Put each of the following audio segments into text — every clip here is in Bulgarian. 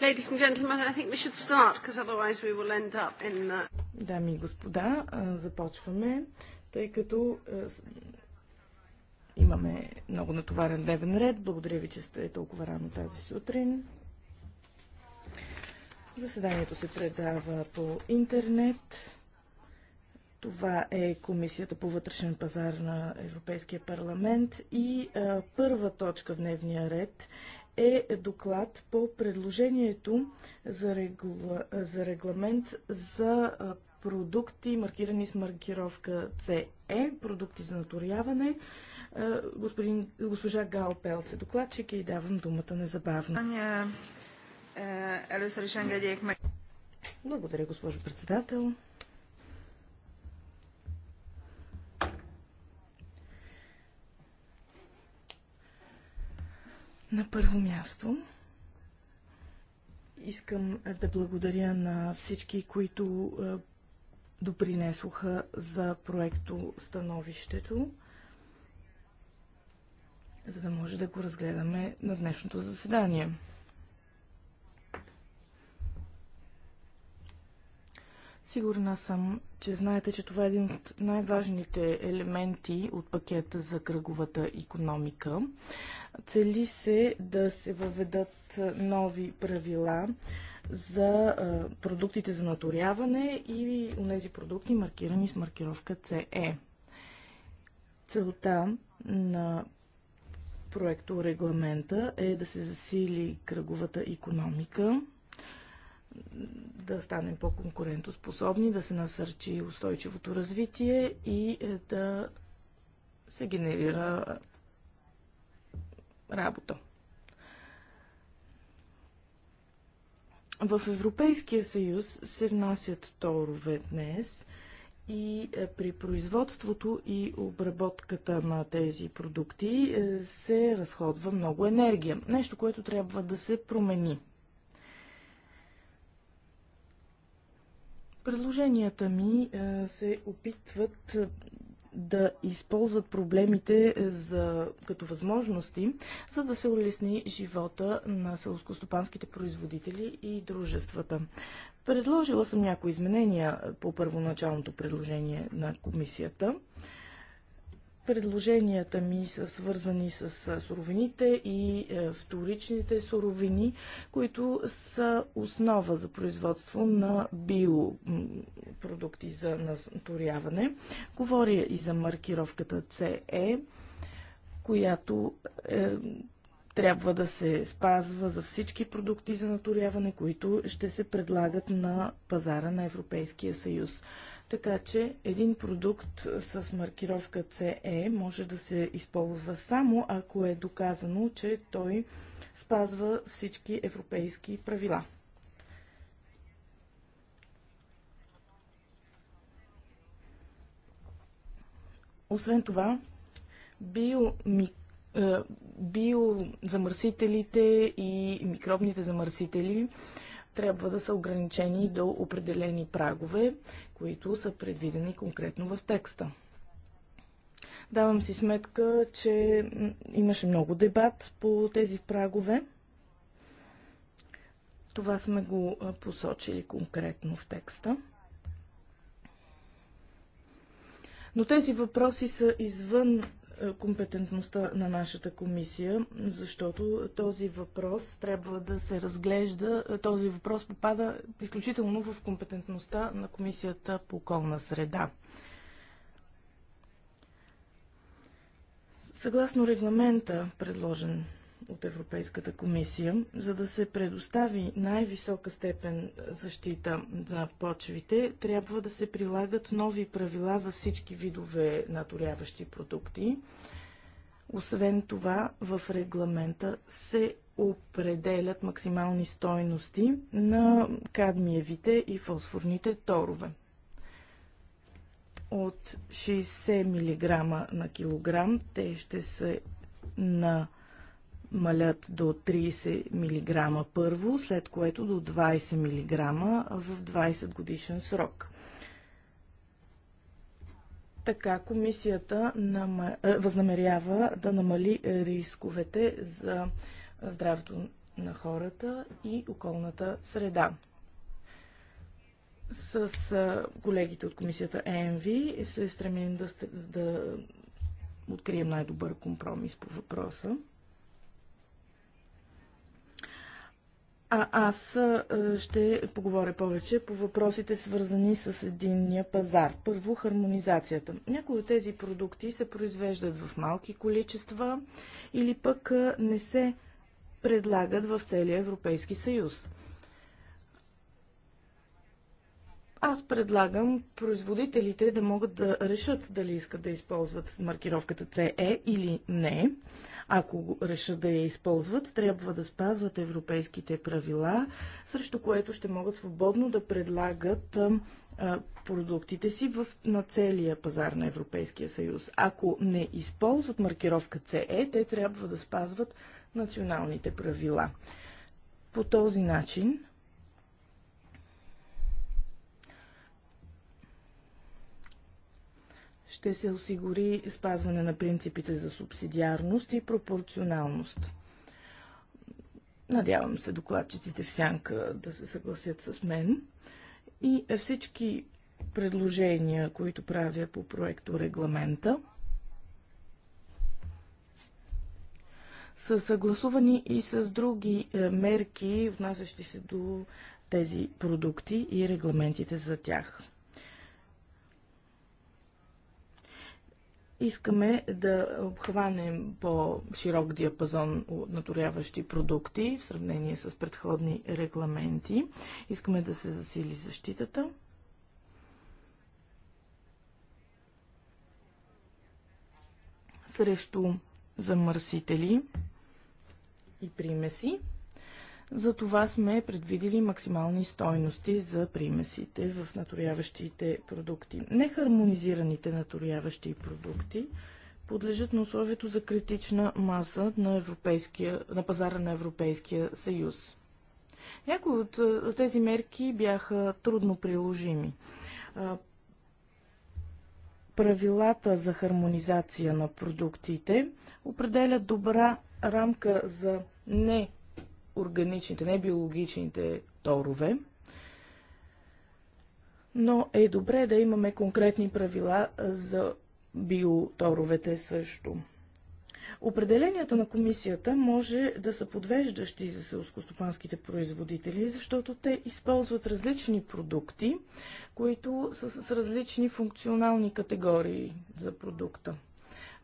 Ladies and gentlemen, I think we should start, because otherwise we will end up in... The... Дами и господа, започваме, тъй като имаме много натоварен дневен ред. Благодаря ви, че сте толкова рано тази сутрин. Заседанието се предава по интернет. Това е Комисията по вътрешен пазар на Европейския парламент и а, първа точка в дневния ред е доклад по предложението за, регла... за регламент за продукти, маркирани с маркировка CE, продукти за наторяване. Господин, госпожа Гал Пелце, докладчик и давам думата незабавно. Благодаря, госпожо председател. На първо място искам да благодаря на всички, които допринесоха за проекто становището, за да може да го разгледаме на днешното заседание. Сигурна съм, че знаете, че това е един от най-важните елементи от пакета за кръговата економика. Цели се да се въведат нови правила за продуктите за наторяване и тези продукти маркирани с маркировка CE. Е. Целта на проекто регламента е да се засили кръговата економика, да станем по-конкурентоспособни, да се насърчи устойчивото развитие и е, да се генерира работа. В Европейския съюз се внасят торове днес и е, при производството и обработката на тези продукти е, се разходва много енергия. Нещо, което трябва да се промени. Предложенията ми е, се опитват да използват проблемите е, за, като възможности, за да се улесни живота на селскостопанските производители и дружествата. Предложила съм някои изменения по първоначалното предложение на комисията. Предложенията ми са свързани с суровините и е, вторичните суровини, които са основа за производство на биопродукти за наторяване. Говоря и за маркировката CE, която е, трябва да се спазва за всички продукти за наторяване, които ще се предлагат на пазара на Европейския съюз. Така че един продукт с маркировка CE може да се използва само ако е доказано, че той спазва всички европейски правила. Освен това, биомик е, биозамърсителите и микробните замърсители трябва да са ограничени до определени прагове, които са предвидени конкретно в текста. Давам си сметка, че имаше много дебат по тези прагове. Това сме го посочили конкретно в текста. Но тези въпроси са извън е, компетентността на нашата комисия, защото този въпрос трябва да се разглежда. Е, този въпрос попада изключително в компетентността на комисията по околна среда. Съгласно регламента, предложен от Европейската комисия, за да се предостави най-висока степен защита за почвите, трябва да се прилагат нови правила за всички видове наторяващи продукти. Освен това, в регламента се определят максимални стойности на кадмиевите и фосфорните торове от 60 мг на килограм. Те ще са на Малят до 30 мг първо, след което до 20 мг в 20 годишен срок. Така комисията е, възнамерява да намали рисковете за здравето на хората и околната среда. С колегите от комисията ЕМВИ се стремим да, да открием най-добър компромис по въпроса. А аз ще поговоря повече по въпросите, свързани с единния пазар. Първо, хармонизацията. Някои от тези продукти се произвеждат в малки количества или пък не се предлагат в целия Европейски съюз. Аз предлагам производителите да могат да решат дали искат да използват маркировката CE или не. Ако решат да я използват, трябва да спазват европейските правила, срещу което ще могат свободно да предлагат продуктите си в, на целия пазар на Европейския съюз. Ако не използват маркировка CE, те трябва да спазват националните правила. По този начин ще се осигури спазване на принципите за субсидиарност и пропорционалност. Надявам се докладчиците в сянка да се съгласят с мен. И всички предложения, които правя по проекто регламента, са съгласувани и с други е, мерки, отнасящи се до тези продукти и регламентите за тях. Искаме да обхванем по-широк диапазон от наторяващи продукти в сравнение с предходни регламенти. Искаме да се засили защитата. срещу замърсители и примеси. За това сме предвидили максимални стойности за примесите в наторяващите продукти. Нехармонизираните наторяващи продукти подлежат на условието за критична маса на, на пазара на Европейския съюз. Някои от тези мерки бяха трудно приложими. Правилата за хармонизация на продуктите определят добра рамка за не органичните, не биологичните торове. Но е добре да имаме конкретни правила за биоторовете също. Определенията на комисията може да са подвеждащи за селскостопанските производители, защото те използват различни продукти, които са с различни функционални категории за продукта.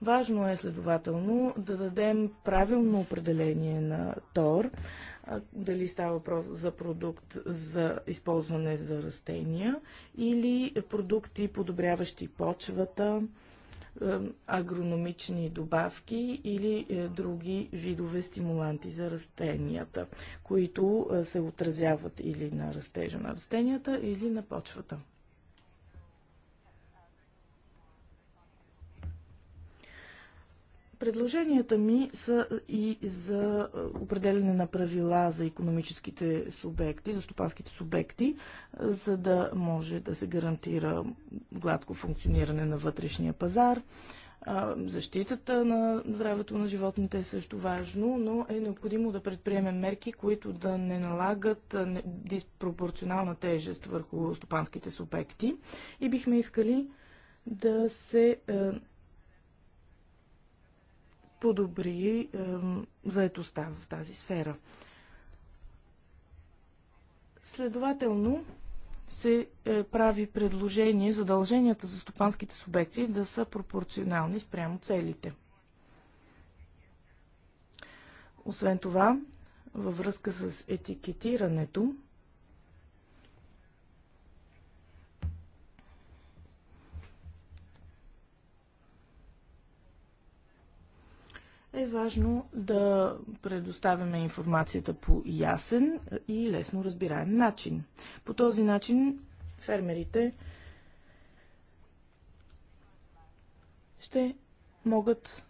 Важно е следователно да дадем правилно определение на тор, дали става въпрос за продукт за използване за растения или продукти, подобряващи почвата, агрономични добавки или е, други видове стимуланти за растенията, които се отразяват или на растежа на растенията, или на почвата. Предложенията ми са и за е, определене на правила за економическите субекти, за стопанските субекти, е, за да може да се гарантира гладко функциониране на вътрешния пазар. Е, защитата на здравето на животните е също важно, но е необходимо да предприемем мерки, които да не налагат диспропорционална тежест върху стопанските субекти и бихме искали да се подобри е, заетостта в тази сфера. Следователно се е, прави предложение задълженията за стопанските субекти да са пропорционални спрямо целите. Освен това, във връзка с етикетирането, е важно да предоставяме информацията по ясен и лесно разбираем начин. По този начин фермерите ще могат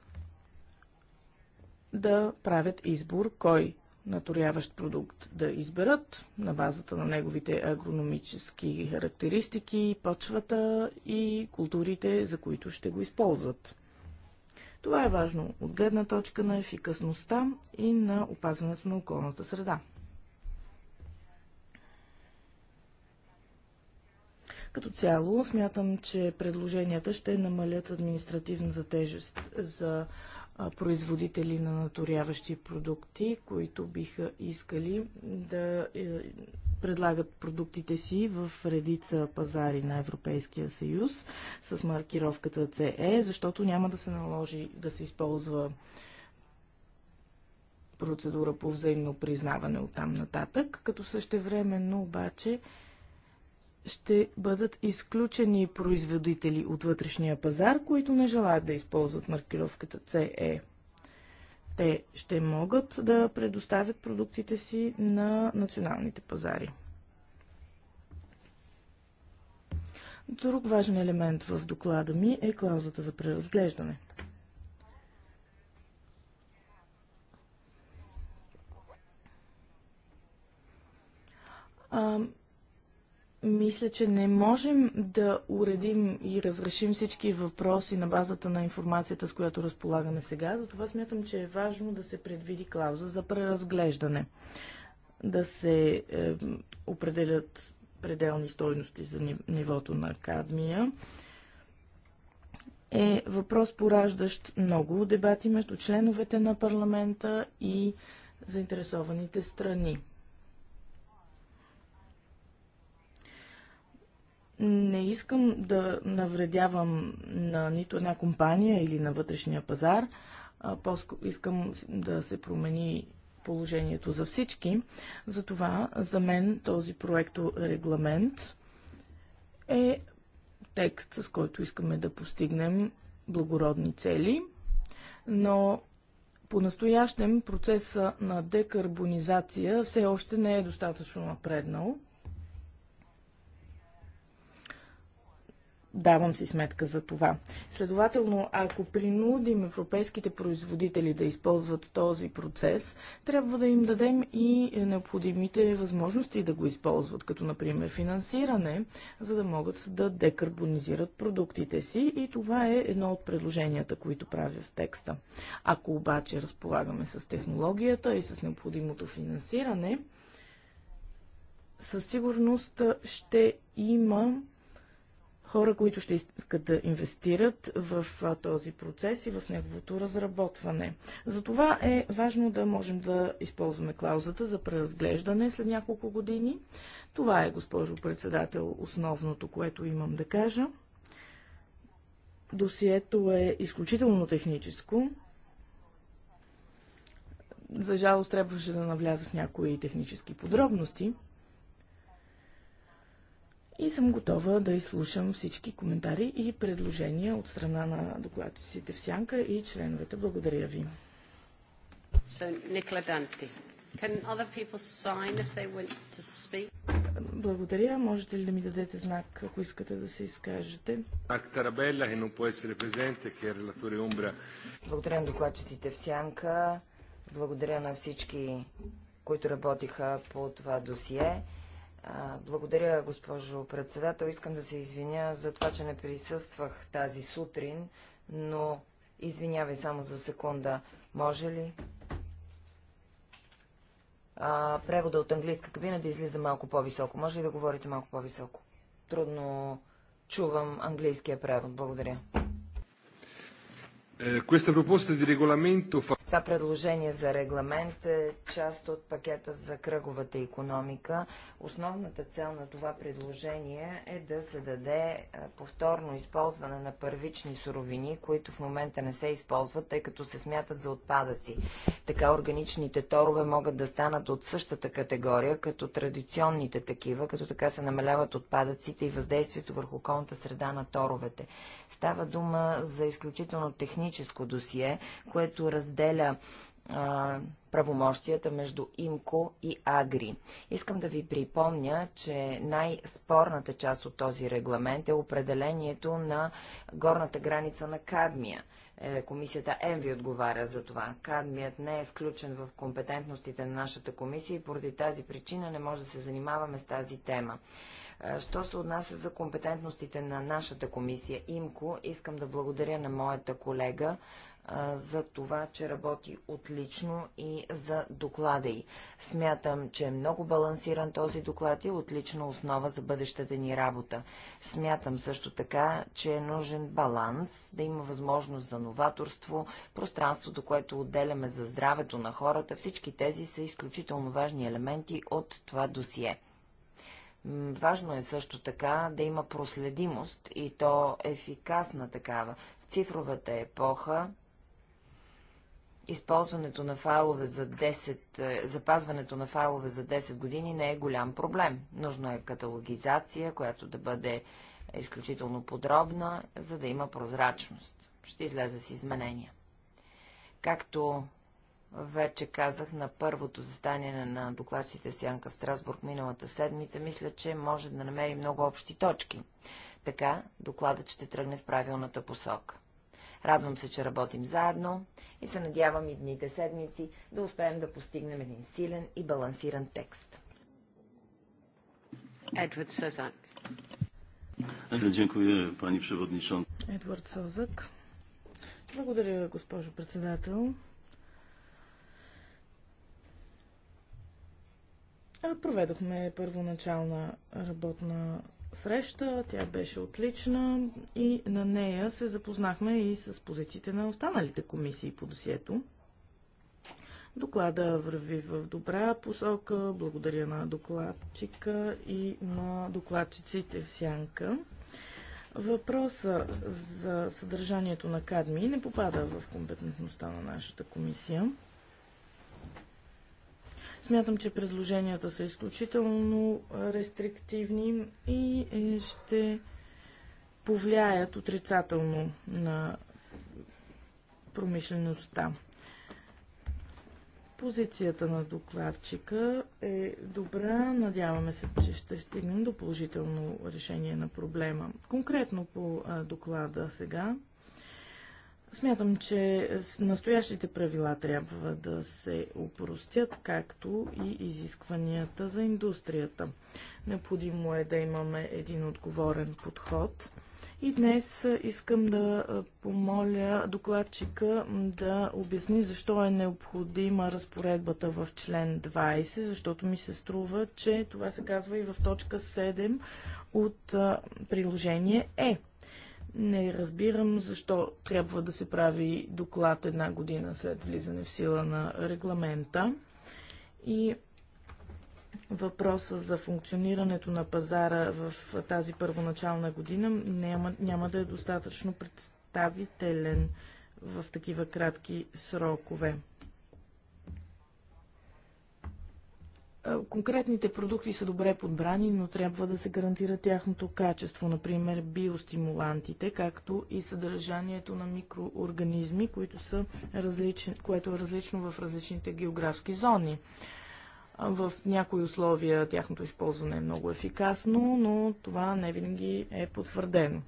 да правят избор кой наторяващ продукт да изберат на базата на неговите агрономически характеристики, почвата и културите, за които ще го използват. Това е важно от гледна точка на ефикасността и на опазването на околната среда. Като цяло смятам, че предложенията ще намалят административната тежест за производители на наторяващи продукти, които биха искали да е, предлагат продуктите си в редица пазари на Европейския съюз с маркировката CE, защото няма да се наложи да се използва процедура по взаимно признаване от там нататък, като същевременно обаче ще бъдат изключени производители от вътрешния пазар, които не желаят да използват маркировката CE. Те ще могат да предоставят продуктите си на националните пазари. Друг важен елемент в доклада ми е клаузата за преразглеждане мисля, че не можем да уредим и разрешим всички въпроси на базата на информацията, с която разполагаме сега. Затова смятам, че е важно да се предвиди клауза за преразглеждане, да се е, определят пределни стойности за нивото на кадмия. Е въпрос пораждащ много дебати между членовете на парламента и заинтересованите страни. Не искам да навредявам на нито една компания или на вътрешния пазар. По-ско искам да се промени положението за всички. Затова за мен този проекто регламент е текст, с който искаме да постигнем благородни цели, но по-настоящем процеса на декарбонизация все още не е достатъчно напреднал – Давам си сметка за това. Следователно, ако принудим европейските производители да използват този процес, трябва да им дадем и необходимите възможности да го използват, като например финансиране, за да могат да декарбонизират продуктите си и това е едно от предложенията, които правя в текста. Ако обаче разполагаме с технологията и с необходимото финансиране, със сигурност ще има хора, които ще искат да инвестират в този процес и в неговото разработване. Затова е важно да можем да използваме клаузата за преразглеждане след няколко години. Това е, госпожо председател, основното, което имам да кажа. Досието е изключително техническо. За жалост трябваше да навляза в някои технически подробности и съм готова да изслушам всички коментари и предложения от страна на докладчиците в Сянка и членовете. Благодаря ви. So, благодаря. Можете ли да ми дадете знак, ако искате да се изкажете? Благодаря на докладчиците в Сянка. Благодаря на всички, които работиха по това досие. Благодаря, госпожо председател. Искам да се извиня за това, че не присъствах тази сутрин, но извинявай само за секунда. Може ли? А, превода от английска кабина да излиза малко по-високо. Може ли да говорите малко по-високо? Трудно чувам английския превод. Благодаря. Eh, това предложение за регламент е част от пакета за кръговата економика. Основната цел на това предложение е да се даде е, повторно използване на първични суровини, които в момента не се използват, тъй като се смятат за отпадъци. Така органичните торове могат да станат от същата категория, като традиционните такива, като така се намаляват отпадъците и въздействието върху околната среда на торовете. Става дума за изключително технически техническо досие, което разделя а, правомощията между ИМКО и АГРИ. Искам да ви припомня, че най-спорната част от този регламент е определението на горната граница на Кадмия. Е, комисията ЕМВИ отговаря за това. Кадмият не е включен в компетентностите на нашата комисия и поради тази причина не може да се занимаваме с тази тема. Що се отнася за компетентностите на нашата комисия ИМКО, искам да благодаря на моята колега за това, че работи отлично и за доклада й. Смятам, че е много балансиран този доклад и е отлична основа за бъдещата ни работа. Смятам също така, че е нужен баланс, да има възможност за новаторство, пространството, което отделяме за здравето на хората. Всички тези са изключително важни елементи от това досие. Важно е също така да има проследимост и то ефикасна такава. В цифровата епоха използването на файлове за 10, е, запазването на файлове за 10 години не е голям проблем. Нужно е каталогизация, която да бъде изключително подробна, за да има прозрачност. Ще излезе с изменения. Както вече казах на първото застание на докладчите Сянка в Страсбург миналата седмица, мисля, че може да намери много общи точки. Така докладът ще тръгне в правилната посока. Радвам се, че работим заедно и се надявам и дните седмици да успеем да постигнем един силен и балансиран текст. Едвард Созак. Едвард Созак. Благодаря, госпожо председател. Проведохме първоначална работна среща, тя беше отлична и на нея се запознахме и с позициите на останалите комисии по досието. Доклада върви в добра посока. Благодаря на докладчика и на докладчиците в сянка. Въпроса за съдържанието на кадми не попада в компетентността на нашата комисия. Смятам, че предложенията са изключително рестриктивни и е, ще повлияят отрицателно на промишлеността. Позицията на докладчика е добра. Надяваме се, че ще стигнем до положително решение на проблема. Конкретно по доклада сега. Смятам, че настоящите правила трябва да се упростят, както и изискванията за индустрията. Необходимо е да имаме един отговорен подход. И днес искам да помоля докладчика да обясни защо е необходима разпоредбата в член 20, защото ми се струва, че това се казва и в точка 7 от приложение Е. Не разбирам защо трябва да се прави доклад една година след влизане в сила на регламента. И въпроса за функционирането на пазара в тази първоначална година няма, няма да е достатъчно представителен в такива кратки срокове. Е, конкретните продукти са добре подбрани, но трябва да се гарантира тяхното качество, например биостимулантите, както и съдържанието на микроорганизми, които са различни, което е различно в различните географски зони. В някои условия тяхното използване е много ефикасно, но това не винаги е потвърдено.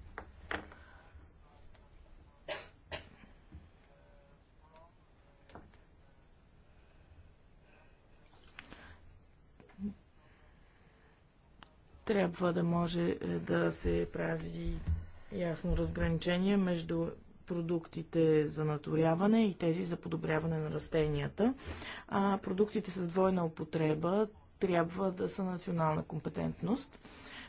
Трябва да може е, да се прави ясно разграничение между продуктите за наторяване и тези за подобряване на растенията. А продуктите с двойна употреба трябва да са национална компетентност.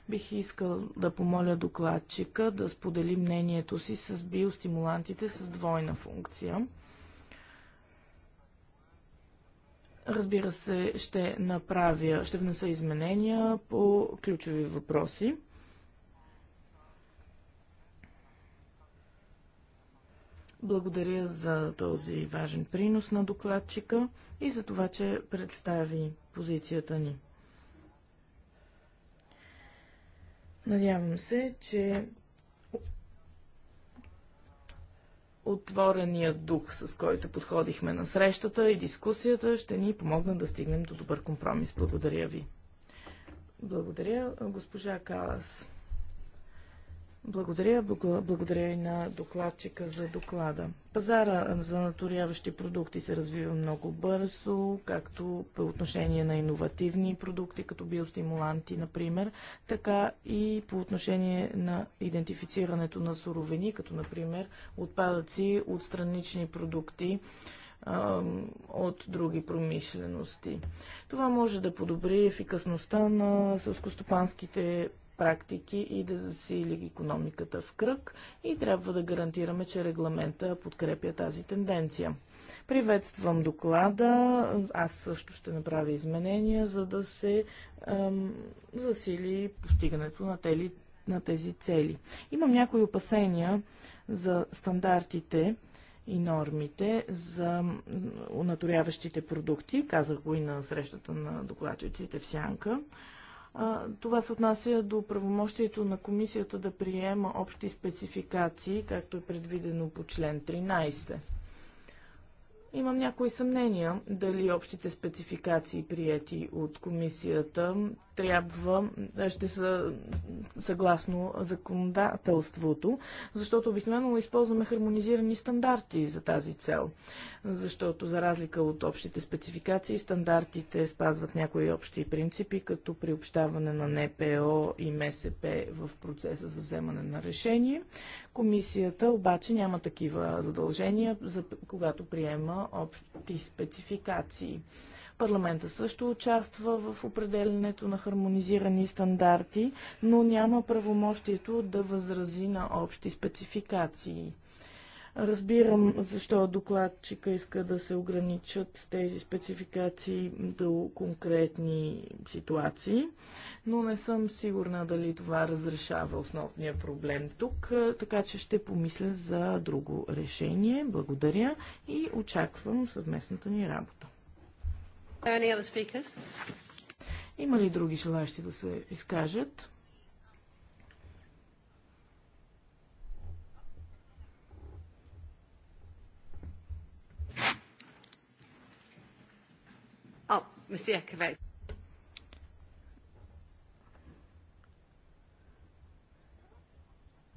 Бих искал да помоля докладчика да сподели мнението си с биостимулантите с двойна функция. Разбира се, ще направя, ще внеса изменения по ключови въпроси. Благодаря за този важен принос на докладчика и за това, че представи позицията ни. Надявам се, че отворения дух, с който подходихме на срещата и дискусията, ще ни помогна да стигнем до добър компромис. Благодаря ви. Благодаря, госпожа Калас. Благодаря. Благодаря и на докладчика за доклада. Пазара за наторяващи продукти се развива много бързо, както по отношение на иновативни продукти, като биостимуланти, например, така и по отношение на идентифицирането на суровини, като, например, отпадъци от странични продукти от други промишлености. Това може да подобри ефикасността на сълскостопанските практики и да засили економиката в кръг и трябва да гарантираме, че регламента подкрепя тази тенденция. Приветствам доклада. Аз също ще направя изменения, за да се ем, засили постигането на, тели, на тези цели. Имам някои опасения за стандартите и нормите за наторяващите продукти. Казах го и на срещата на докладчиците в Сянка. Това се отнася до правомощието на комисията да приема общи спецификации, както е предвидено по член 13. Имам някои съмнения дали общите спецификации, прияти от комисията, трябва, ще са съгласно законодателството, защото обикновено използваме хармонизирани стандарти за тази цел. Защото за разлика от общите спецификации, стандартите спазват някои общи принципи, като приобщаване на НПО и МСП в процеса за вземане на решение. Комисията обаче няма такива задължения, за, когато приема общи спецификации. Парламента също участва в определенето на хармонизирани стандарти, но няма правомощието да възрази на общи спецификации. Разбирам защо докладчика иска да се ограничат тези спецификации до конкретни ситуации, но не съм сигурна дали това разрешава основния проблем тук, така че ще помисля за друго решение. Благодаря и очаквам съвместната ни работа. Има ли други желащи да се изкажат?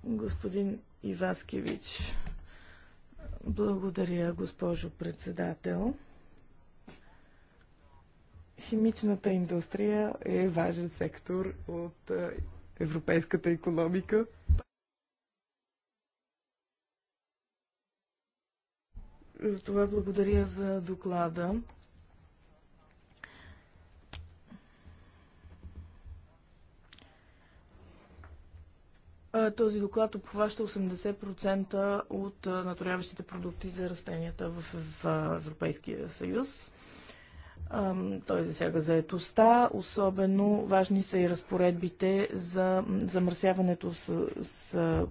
Господин Иваскевич, благодаря, госпожо председател. Химичната индустрия е важен сектор от е, европейската економика. Затова благодаря за доклада. Този доклад обхваща 80% от наторяващите продукти за растенията в Европейския съюз. Той засяга заетостта. Особено важни са и разпоредбите за замърсяването с, с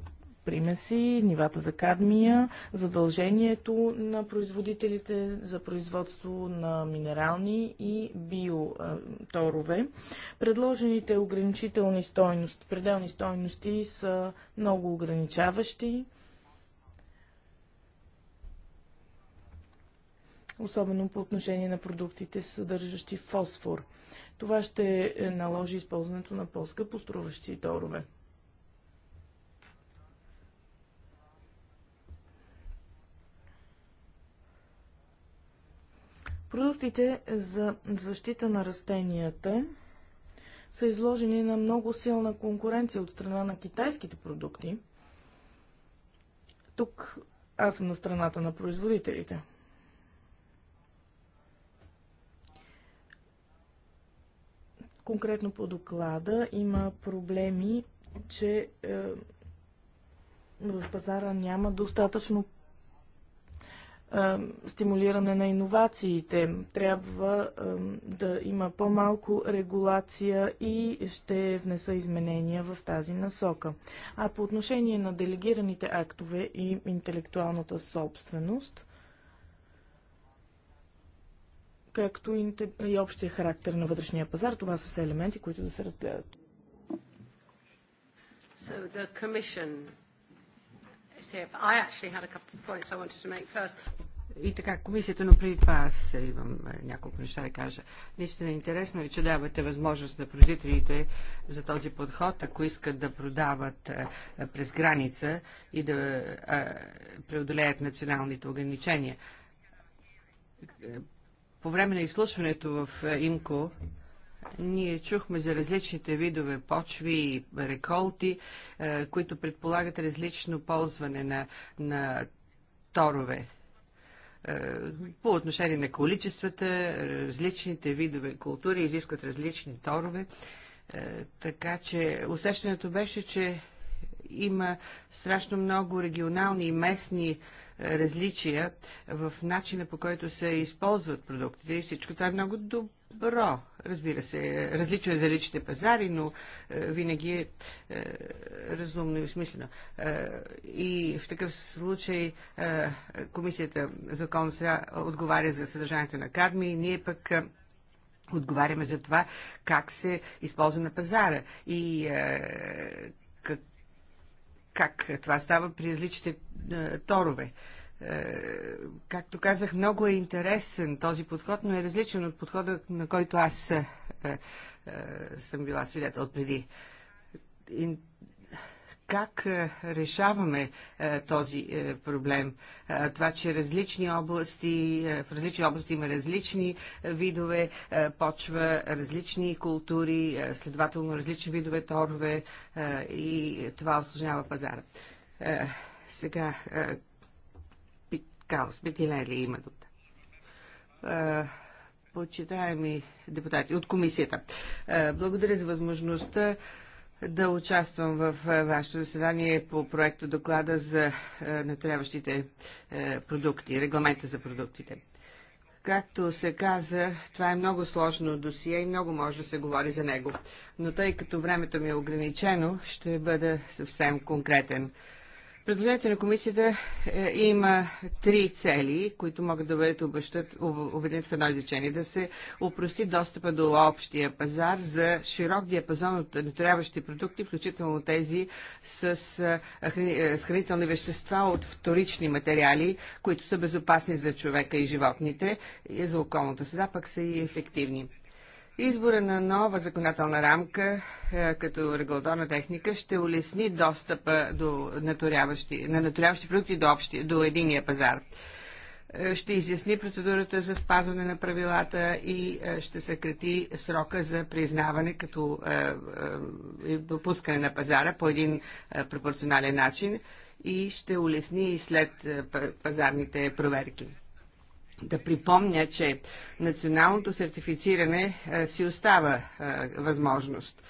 примеси, нивата за кадмия, задължението на производителите за производство на минерални и биоторове. Предложените ограничителни стойности, пределни стойности са много ограничаващи. особено по отношение на продуктите, съдържащи фосфор. Това ще е, е, наложи използването на по-скъпоструващи торове. Продуктите за защита на растенията са изложени на много силна конкуренция от страна на китайските продукти. Тук аз съм на страната на производителите. Конкретно по доклада има проблеми, че е, в пазара няма достатъчно стимулиране на иновациите. Трябва да има по-малко регулация и ще внеса изменения в тази насока. А по отношение на делегираните актове и интелектуалната собственост, както и общия характер на вътрешния пазар, това са все елементи, които да се разгледат. So the commission I actually had a couple of points I wanted to make first. И така, комисията, но преди това аз имам е, няколко неща да кажа. Наистина е интересно е, че давате възможност на производителите за този подход, ако искат да продават е, през граница и да преодолеят националните ограничения. По време на изслушването в ИМКО ние чухме за различните видове почви и реколти, които предполагат различно ползване на, на торове е, по отношение на количествата, различните видове култури изискват различни торове. Е, така че усещането беше, че има страшно много регионални и местни е, различия в начина по който се използват продуктите и всичко това е много добро. Разбира се, различно е за личните пазари, но е, винаги е, е разумно и осмислено. Е, и в такъв случай е, Комисията за околна среда отговаря за съдържанието на кадми и ние пък е, отговаряме за това как се използва на пазара и е, как, как това става при различните е, торове. Е, е, както казах, много е интересен този подход, но е различен от подхода, на който аз е, е, съм била свидетел преди. И как е, решаваме е, този е, проблем? Това, че различни области, в различни области има различни видове почва, различни култури, следователно различни видове торове и това осложнява пазара. Сега, Каус е ли има думата. Почитаеми депутати от комисията, благодаря за възможността да участвам в вашето заседание по проекта доклада за натуряващите продукти, регламента за продуктите. Както се каза, това е много сложно досие и много може да се говори за него. Но тъй като времето ми е ограничено, ще бъда съвсем конкретен. Предложението на комисията е, има три цели, които могат да бъдат обединят в едно изречение. Да се упрости достъпа до общия пазар за широк диапазон от натуряващи продукти, включително тези с, е, е, с хранителни вещества от вторични материали, които са безопасни за човека и животните, и за околната среда, пък са и ефективни. Избора на нова законодателна рамка е, като регулаторна техника ще улесни достъпа до натуряващи на натуряващи продукти до, общи, до единия пазар. Е, ще изясни процедурата за спазване на правилата и е, ще съкрати срока за признаване като допускане на пазара по един пропорционален начин и ще улесни и след пазарните проверки да припомня, че националното сертифициране си остава възможност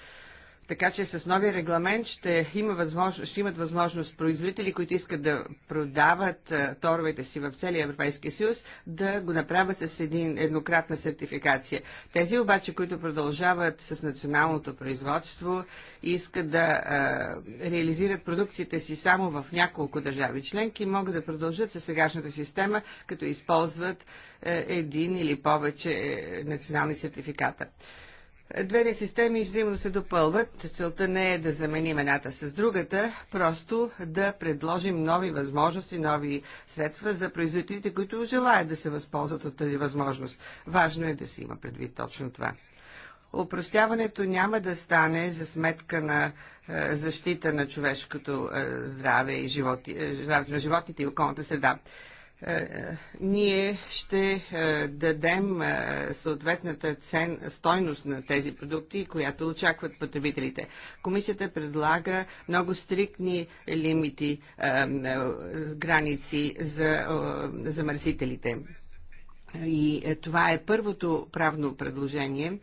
така че с новия регламент ще, има възможно, ще имат възможност производители, които искат да продават торовете си в целия Европейския съюз, да го направят с един, еднократна сертификация. Тези обаче, които продължават с националното производство, искат да а, реализират продукциите си само в няколко държави членки, могат да продължат със сегашната система, като използват а, един или повече е, национални сертификата. Двете системи взаимно се допълват. Целта не е да заменим едната с другата, просто да предложим нови възможности, нови средства за производителите, които желаят да се възползват от тази възможност. Важно е да се има предвид точно това. Опростяването няма да стане за сметка на е, защита на човешкото е, здраве и животи, е, здравето на животните и околната среда. Е, ние ще е, дадем е, съответната цен, стойност на тези продукти, която очакват потребителите. Комисията предлага много стриктни лимити, граници за замърсителите. И е, това е първото правно предложение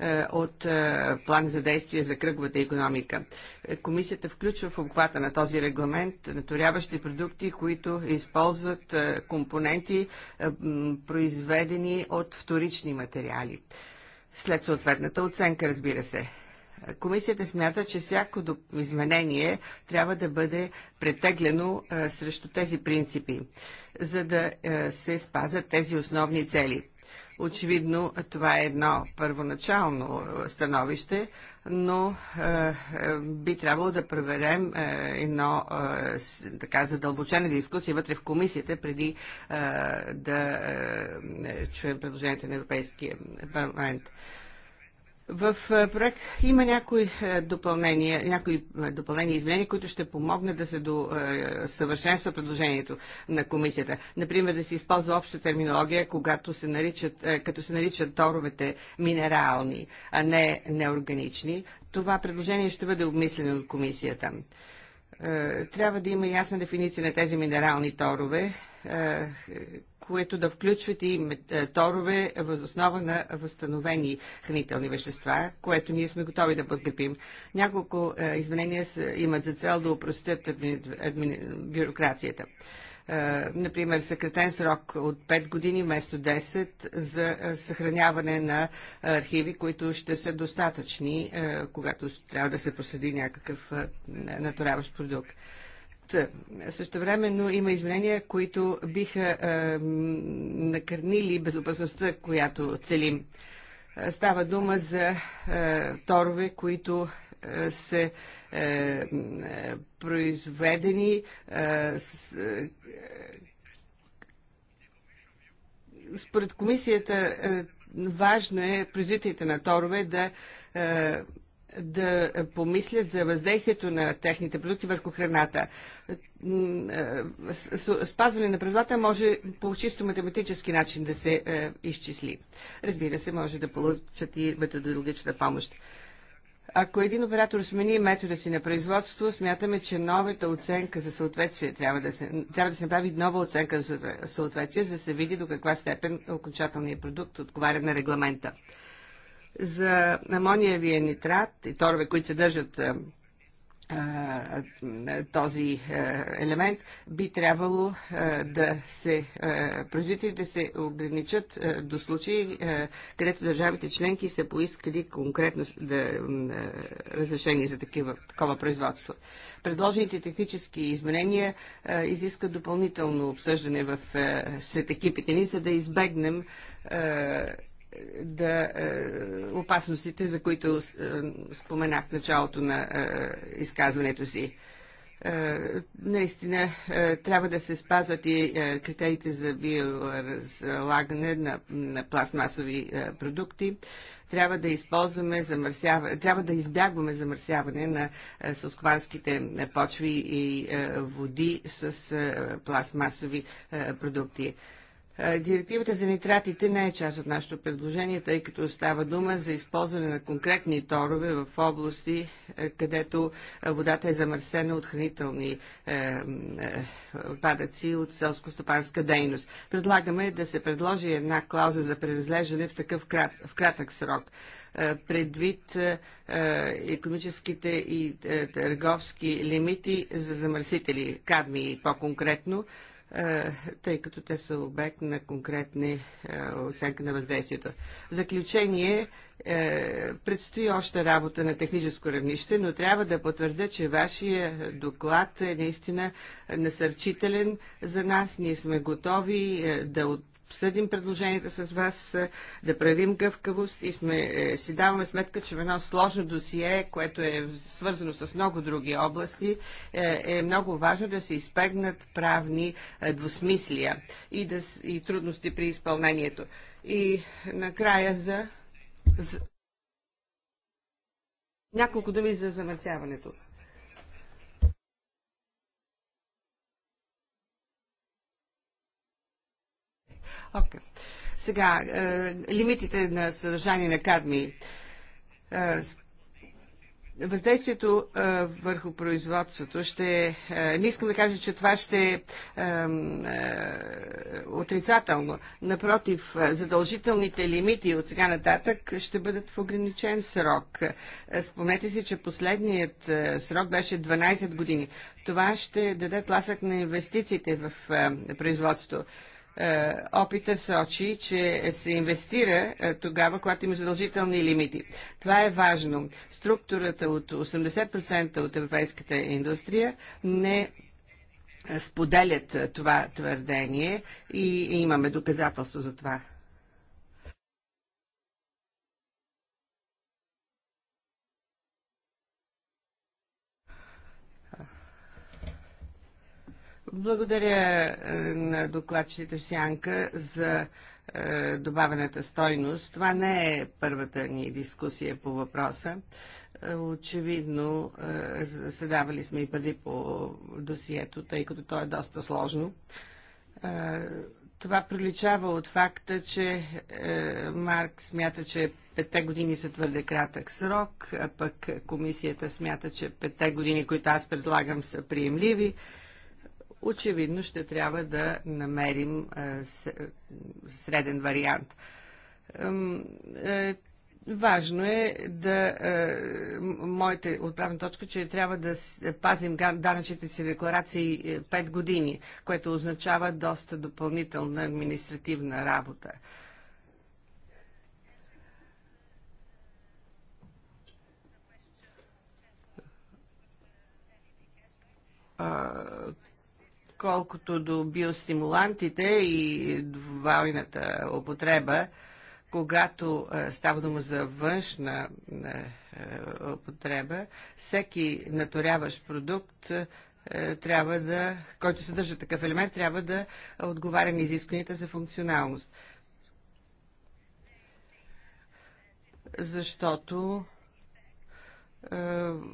е, от е, план за действие за кръговата економика. Комисията включва в обхвата на този регламент наторяващи продукти, които използват компоненти, произведени от вторични материали. След съответната оценка, разбира се. Комисията смята, че всяко изменение трябва да бъде претеглено срещу тези принципи, за да се спазят тези основни цели. Очевидно, това е едно първоначално становище, но е, би трябвало да проверем е, едно е, така задълбочена дискусия вътре в комисията, преди е, да е, чуем предложението на Европейския парламент. Е, в е, проект има някои е, допълнения, някои е, допълнения изменения, които ще помогнат да се съвършенства предложението на комисията. Например, да се използва обща терминология, когато се наричат, като се наричат торовете минерални, а не неорганични. Това предложение ще бъде обмислено от комисията. Трябва да има ясна дефиниция на тези минерални торове, което да включват и е, торове възоснова на възстановени хранителни вещества, което ние сме готови да подкрепим. Няколко е, изменения имат за цел да упростят адми... адми... бюрокрацията е, например, съкретен срок от 5 години вместо 10 за съхраняване на архиви, които ще са достатъчни, когато трябва да се проследи някакъв натураващ продукт. Същевременно има изменения, които биха е, накърнили безопасността, която целим. Е, става дума за е, торове, които е, се е, произведени е, с, е, според комисията е, важно е производителите на торове да е, да помислят за въздействието на техните продукти върху храната. Спазване на правилата може по чисто математически начин да се е, изчисли. Разбира се, може да получат и методологична помощ. Ако един оператор смени метода си на производство, смятаме, че новата оценка за съответствие трябва да се, трябва да се направи нова оценка за съответствие, за да се види до каква степен окончателният продукт отговаря на регламента за амониевия нитрат и торове, които съдържат този елемент, би трябвало да се производителите се ограничат до случаи, където държавите членки са поискали конкретно да, разрешение за такива, такова производство. Предложените технически изменения изискат допълнително обсъждане в, сред екипите ни, за да избегнем да, е, опасностите, за които е, споменах в началото на е, изказването си. Наистина трябва да се спазват и критериите за биоразлагане на, на пластмасови продукти. Трябва да използваме замърсяване, трябва да избягваме замърсяване на сускванските почви и води с пластмасови продукти е, директивата за нитратите не е част от нашето предложение, тъй като става дума за използване на конкретни торове в области, е, където е, водата е замърсена от хранителни падъци от селско-стопанска дейност. Предлагаме да се предложи една клауза за преразглеждане в такъв крат, в кратък срок предвид економическите и търговски лимити за замърсители, кадми по-конкретно, е, тъй като те са обект на конкретни е, оценка на въздействието. В заключение, е, предстои още работа на техническо равнище, но трябва да потвърдя, че вашия доклад е наистина насърчителен за нас. Ние сме готови да от обсъдим предложенията с вас, е, да проявим гъвкавост и сме, е, си даваме сметка, че в едно сложно досие, което е свързано с много други области, е, е много важно да се изпегнат правни е, двусмислия и, да, и трудности при изпълнението. И накрая за, за... няколко думи за замърсяването. Okay. Сега, е, лимитите на съдържание на кадми. Е, въздействието е, върху производството ще... Е, не искам да кажа, че това ще е, е отрицателно. Напротив, е, задължителните лимити от сега нататък ще бъдат в ограничен срок. Е, спомнете си, че последният срок беше 12 години. Това ще даде тласък на инвестициите в е, производството. Е, опита сочи, че се инвестира е, тогава, когато има задължителни лимити. Това е важно. Структурата от 80% от европейската индустрия не е, споделят това твърдение и имаме доказателство за това. Благодаря е, на докладчите Сянка за е, добавената стойност. Това не е първата ни дискусия по въпроса. Е, очевидно, давали сме и преди по досието, тъй като то е доста сложно. Това приличава от факта, че Марк смята, че петте години са твърде кратък срок, а пък комисията смята, че петте години, които аз предлагам, са приемливи очевидно ще трябва да намерим среден вариант. Е, важно е да. моите отправна точка, че трябва да пазим данъчните си декларации 5 е, години, което означава доста допълнителна административна работа. Колкото до биостимулантите и двойната употреба, когато е, става дума за външна е, е, употреба, всеки наторяващ продукт трябва да, който съдържа такъв елемент, трябва да отговаря на изискванията за функционалност. Защото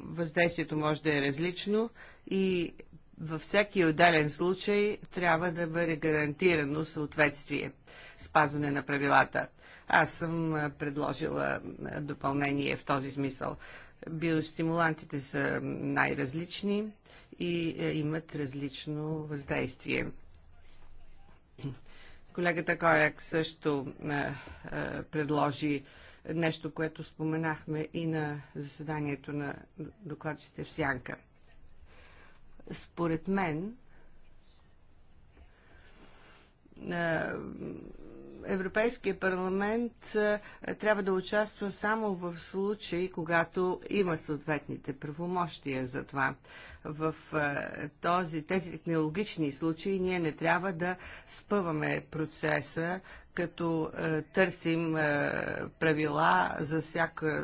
въздействието може да е различно и във всеки отделен случай трябва да бъде гарантирано съответствие, спазване на правилата. Аз съм предложила допълнение в този смисъл. Биостимулантите са най-различни и имат различно въздействие. Колегата Кояк също предложи нещо, което споменахме и на заседанието на докладчите в Сянка – според мен, е, Европейския парламент е, трябва да участва само в случаи, когато има съответните правомощия за това. В е, този, тези технологични случаи ние не трябва да спъваме процеса като е, търсим е, правила за всяко, е,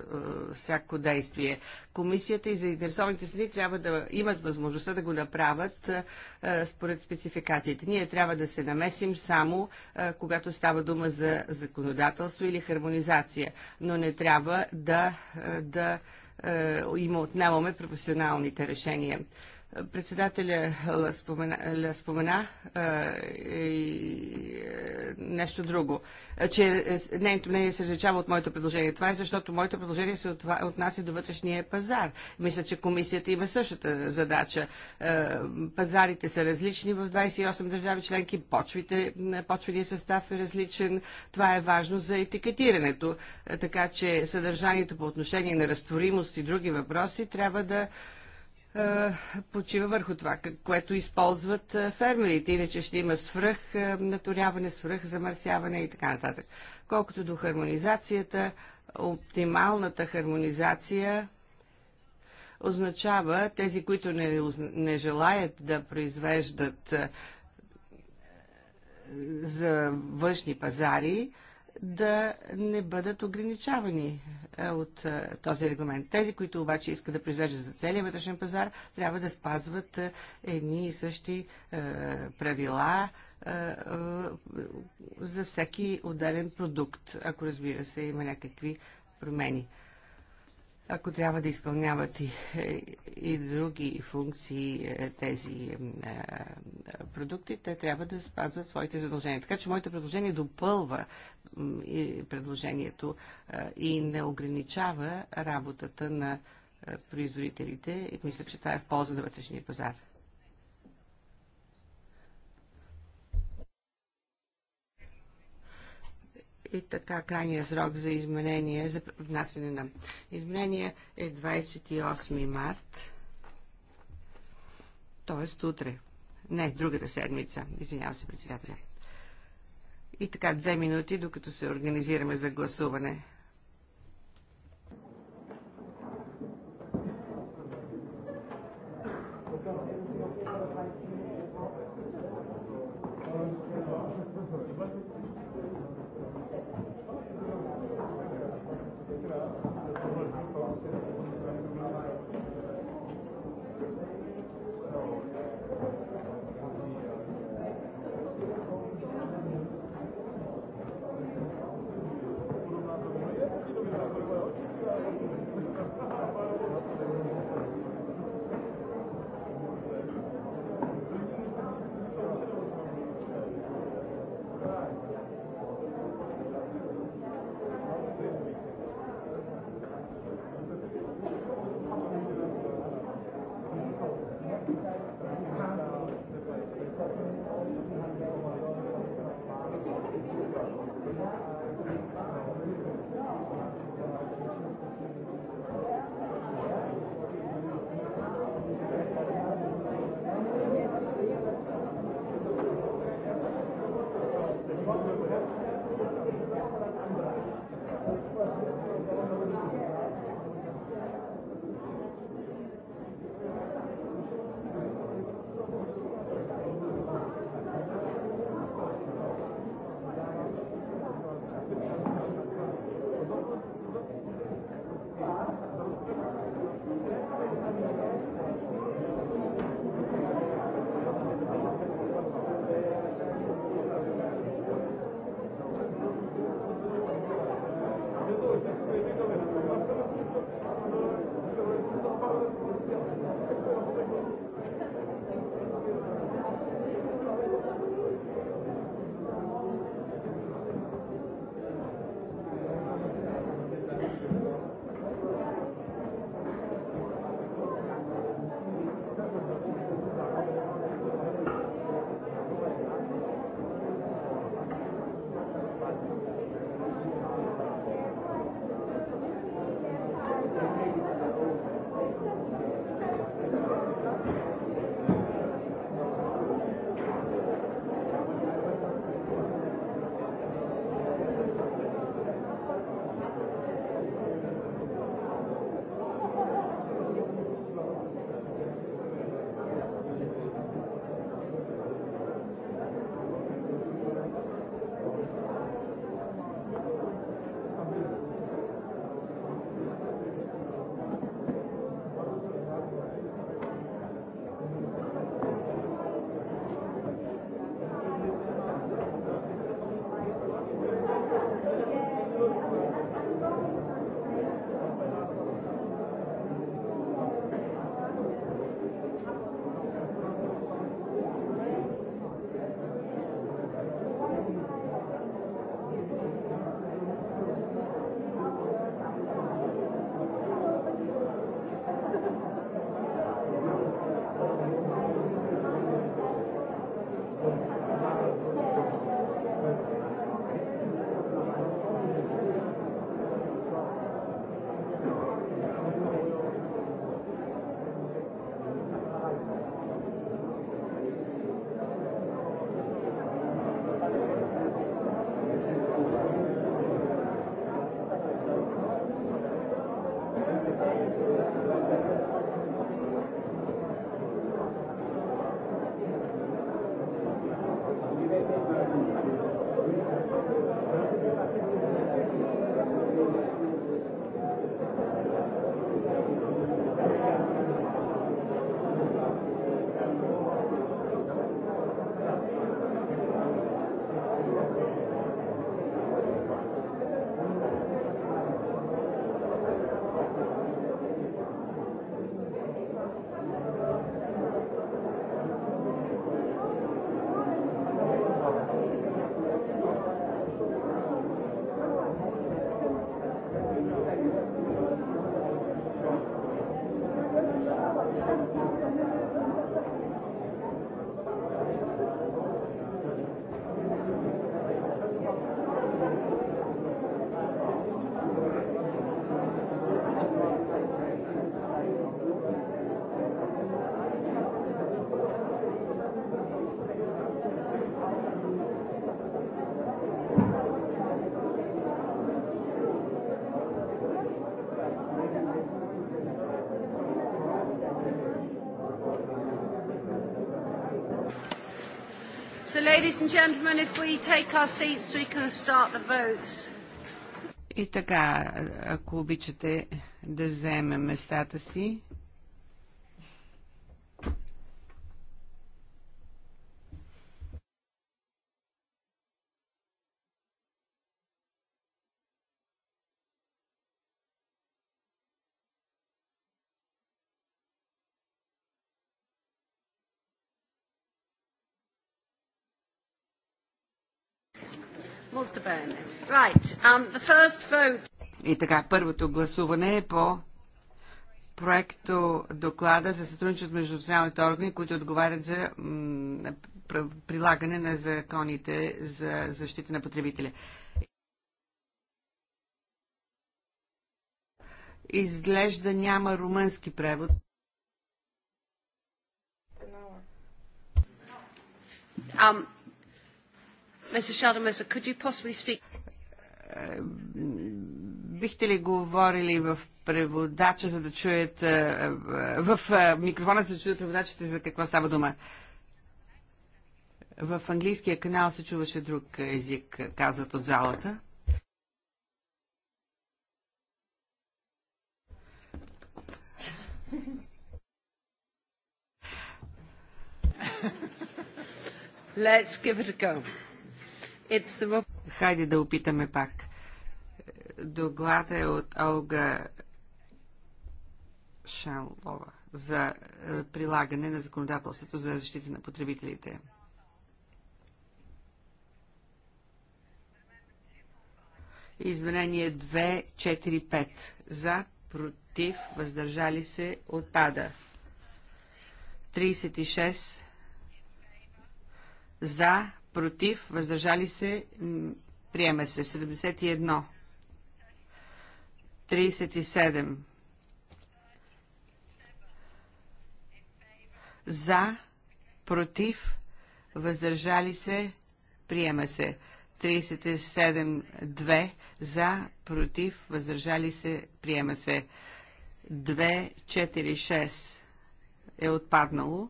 всяко действие. Комисията и заинтересованите страни трябва да имат възможността да го направят е, според спецификациите. Ние трябва да се намесим само е, когато става дума за законодателство или хармонизация, но не трябва да, е, да е, им отнемаме професионалните решения. Председателя ля спомена, ля спомена и е, нещо друго, че е, нейното мнение се различава от моето предложение. Това е защото моето предложение се отнася до вътрешния пазар. Мисля, че комисията има същата задача. Пазарите са различни в 28 държави членки, почвите, почвения състав е различен. Това е важно за етикетирането. Така че съдържанието по отношение на разтворимост и други въпроси трябва да е, почива върху това, което използват е, фермерите. Иначе ще има свръх е, наторяване, свръх замърсяване и така нататък. Колкото до хармонизацията, оптималната хармонизация означава тези, които не, не желаят да произвеждат за външни пазари, да не бъдат ограничавани от този регламент. Тези, които обаче искат да произвеждат за целия вътрешен пазар, трябва да спазват едни и същи правила за всеки отделен продукт, ако разбира се има някакви промени ако трябва да изпълняват и, и други функции е, тези е, е, продукти, те трябва да спазват своите задължения. Така че моето предложение допълва предложението и не ограничава работата на производителите и мисля, че това е в полза на вътрешния пазар. и така крайният срок за изменение, за внасяне на изменение е 28 март, т.е. утре. Не, другата седмица. Извинявам се, председателя. И така, две минути, докато се организираме за гласуване. ladies and gentlemen, if we take our seats, we can start the votes. И така, ако обичате да вземем местата си. Right. Um, И така, първото гласуване е по проекто доклада за сътрудничество между националните органи, които отговарят за прилагане на законите за защита на потребителя. Изглежда няма румънски превод. Um, Mr. could you possibly speak? Бихте ли говорили в преводача, за да чуят е, е, в е, микрофона, за да чуят преводачите за какво става дума? В английския канал се чуваше друг език, казват от залата. Let's give it a go. Хайде да опитаме пак. Доклада е от Олга Шанлова за е, прилагане на законодателството за защита на потребителите. Изменение 2, 4, 5. За, против, въздържали се, отпада. 36. За, против, въздържали се, приема се. 71. 37. За, против, въздържали се, приеме се. 37. 2. За, против, въздържали се, приема се. 2, 4, 6 е отпаднало.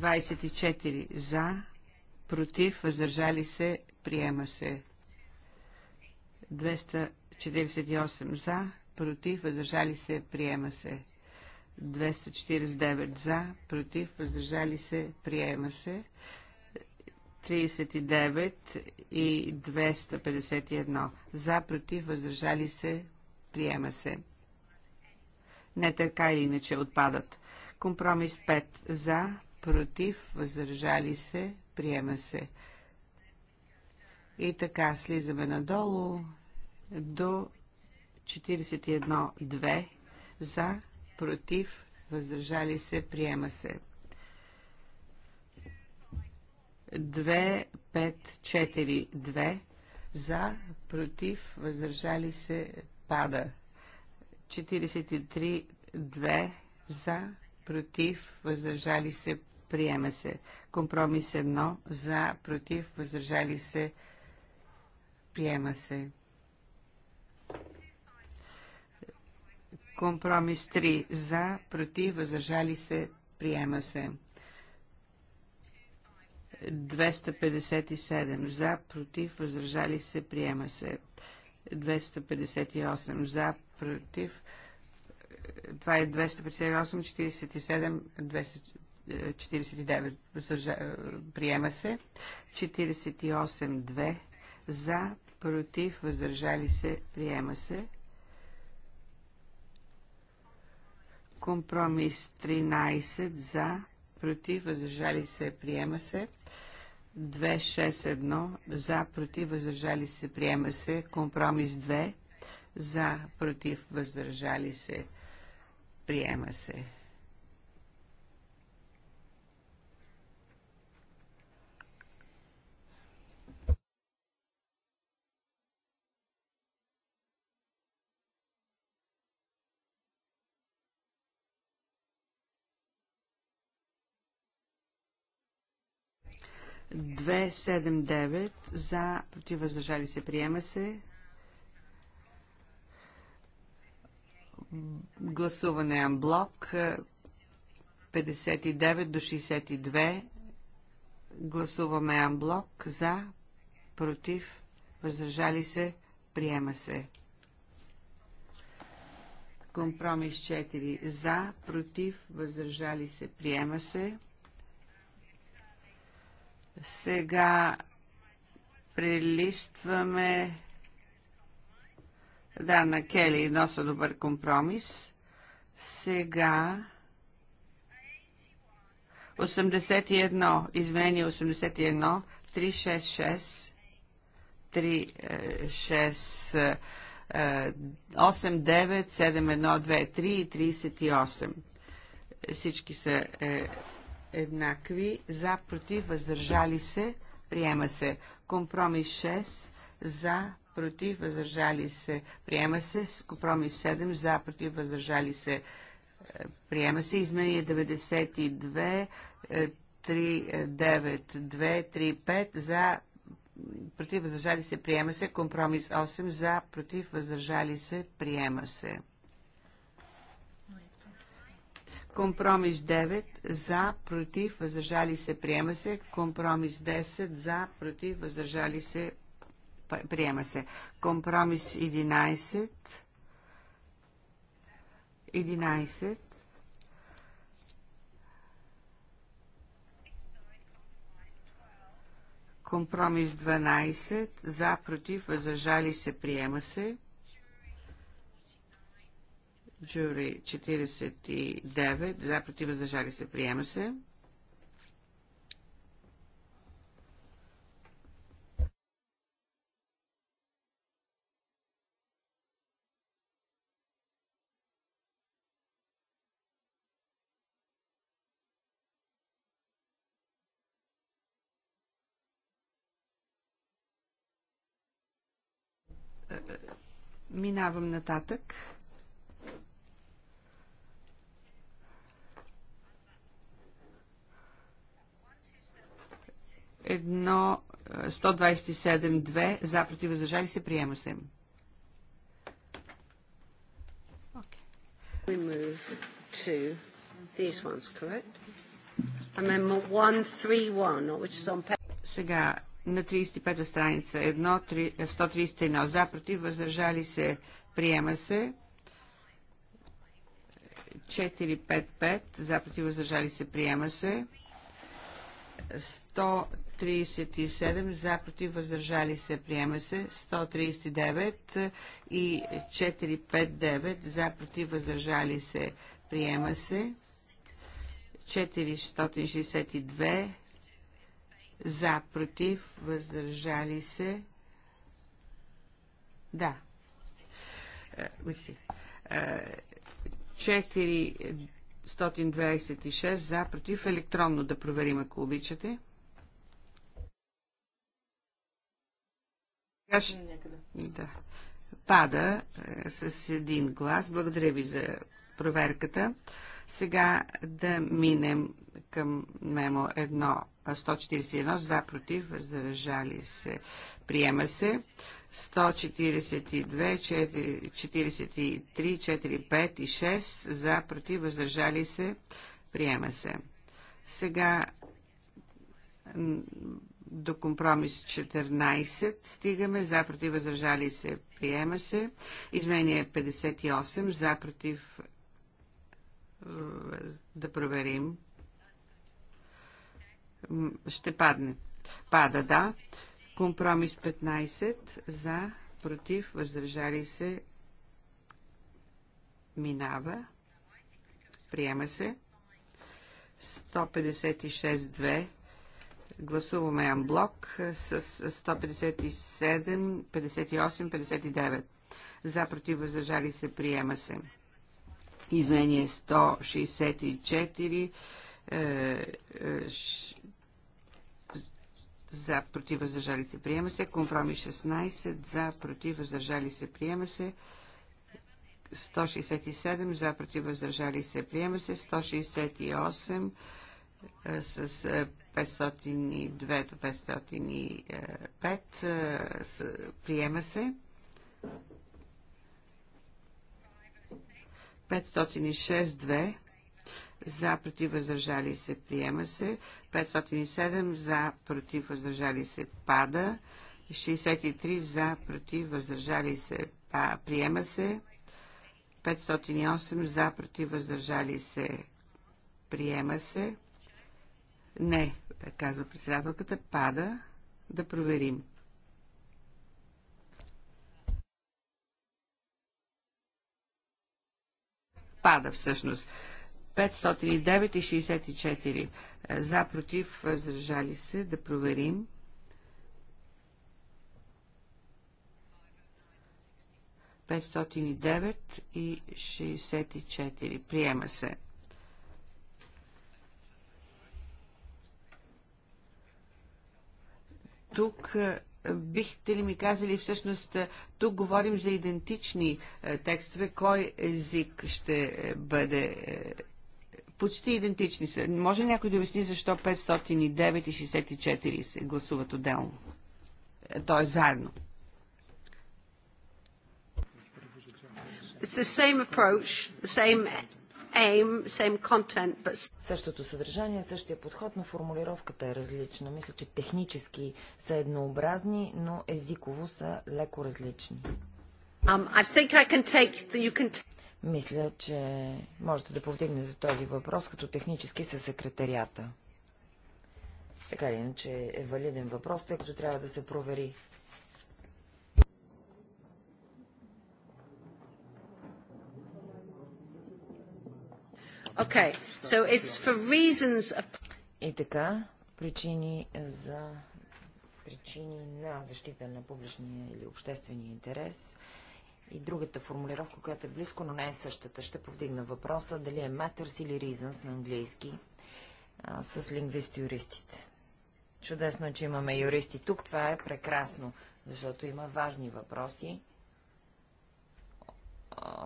24 за, против, въздържали се, приема се. 248 за, против, въздържали се, приема се. 249 за, против, въздържали се, приема се. 39 и 251 за, против, въздържали се, приема се. Не така или иначе отпадат. Компромис 5 за, против, въздържали се, приема се. И така слизаме надолу до 41 2. за, против, въздържали се, приема се. 2-5-4-2 за, против, въздържали се, пада. 43-2 за, против, въздържали се, приема се. Компромис 1 за, против, въздържали се, приема се. Компромис 3 за, против, въздържали се, приема се. 257 за, против, въздържали се, приема се. 258 за, против, това е 258, 47, 49 е, приема се, 48-2 за, против, въздържали се, приема се. Компромис 13 за, против, въздържали се, приема се. 261 за, против, въздържали се, приема се. Компромис 2 за, против, въздържали се, приема се. 279 за, против въздържали се, приема се. Гласуване Амблок 59 до 62. Гласуваме Амблок за, против, въздържали се, приема се. Компромис 4 за, против, въздържали се, приема се. Сега прелистваме да, на Кели носа добър компромис. Сега 81, изменение 81, 366, 3, 6, 7, 1, 2, и 38. Е, е, Всички са е, еднакви, за, против, въздържали се, приема се. Компромис 6, за, против, въздържали се, приема се. Компромис 7, за, против, въздържали се, е, приема се. Изменение 92, 3, 9, 2, 3, 5, за, против, въздържали се, приема се. Компромис 8, за, против, въздържали се, приема се. Компромис 9 за, против, въздържали се, приема се. Компромис 10 за, против, въздържали се, приема се. Компромис 11 11 Компромис 12 за, против, въздържали се, приема се. Жюри 49. За, против, въздържали се. Приема се. Минавам нататък. Едно, 127-2 е, за против въздържали се приема се. We move to these ones, correct? Amendment 131, which is on Сега на 35-та страница 131 е, за против въздържали се приема се. 455 за против въздържали се приема се. 100 37 за против въздържали се приема се 139 и 459 за против въздържали се приема се 462 за против въздържали се да е, мисли 426 е, за против електронно да проверим ако обичате Аз... Да. Пада е, с един глас. Благодаря ви за проверката. Сега да минем към мемо 1, 141 за против, въздържали се, приема се. 142, 4, 43, 4, 5 и 6 за против, въздържали се, приема се. Сега до компромис 14 стигаме, за против възражали се, приема се. Изменение 58, за против да проверим. Ще падне. Пада, да. Компромис 15, за против въздържали се, минава, приема се. 156-2 Гласуваме Амблок с 157, 58, 59. За против въздържали се приема се. Изменение 164. Е, е, за против въздържали се приема се. Компромис 16. За против въздържали се приема се. 167. За против въздържали се приема се. 168 с 502 е, до 505 е, приема се. 506-2 за против въздържали се приема се. 507 за против въздържали се пада. 63 за против въздържали се приема се. 508 за против въздържали се приема се. Не, казва председателката, пада. Да проверим. Пада всъщност. 509 и 64. За, против, въздържали се. Да проверим. 509 и 64. Приема се. Тук бихте ли ми казали, всъщност тук говорим за идентични текстове, кой език ще е, бъде е, почти идентични са. Може ли някой да обясни защо 509 и 64 се гласуват отделно? Е, то е заедно. It's the same approach, the same aim, same content, but... Същото съдържание, същия подход, но формулировката е различна. Мисля, че технически са еднообразни, но езиково са леко различни. Um, I think I can take the, you can... Мисля, че можете да повдигнете този въпрос като технически със секретарията. Така ли, иначе е валиден въпрос, тъй като трябва да се провери Okay, so it's for reasons of... И така, причини за причини на защита на публичния или обществения интерес и другата формулировка, която е близко, но не е същата. Ще повдигна въпроса дали е matters или reasons на английски а, с лингвист-юристите. Чудесно, е, че имаме юристи тук. Това е прекрасно, защото има важни въпроси,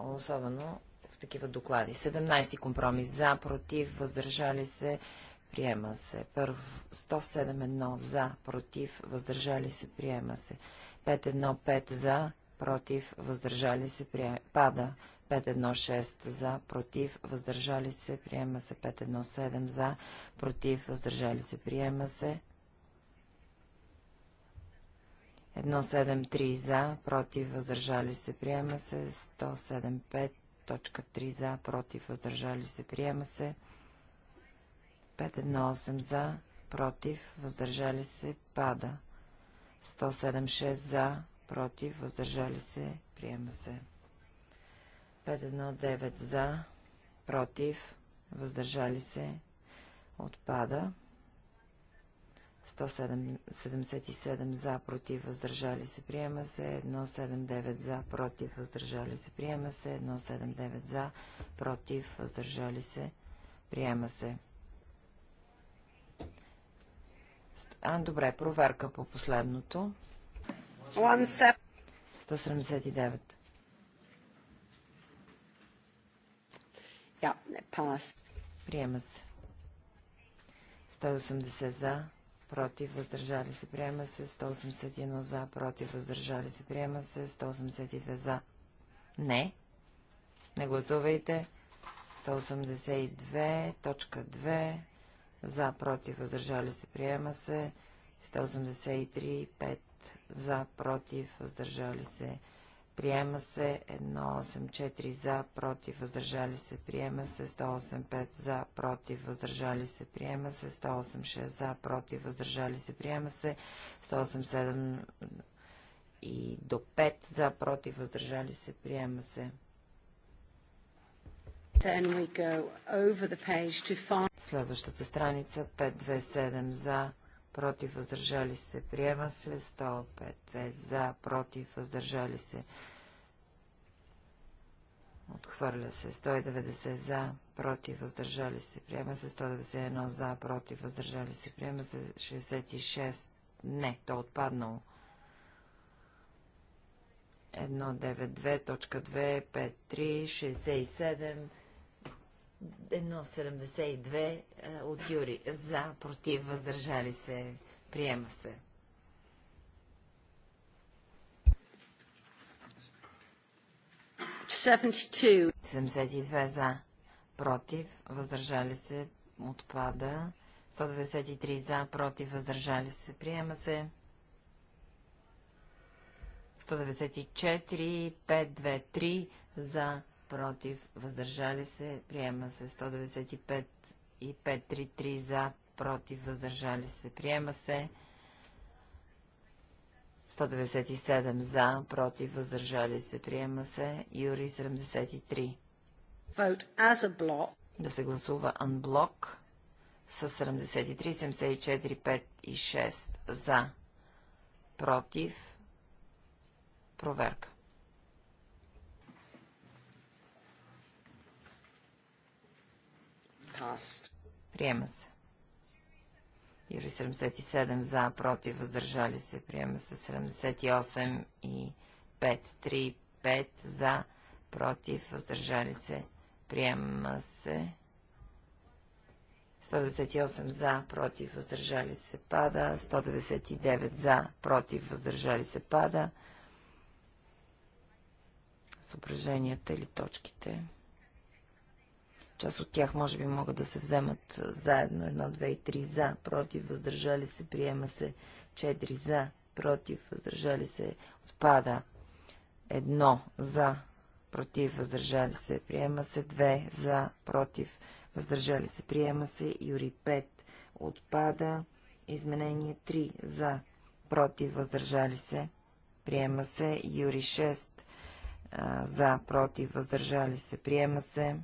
особено такива доклади. 17 компромис за, против, въздържали се, приема се. Първо 107-1 за, против, въздържали се, приема се. 5-1-5 за, против, въздържали се, приема, пада. 5-1-6 за, против, въздържали се, приема се. 5-1-7 за, против, въздържали се, приема се. 7-3 за, против, въздържали се, приема се, 175 Точка 3 за, против, въздържали се, приема се. 518 за, против, въздържали се, пада. 176 за, против, въздържали се, приема се. 519 за, против, въздържали се, отпада. 177 за, против, въздържали се, приема се, 179 за, против, въздържали се, приема се, 179 за, против, въздържали се, приема се. А, добре, проверка по последното. 179. Yeah, Приема се. 180 за, против, въздържали се, приема се 181 за, против, въздържали се, приема се 182 за. Не. Не гласувайте. 182.2 за, против, въздържали се, приема се 183.5 за, против, въздържали се, приема се Приема се 184 за, против, въздържали се. Приема се 185 за, против, въздържали се. Приема се 186 за, против, въздържали се. Приема се 187 и до 5 за, против, въздържали се. Приема се. Следващата страница 527 за, против, въздържали се, приема се, 105, 2 за, против, въздържали се, отхвърля се, 190 за, против, въздържали се, приема се, 191 за, против, въздържали се, приема се, 66, не, то отпаднало. 9, 2, 2, 67. Едно 72 е, от Юри. За, против, въздържали се, приема се. Seventy 72 за, против, въздържали се, отпада. 193 за, против, въздържали се, приема се. 194, 5, 2, 3 за, против, въздържали се, приема се 195 и 533 за, против, въздържали се, приема се 197 за, против, въздържали се, приема се Юри 73. Vote as a block. Да се гласува анблок с 73, 74, 5 и 6 за, против, проверка. Приема се. Юри 77 за, против, въздържали се. Приема се 78 и 5, 3, 5 за, против, въздържали се. Приема се. 198 за, против, въздържали се. Пада. 199 за, против, въздържали се. Пада. Съображенията или точките. Част от тях може би могат да се вземат заедно. Едно, две и три за, против, въздържали се, приема се. Четири за, против, въздържали се, отпада. Едно за, против, въздържали се, приема се. Две за, против, въздържали се, приема се. Юри 5 отпада. Изменение 3 за, против, въздържали се, приема се. Юри 6 за, против, въздържали се, приема се.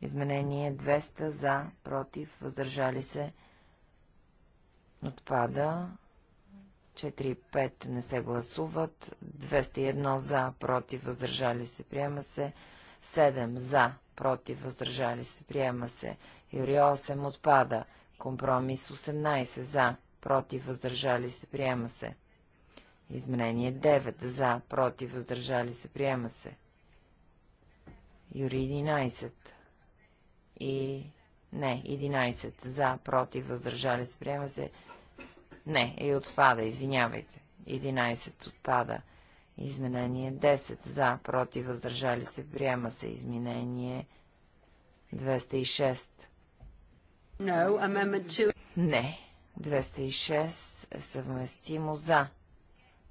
Изменение 200 за, против, въздържали се. Отпада. 4-5 не се гласуват. 201 за, против, въздържали се. Приема се. 7 за, против, въздържали се. Приема се. Юри 8 отпада. Компромис 18 за, против, въздържали се. Приема се. Изменение 9 за, против, въздържали се. Приема се. Юри 11 и... Не, 11 за, против, въздържали се, приема се. Не, и отпада, извинявайте. 11 отпада. Изменение 10 за, против, въздържали се, приема се. Изменение 206. No, Не, 206 е съвместимо за,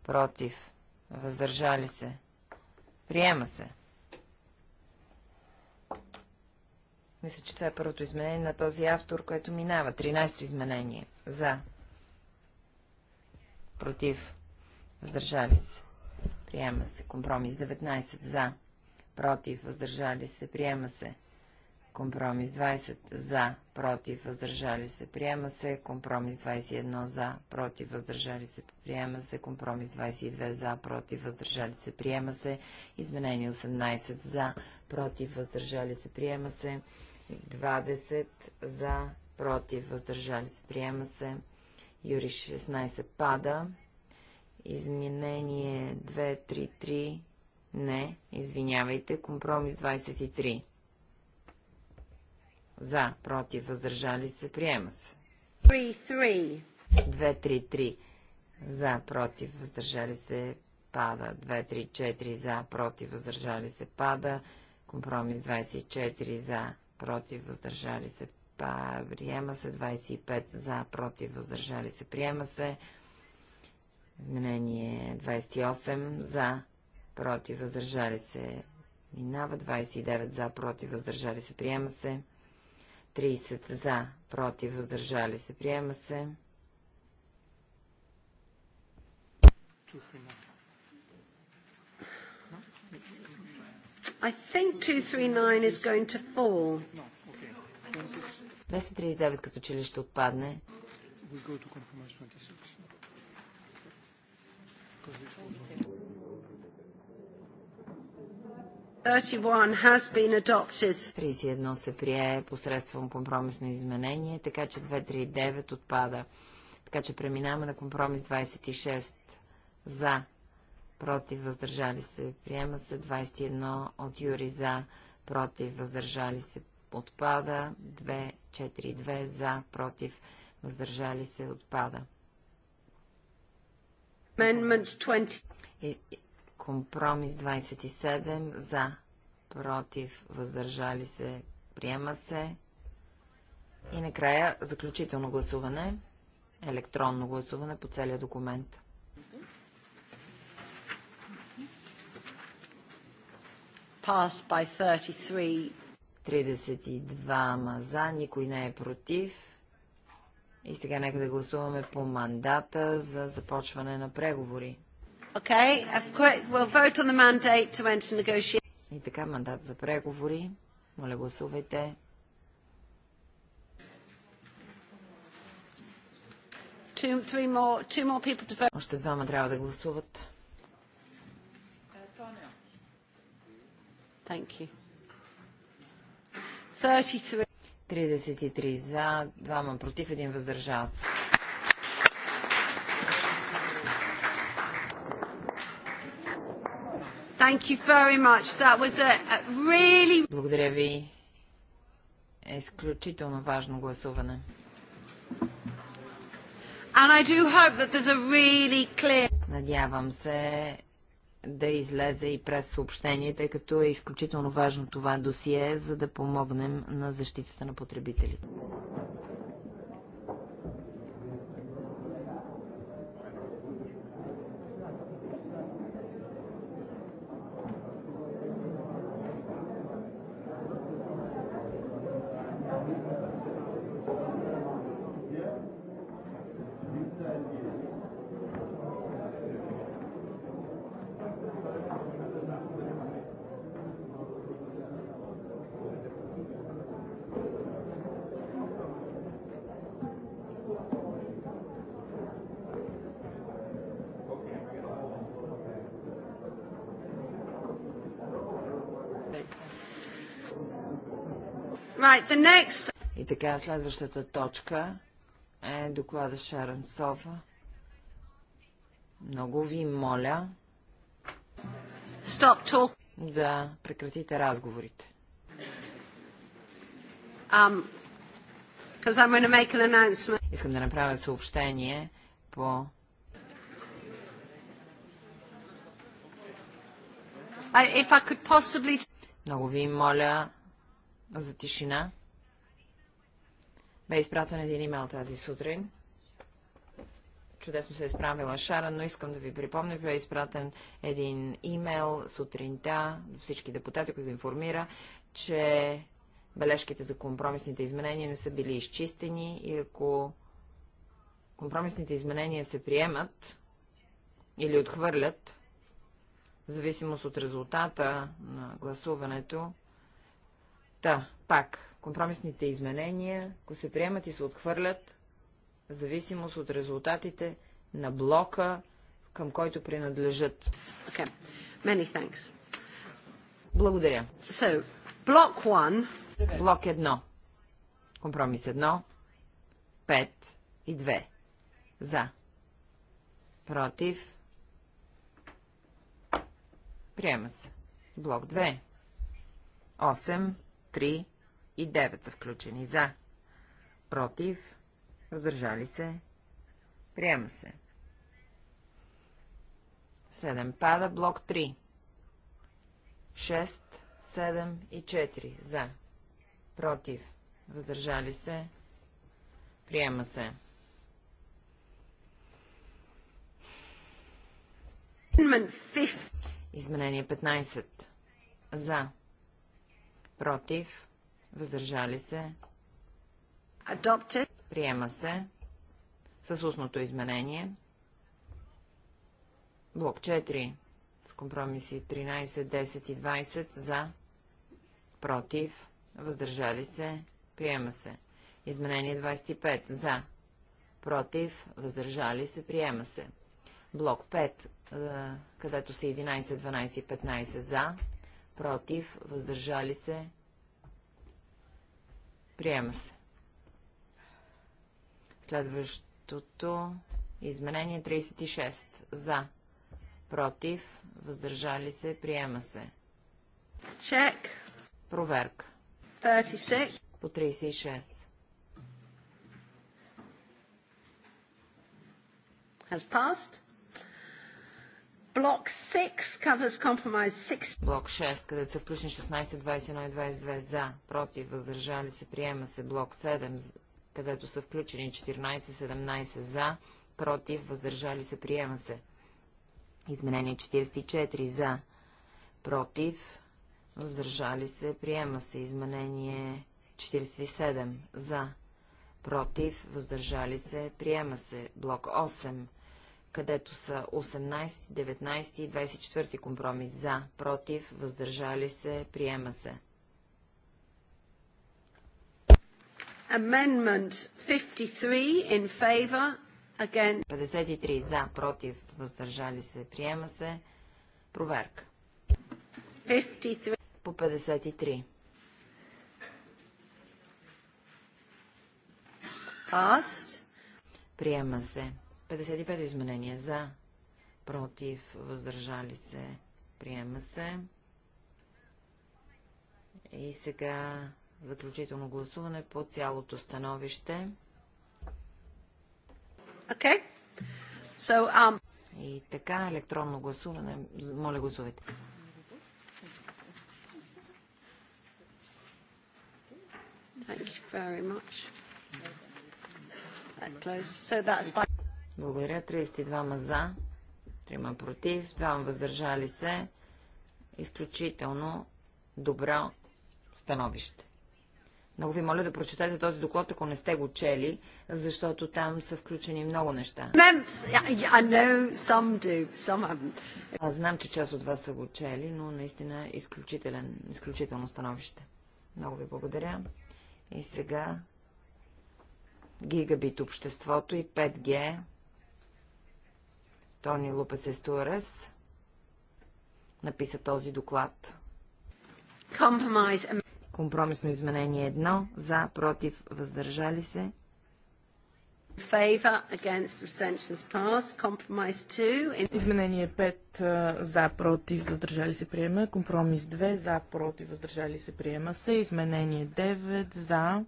против, въздържали се. Приема се. Мисля, че това е първото изменение на този автор, което минава. 13-то изменение. За. Против. Въздържали се. Приема се. Компромис 19. За. Против. Въздържали се. Приема се. Компромис 20. За. Против. Въздържали се. Приема се. Компромис 21. За. Против. Въздържали се. Приема се. Компромис 22. За. Против. Въздържали се. Приема се. Изменение 18. За. Против. Въздържали се. Приема се. 20 за, против, въздържали се, приема се. Юри 16 пада. Изменение 2, 3, 3, Не, извинявайте, компромис 23. За, против, въздържали се, приема се. 2, 3, 3, За, против, въздържали се, пада. 2, 3, 4 за, против, въздържали се, пада. Компромис 24 за, против, въздържали се, приема се, 25 за, против, въздържали се, приема се, изменение 28 за, против, въздържали се, минава, 29 за, против, въздържали се, приема се, 30 за, против, въздържали се, приема се. 239. I think 239 is going to fall. 239 като че ли ще отпадне. Has been 31 се прие посредством компромисно изменение, така че 239 отпада. Така че преминаваме на компромис 26 за против, въздържали се, приема се, 21 от Юри за, против, въздържали се, отпада, 2, 4, 2 за, против, въздържали се, отпада. 20. компромис 27 за, против, въздържали се, приема се. И накрая заключително гласуване, електронно гласуване по целия документ. passed by 33. 32 за, никой не е против. И сега нека да гласуваме по мандата за започване на преговори. Okay, we'll vote on the mandate to enter negotiation. И така, мандат за преговори. Моля, гласувайте. Two, three more, two more people to vote. Още двама трябва да гласуват. Thank you. 33. 33 за, 2 против, 1 въздържал се. Thank you very much. That was a, a really... Благодаря ви. Е изключително важно гласуване. And I do hope that there's a really clear... Надявам се, да излезе и през съобщение, тъй като е изключително важно това досие, за да помогнем на защитата на потребителите. the next... И така, следващата точка е доклада Шаран Софа. Много ви моля Stop talk. да прекратите разговорите. Um, I'm make an announcement. Искам да направя съобщение по... if I could possibly... Много ви моля за тишина. Бе изпратен един имейл тази сутрин. Чудесно се е изправила Шара, но искам да ви припомня, бе изпратен един имейл сутринта до всички депутати, които информира, че бележките за компромисните изменения не са били изчистени и ако компромисните изменения се приемат или отхвърлят, в зависимост от резултата на гласуването, Та, пак, компромисните изменения, ако се приемат и се отхвърлят, в зависимост от резултатите на блока, към който принадлежат. Okay. Many thanks. Благодаря. So, блок 1. Блок 1. Компромис 1. 5 и 2. За. Против. Приема се. Блок 2. 8. 3 и 9 са включени. За. Против. Въздържали се. Приема се. 7 пада. Блок 3. 6, 7 и 4. За. Против. Въздържали се. Приема се. Изменение 15. За против, въздържали се, Adopted. приема се с устното изменение. Блок 4 с компромиси 13, 10 и 20 за, против, въздържали се, приема се. Изменение 25 за, против, въздържали се, приема се. Блок 5, където са 11, 12 и 15 за, против, въздържали се, приема се. Следващото изменение 36. Е За, против, въздържали се, приема се. Чек. Проверка. 36. По 36. Has passed. Блок 6, където са включени 16, 21 и 22 за, против, въздържали се, приема се. Блок 7, където са включени 14, 17 за, против, въздържали се, приема се. Изменение 44 за, против, въздържали се, приема се. Изменение 47 за, против, въздържали се, приема се. Блок 8 където са 18, 19 и 24 компромис за, против, въздържали се, приема се. Amendment 53 in favor, against... 53 за, против, въздържали се, приема се. Проверка. 53. По 53. Passed. Приема се. 55 изменения за, против, въздържали се, приема се. И сега заключително гласуване по цялото становище. Okay. So, um... И така, електронно гласуване. Моля, гласувайте. Thank you very much. That close. So that's by благодаря. 32 за, 3 против, 2 въздържали се. Изключително добро становище. Много ви моля да прочетете този доклад, ако не сте го чели, защото там са включени много неща. Аз знам, че част от вас са го чели, но наистина изключителен, изключително становище. Много ви благодаря. И сега гигабит обществото и 5G Тони Лупес Естуарес написа този доклад. Компромисно изменение 1. За, против, въздържали се. Изменение 5 за, против, въздържали се, приема. Компромис 2 за, против, въздържали се, приема се. Изменение 9 за,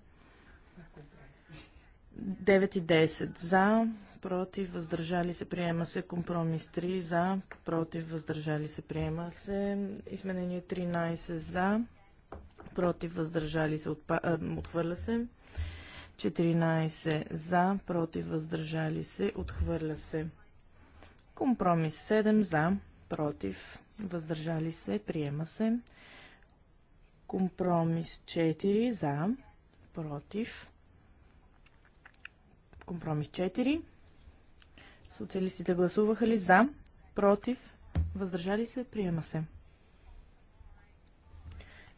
9 и 10 за, против, въздържали се, приема се. Компромис 3 за, против, въздържали се, приема се. Изменение 13 за, против, въздържали се, отпа... отхвърля се. 14 за, против, въздържали се, отхвърля се. Компромис 7 за, против, въздържали се, приема се. Компромис 4 за, против, компромис 4 Социалистите гласуваха ли за? Против? Въздържали се? Приема се.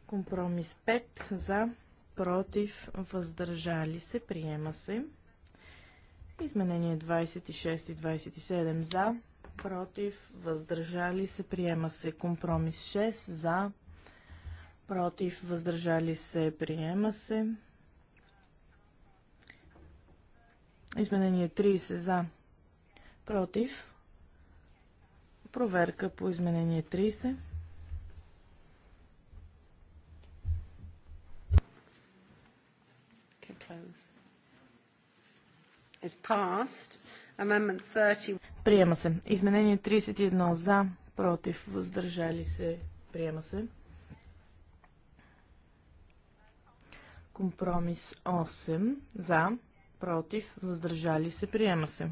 Компромис 5 за, против, въздържали се, приема се. Изменение 26 и 27 за, против, въздържали се, приема се. Компромис 6 за, против, въздържали се, приема се. Изменение 30 за, против. Проверка по изменение 30. Приема се. Изменение 31 за, против, въздържали се. Приема се. Компромис 8 за, против, въздържали се. Приема се.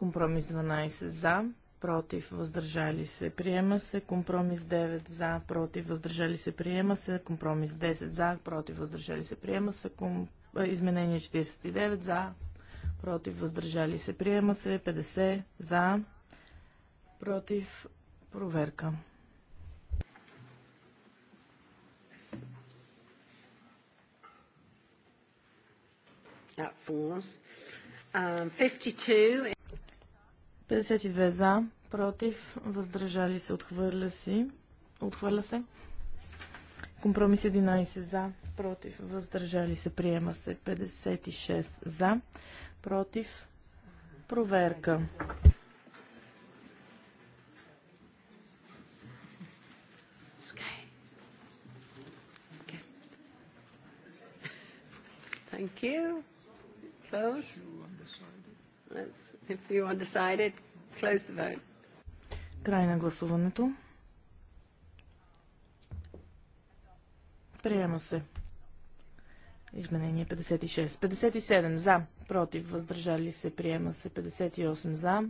Компромис 12 за, против, въздържали се, приема се. Компромис 9 за, против, въздържали се, приема се. Компромис 10 за, против, въздържали се, приема се. Ком... Изменение 49 за, против, въздържали се, приема се. 50 за, против, проверка. That fours. Um, 52. 52 за, против, въздържали се, отхвърля си. Отхвърля се. Компромис 11 за, против, въздържали се, приема се. 56 за, против, проверка. Thank you. Close. If you are close the vote. Край на гласуването. Приема се. Изменение 56. 57 за, против, въздържали се, приема се. 58 за,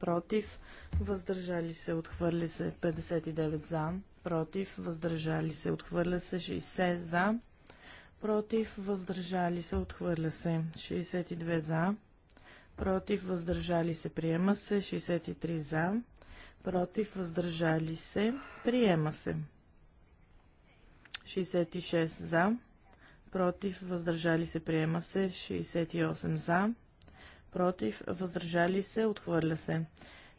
против, въздържали се, отхвърли се. 59 за, против, въздържали се, отхвърля се. 60 за, против, въздържали се, отхвърля се. 62 за, против, въздържали се, приема се. 63 за, против, въздържали се, приема се. 66 за, против, въздържали се, приема се. 68 за, против, въздържали се, отхвърля се.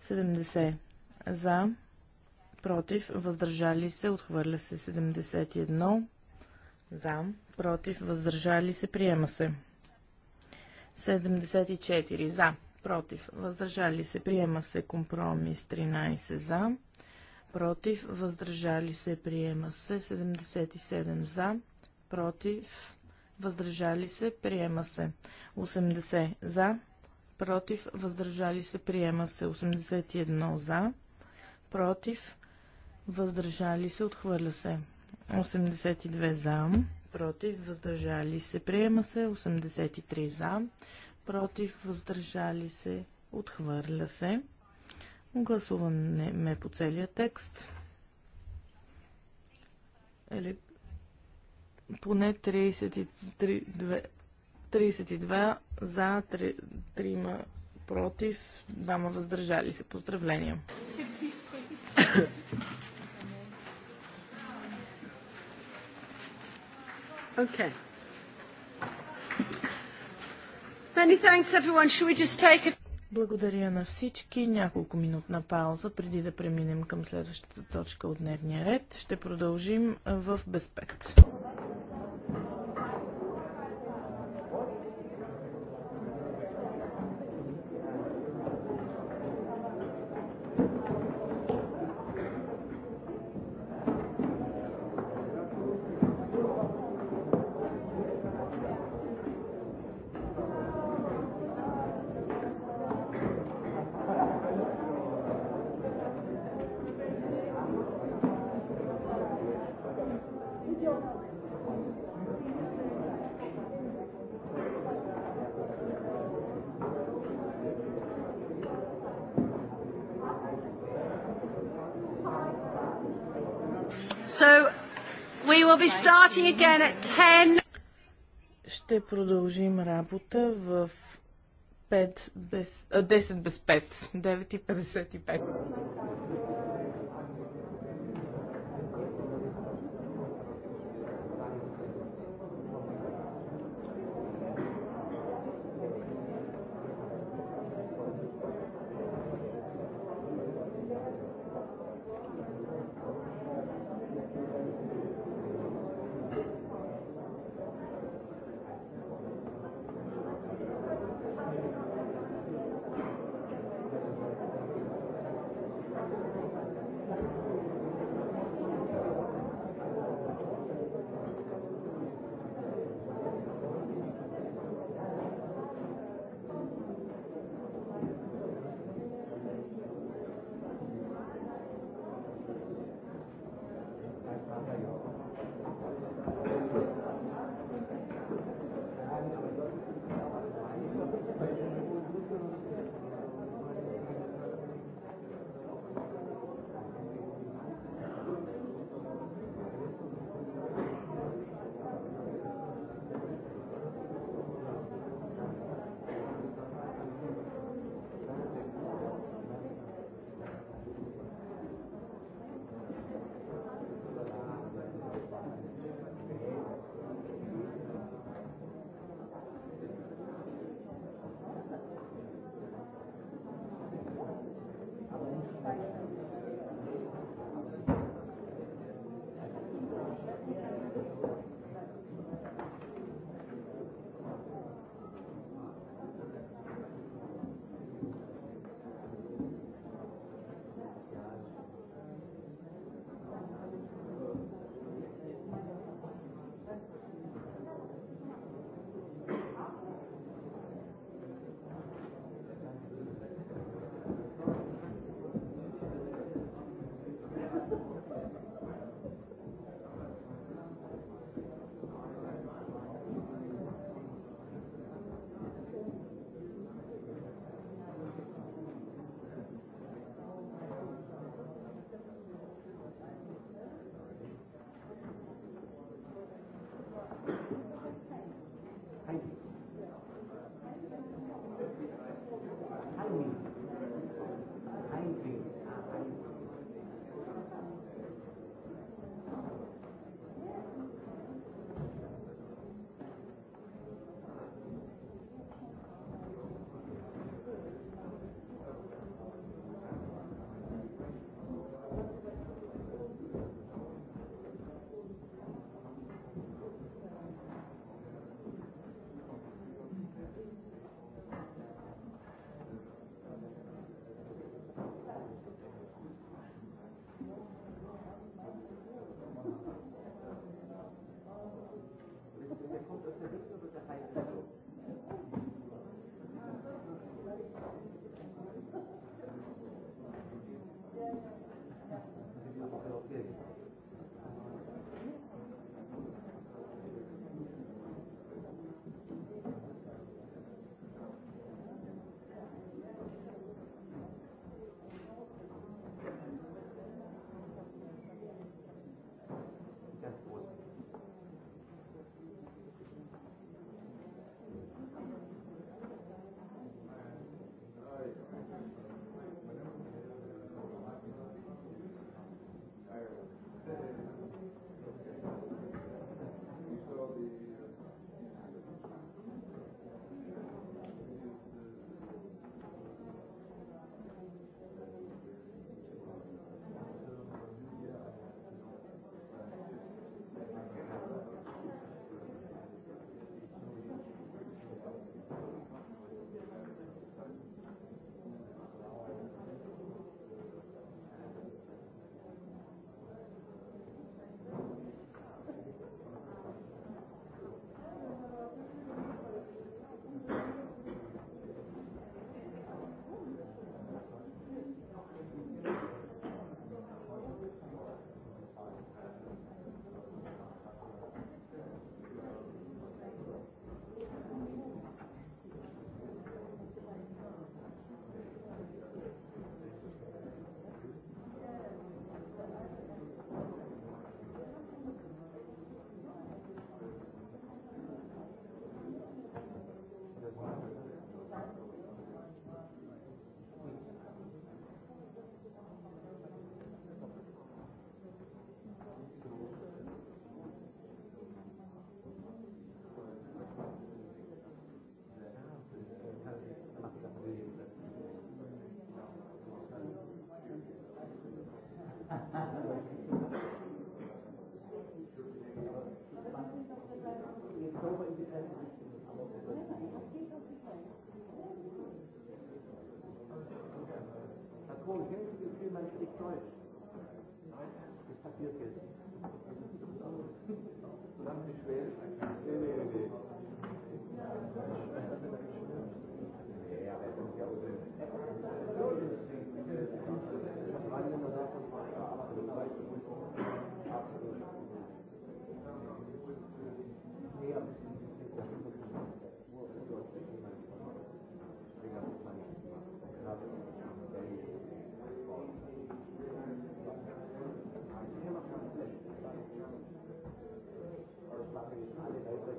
70 за, против, въздържали се, отхвърля се. 71 за, против, въздържали се, приема се. 74 за, против, въздържали се, приема се компромис 13 за, против, въздържали се, приема се 77 за, против, въздържали се, приема се 80 за, против, въздържали се, приема се 81 за, против, въздържали се, отхвърля се 82 за против, въздържали се, приема се, 83 за, против, въздържали се, отхвърля се. Гласуване ме по целия текст. Или поне 33, 32 за, 3, 3 против, 2 въздържали се. Поздравления! Okay. Many thanks everyone. Should we just take a... Благодаря на всички. Няколко минутна пауза преди да преминем към следващата точка от дневния ред. Ще продължим в безпект. Ще продължим работа в 5 без, 10 без 5, 9.55. Geld, wir spielen mal richtig Deutsch. Nein, das passiert jetzt. Solange sie schwer ist. Nee, nee, nee. Ja, aber das ist ja auch alle Beitrag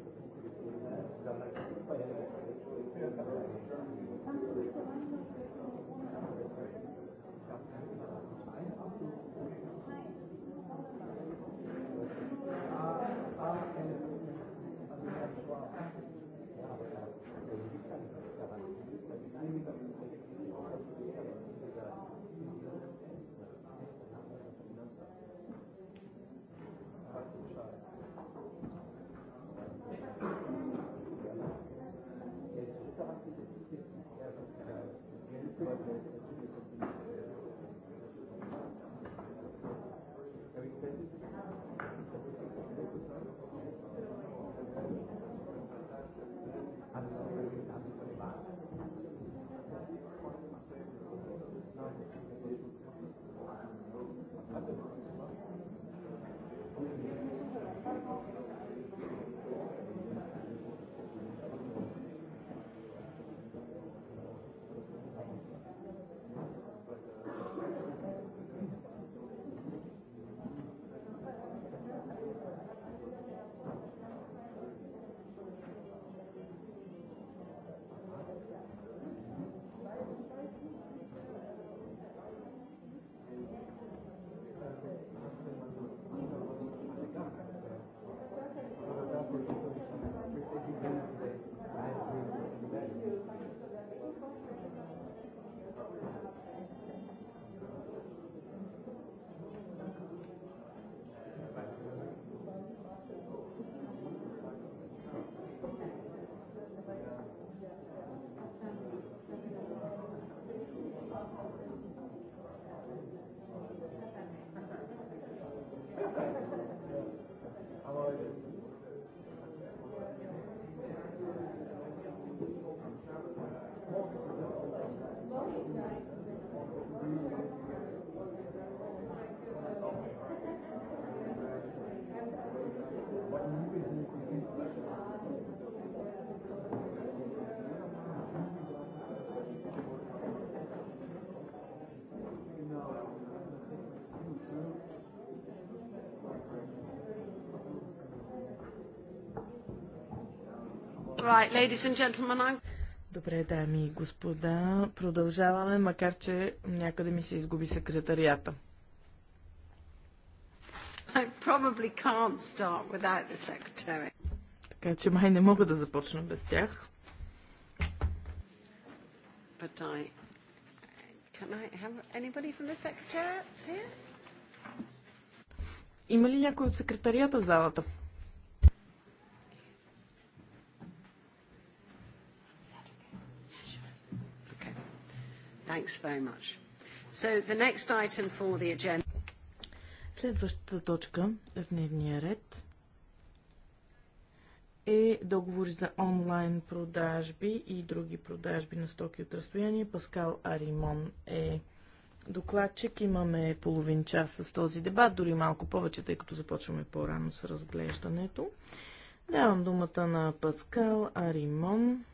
Right, ladies and gentlemen, I'm... Добре, дами и господа, продължаваме, макар че някъде ми се изгуби секретарията. I probably can't start without the secretary. Така че май не мога да започна без тях. But I... Can I have anybody from the secretariat here? Има ли някой от секретарията в залата? Thanks very much. So the next item for the agenda. Следващата точка в дневния ред е договори за онлайн продажби и други продажби на стоки от разстояние. Паскал Аримон е докладчик. Имаме половин час с този дебат, дори малко повече, тъй като започваме по-рано с разглеждането. Давам думата на Паскал Аримон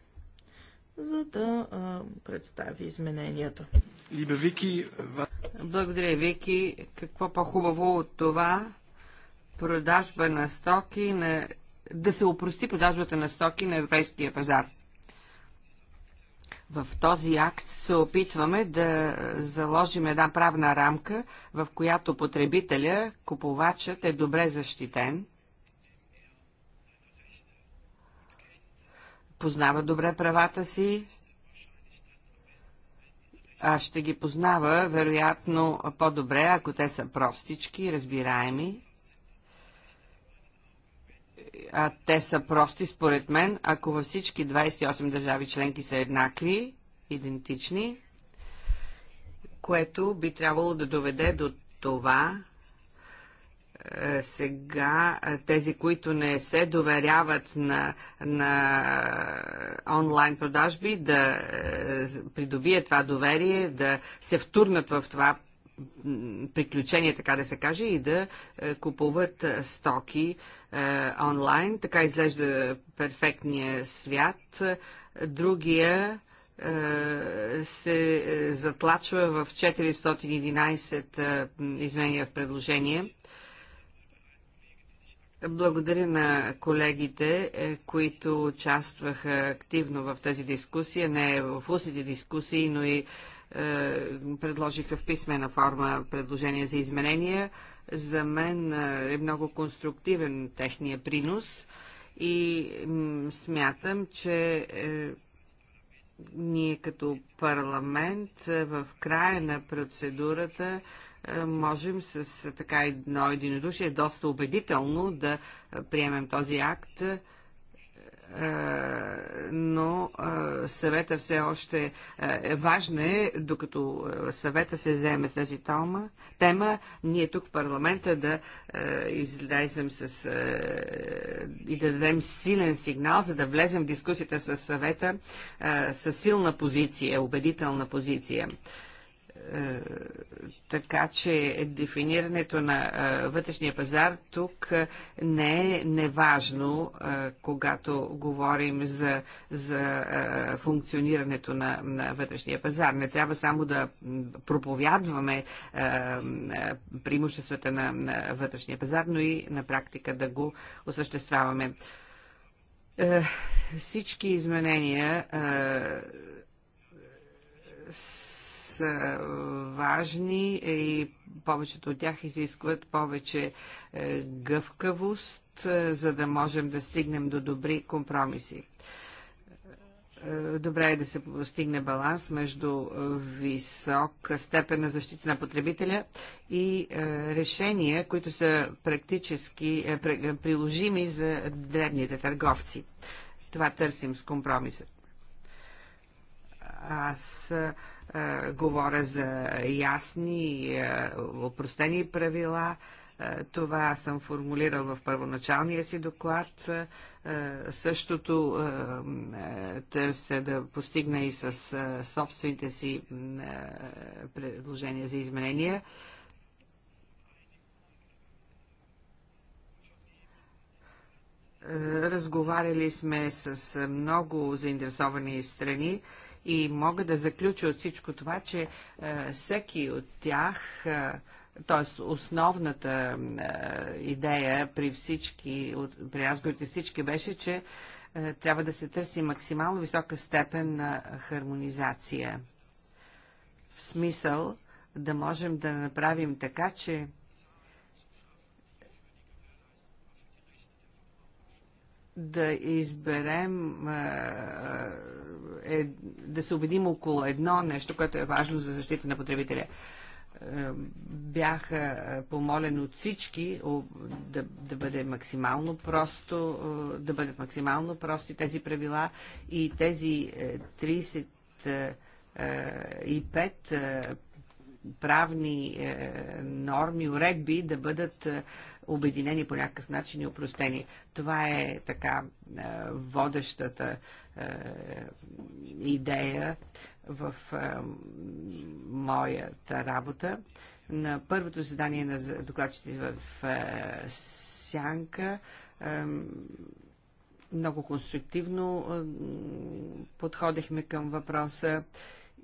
за да а, представи измененията. Либе Вики... Благодаря, Вики. Какво по-хубаво от това продажба на стоки, на... да се опрости продажбата на стоки на европейския пазар? В този акт се опитваме да заложим една правна рамка, в която потребителя, купувачът е добре защитен – познава добре правата си, а ще ги познава, вероятно, по-добре, ако те са простички, разбираеми. А те са прости, според мен, ако във всички 28 държави членки са еднакви, идентични, което би трябвало да доведе до това, е, сега е, тези, които не се доверяват на, на онлайн продажби, да е, придобие това доверие, да се втурнат в това приключение, така да се каже, и да купуват стоки онлайн. Така изглежда перфектния свят. Другия се затлачва в 411 изменения в предложение благодаря на колегите, е, които участваха активно в тази дискусия, не в устните дискусии, но и е, предложиха в писмена форма предложения за изменения. За мен е, е много конструктивен техния принос и смятам, че е, ние като парламент е, в края на процедурата е, можем с така едно единодушие доста убедително да е, приемем този акт, е, но съвета все още е важно е, докато съвета се вземе с тази тема, ние тук в парламента да излезем с и да дадем силен сигнал, за да влезем в дискусията с съвета с силна позиция, убедителна позиция. Е, така че дефинирането на е, вътрешния пазар тук е, не е неважно, когато говорим за, за функционирането на, на вътрешния пазар. Не трябва само да проповядваме преимуществата на, на вътрешния пазар, но и на практика да го осъществяваме. Всички изменения с са е, важни и повечето от тях изискват повече е, гъвкавост, е, за да можем да стигнем до добри компромиси добре е да се постигне баланс между висока степен на защита на потребителя и решения, които са практически приложими за древните търговци. Това търсим с компромиса. Аз говоря за ясни, и упростени правила. това съм формулирал в първоначалния си доклад. същото търся да постигна и с собствените си предложения за изменения. Разговаряли сме с много заинтересовани страни. И мога да заключа от всичко това, че е, всеки от тях е, т.е. основната е, идея при всички, при разговорите всички беше, че трябва да се търси максимално висока степен на хармонизация. В смисъл да можем да направим така, че да изберем, е, е, да се убедим около едно нещо, което е важно за защита на потребителя. Е, Бяха помолен от всички да, да бъде максимално просто, да бъдат максимално прости тези правила и тези 30 е, правни норми, уредби да бъдат обединени по някакъв начин и упростени. Това е така е, водещата е, идея в е, моята работа. На първото задание на докладчите в Сянка много конструктивно подходихме към въпроса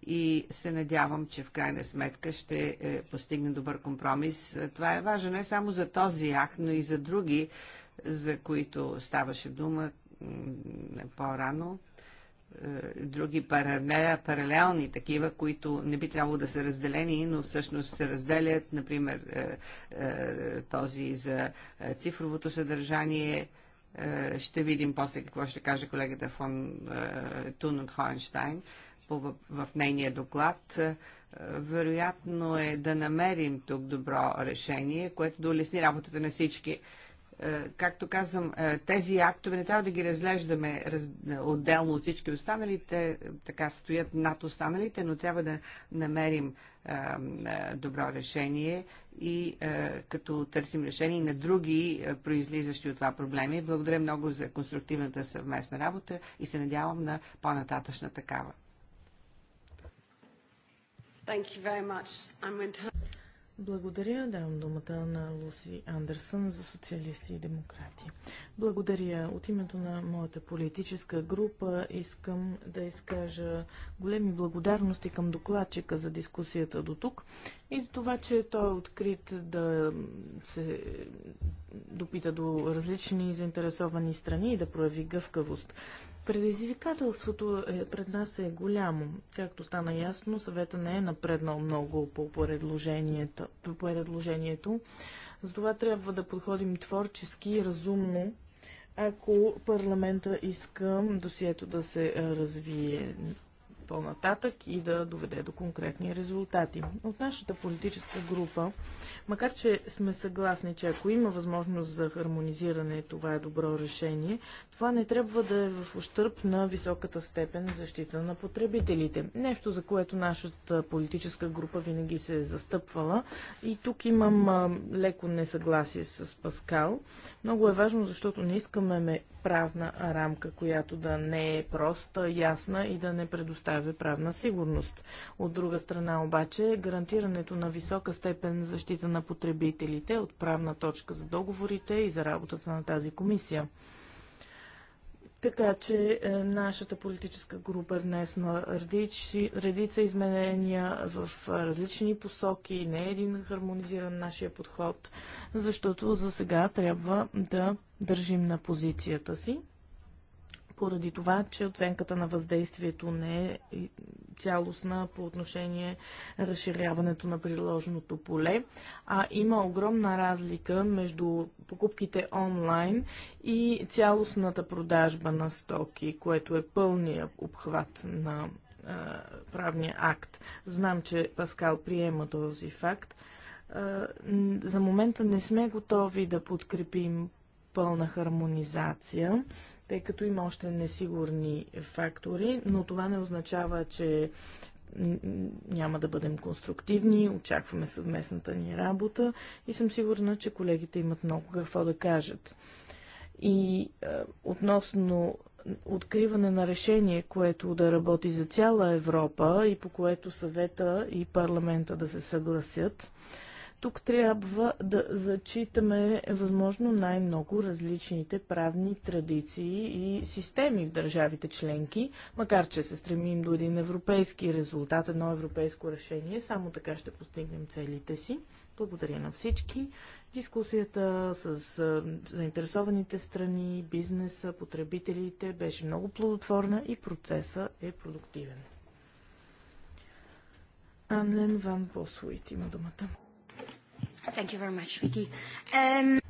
и се надявам, че в крайна сметка ще е, постигне добър компромис. Това е важно не само за този акт, но и за други, за които ставаше дума по-рано е, други паралел, паралелни такива, които не би трябвало да са разделени, но всъщност се разделят, например е, този за цифровото съдържание. Ще видим после какво ще каже колегата фон Тунен Хоенштайн по, в нейния доклад, е, вероятно е да намерим тук добро решение, което да улесни работата на всички. Е, както казвам, е, тези актове не трябва да ги разглеждаме отделно от всички останалите, така стоят над останалите, но трябва да намерим добро решение и като търсим решение на други произлизащи от това проблеми. Благодаря много за конструктивната съвместна работа и се надявам на по-нататъчна такава. Благодаря. Давам думата на Луси Андерсън за социалисти и демократи. Благодаря. От името на моята политическа група искам да изкажа големи благодарности към докладчика за дискусията до тук и за това, че той е открит да се допита до различни заинтересовани страни и да прояви гъвкавост. Предизвикателството е, пред нас е голямо. Както стана ясно, съвета не е напреднал много по предложението. По предложението. Затова трябва да подходим творчески и разумно, ако парламента иска досието да се развие по-нататък и да доведе до конкретни резултати. От нашата политическа група, макар че сме съгласни, че ако има възможност за хармонизиране, това е добро решение, това не трябва да е в ущърп на високата степен защита на потребителите. Нещо, за което нашата политическа група винаги се е застъпвала. И тук имам а, леко несъгласие с Паскал. Много е важно, защото не искаме правна рамка, която да не е проста, ясна и да не предоставя правна сигурност. От друга страна обаче, гарантирането на висока степен защита на потребителите от правна точка за договорите и за работата на тази комисия. Така че е, нашата политическа група е внесла редица изменения в е, различни посоки, не е един хармонизиран нашия подход, защото за сега трябва да държим на позицията си поради това, че оценката на въздействието не е цялостна по отношение разширяването на приложеното поле, а има огромна разлика между покупките онлайн и цялостната продажба на стоки, което е пълния обхват на правния акт. Знам, че Паскал приема този факт. За момента не сме готови да подкрепим пълна хармонизация тъй като има още несигурни фактори, но това не означава, че няма да бъдем конструктивни, очакваме съвместната ни работа и съм сигурна, че колегите имат много какво да кажат. И е, относно откриване на решение, което да работи за цяла Европа и по което съвета и парламента да се съгласят, тук трябва да зачитаме възможно най-много различните правни традиции и системи в държавите членки, макар че се стремим до един европейски резултат, едно европейско решение. Само така ще постигнем целите си. Благодаря на всички. Дискусията с заинтересованите страни, бизнеса, потребителите беше много плодотворна и процеса е продуктивен. Анлен Ван Босуит има думата. Thank you very much, Vicky. Um...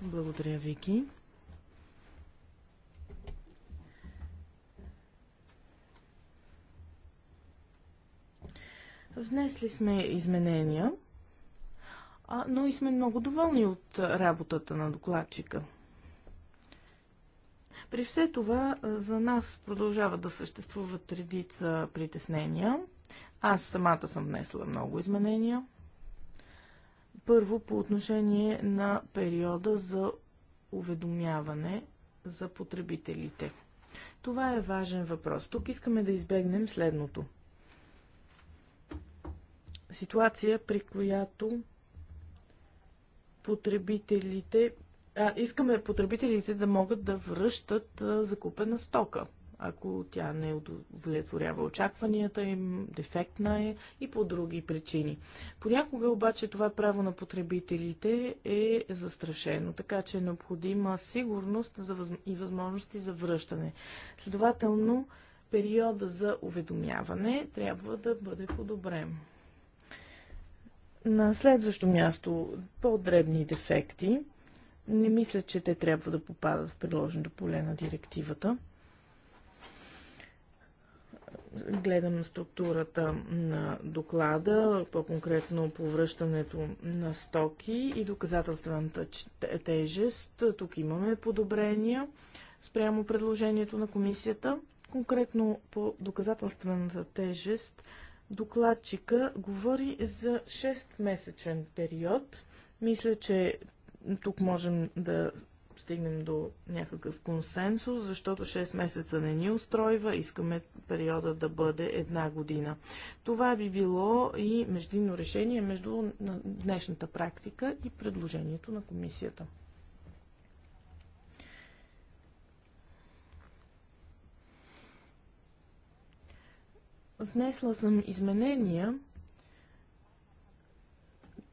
Благодаря, Вики. Внесли сме изменения, а, но и сме много доволни от работата на докладчика. При все това е, за нас продължава да съществуват редица притеснения – аз самата съм внесла много изменения. Първо по отношение на периода за уведомяване за потребителите. Това е важен въпрос. Тук искаме да избегнем следното. Ситуация, при която потребителите. А, искаме потребителите да могат да връщат а, закупена стока ако тя не удовлетворява очакванията им, дефектна е и по други причини. Понякога обаче това право на потребителите е застрашено, така че е необходима сигурност и възможности за връщане. Следователно, периода за уведомяване трябва да бъде подобрен. На следващо място, по-дребни дефекти. Не мисля, че те трябва да попадат в приложеното поле на директивата гледам структурата на доклада, по-конкретно повръщането на стоки и доказателствената тежест. Тук имаме подобрения спрямо предложението на комисията. Конкретно по доказателствената тежест докладчика говори за 6-месечен период. Мисля, че тук можем да стигнем до някакъв консенсус, защото 6 месеца не ни устройва, искаме периода да бъде една година. Това би било и междинно решение между днешната практика и предложението на комисията. Внесла съм изменения,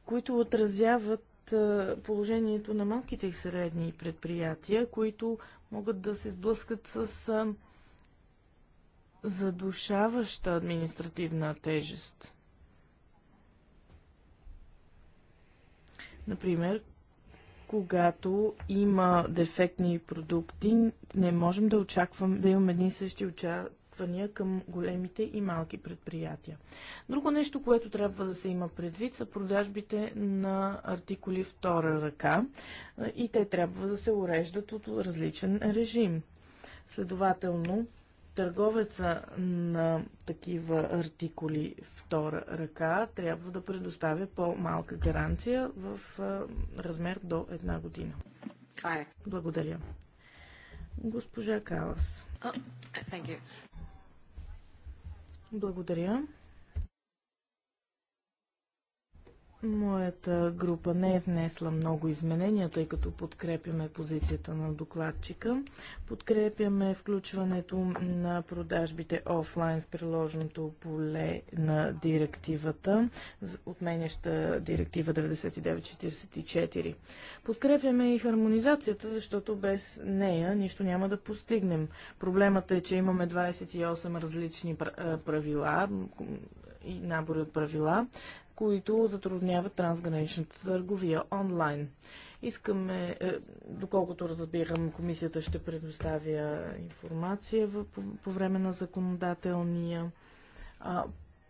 които отразяват е, положението на малките и средни предприятия, които могат да се сблъскат с е, задушаваща административна тежест. Например, когато има дефектни продукти, не можем да очакваме да имаме един същи изисквания към големите и малки предприятия. Друго нещо, което трябва да се има предвид, са продажбите на артикули втора ръка и те трябва да се уреждат от различен режим. Следователно, търговеца на такива артикули втора ръка трябва да предоставя по-малка гаранция в размер до една година. Благодаря. Госпожа Калас. Oh, благодаря. Моята група не е внесла много изменения, тъй като подкрепяме позицията на докладчика. Подкрепяме включването на продажбите офлайн в приложеното поле на директивата, отменяща директива 9944. Подкрепяме и хармонизацията, защото без нея нищо няма да постигнем. Проблемът е, че имаме 28 различни правила, и набори от правила които затрудняват трансграничната търговия онлайн. Искаме, е, доколкото разбирам, комисията ще предоставя информация по, време на законодателния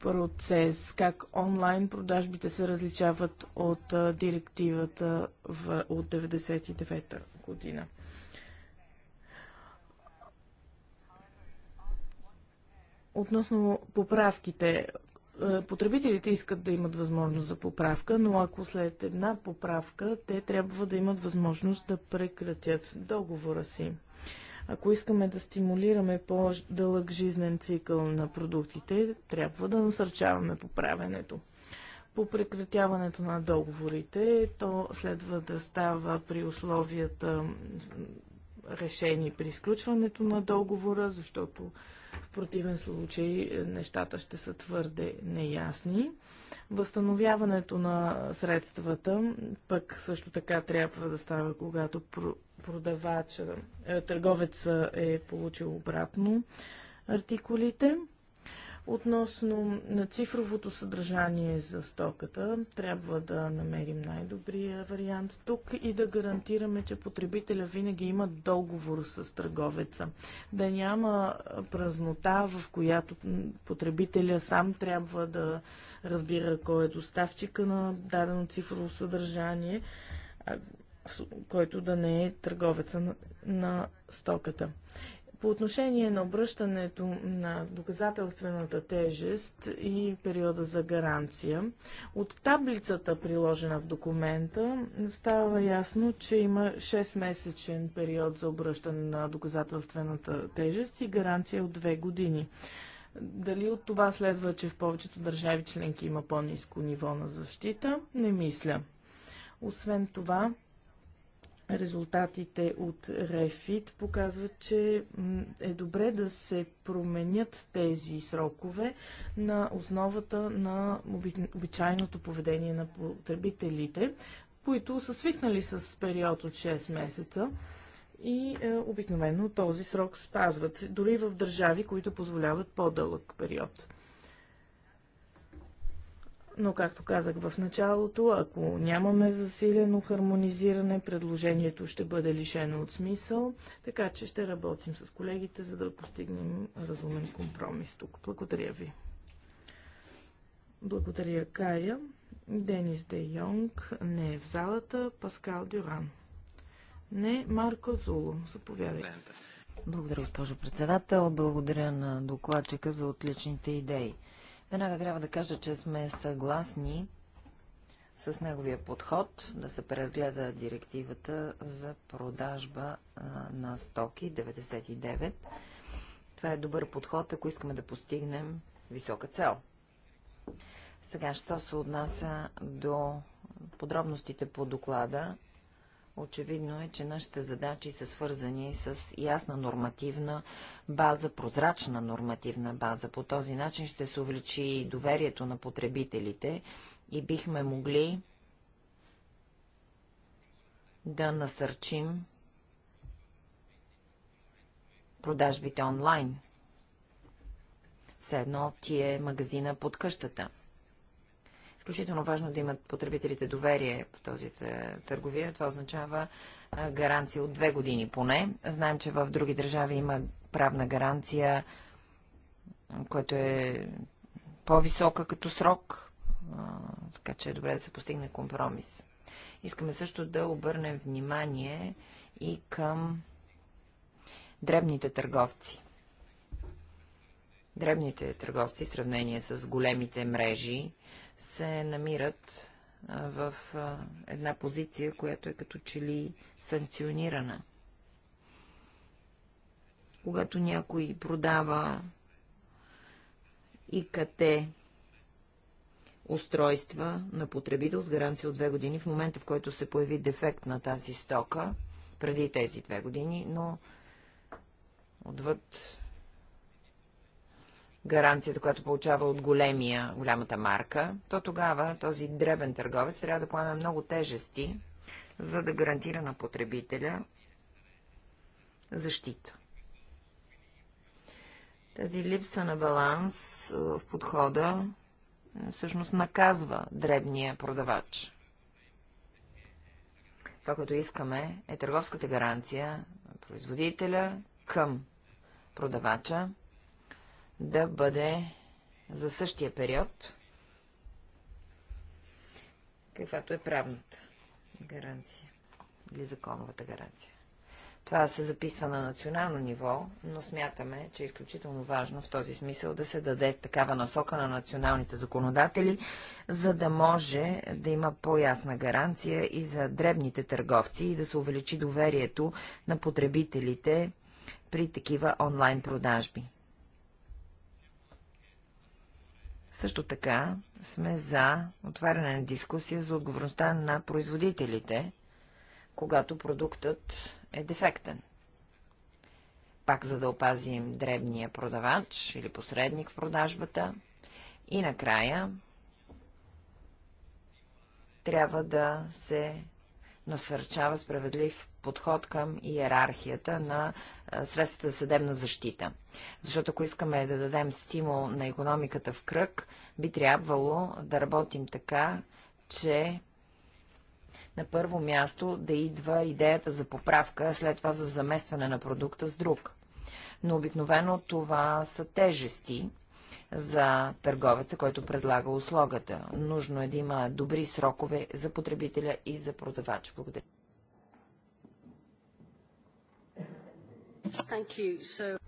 процес, как онлайн продажбите се различават от директивата от 99-та година. Относно поправките, е, потребителите искат да имат възможност за поправка, но ако след една поправка, те трябва да имат възможност да прекратят договора си. Ако искаме да стимулираме по-дълъг жизнен цикъл на продуктите, трябва да насърчаваме поправенето. По прекратяването на договорите, то следва да става при условията решени при изключването на договора, защото в противен случай е, нещата ще са твърде неясни. Възстановяването на средствата пък също така трябва да става, когато продавач, е, търговец е получил обратно артикулите. Относно на цифровото съдържание за стоката, трябва да намерим най-добрия вариант тук и да гарантираме, че потребителя винаги има договор с търговеца. Да няма празнота, в която потребителя сам трябва да разбира кой е доставчика на дадено цифрово съдържание, който да не е търговеца на, на стоката. По отношение на обръщането на доказателствената тежест и периода за гаранция, от таблицата, приложена в документа, става ясно, че има 6-месечен период за обръщане на доказателствената тежест и гаранция от 2 години. Дали от това следва, че в повечето държави членки има по-низко ниво на защита? Не мисля. Освен това, резултатите от Рефит показват, че е добре да се променят тези срокове на основата на обичайното поведение на потребителите, които са свикнали с период от 6 месеца и е, обикновено този срок спазват, дори в държави, които позволяват по-дълъг период. Но, както казах в началото, ако нямаме засилено хармонизиране, предложението ще бъде лишено от смисъл, така че ще работим с колегите, за да постигнем разумен компромис тук. Благодаря ви. Благодаря Кая. Денис Де Йонг не е в залата. Паскал Дюран. Не, Марко Зуло. Заповядайте. Благодаря, госпожо председател. Благодаря на докладчика за отличните идеи. Веднага трябва да кажа, че сме съгласни с неговия подход да се преразгледа директивата за продажба на стоки 99. Това е добър подход, ако искаме да постигнем висока цел. Сега, що се отнася до подробностите по доклада, Очевидно е, че нашите задачи са свързани с ясна нормативна база, прозрачна нормативна база. По този начин ще се увеличи доверието на потребителите и бихме могли да насърчим продажбите онлайн. Все едно ти е магазина под къщата – Изключително важно да имат потребителите доверие в този търговия. Това означава гаранция от две години поне. Знаем, че в други държави има правна гаранция, която е по-висока като срок, така че е добре да се постигне компромис. Искаме също да обърнем внимание и към дребните търговци. Дребните търговци в сравнение с големите мрежи се намират в една позиция, която е като че ли санкционирана. Когато някой продава ИКТ устройства на потребител с гаранция от две години, в момента в който се появи дефект на тази стока, преди тези две години, но отвъд гаранцията, която получава от големия, голямата марка, то тогава този дребен търговец трябва да поеме много тежести, за да гарантира на потребителя защита. Тази липса на баланс е, в подхода е, всъщност наказва дребния продавач. Това, което искаме, е търговската гаранция на производителя към продавача да бъде за същия период, каквато е правната гаранция или законовата гаранция. Това се записва на национално ниво, но смятаме, че е изключително важно в този смисъл да се даде такава насока на националните законодатели, за да може да има по-ясна гаранция и за дребните търговци и да се увеличи доверието на потребителите при такива онлайн продажби. Също така сме за отваряне на дискусия за отговорността на производителите, когато продуктът е дефектен. Пак за да опазим дребния продавач или посредник в продажбата. И накрая трябва да се насърчава справедлив подход към иерархията на средствата за съдебна защита. Защото ако искаме да дадем стимул на економиката в кръг, би трябвало да работим така, че на първо място да идва идеята за поправка, след това за заместване на продукта с друг. Но обикновено това са тежести, за търговеца, който предлага услугата. Нужно е да има добри срокове за потребителя и за продавача. Благодаря. So...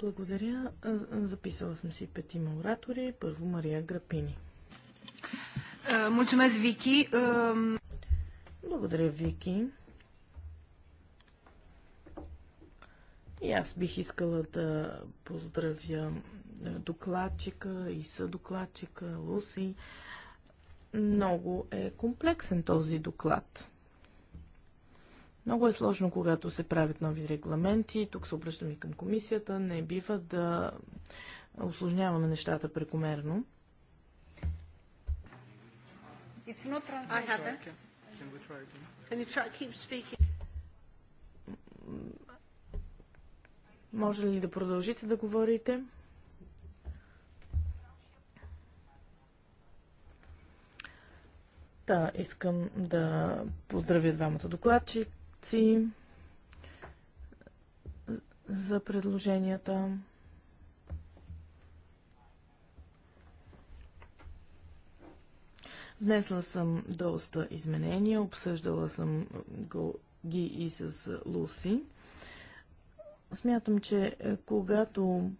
Благодаря. Записала съм си петима оратори. Първо Мария Грапини. Uh, Вики. Е, Благодаря, Вики. И аз бих искала да поздравя докладчика и съдокладчика Луси. Много е комплексен този доклад. Много е сложно, когато се правят нови регламенти. Тук се обръщаме към комисията. Не бива да осложняваме нещата прекомерно. Може ли да продължите да говорите? Та, искам да поздравя двамата докладчици за предложенията. Внесла съм доста изменения, обсъждала съм ги и с Луси. Смятам, че е, когато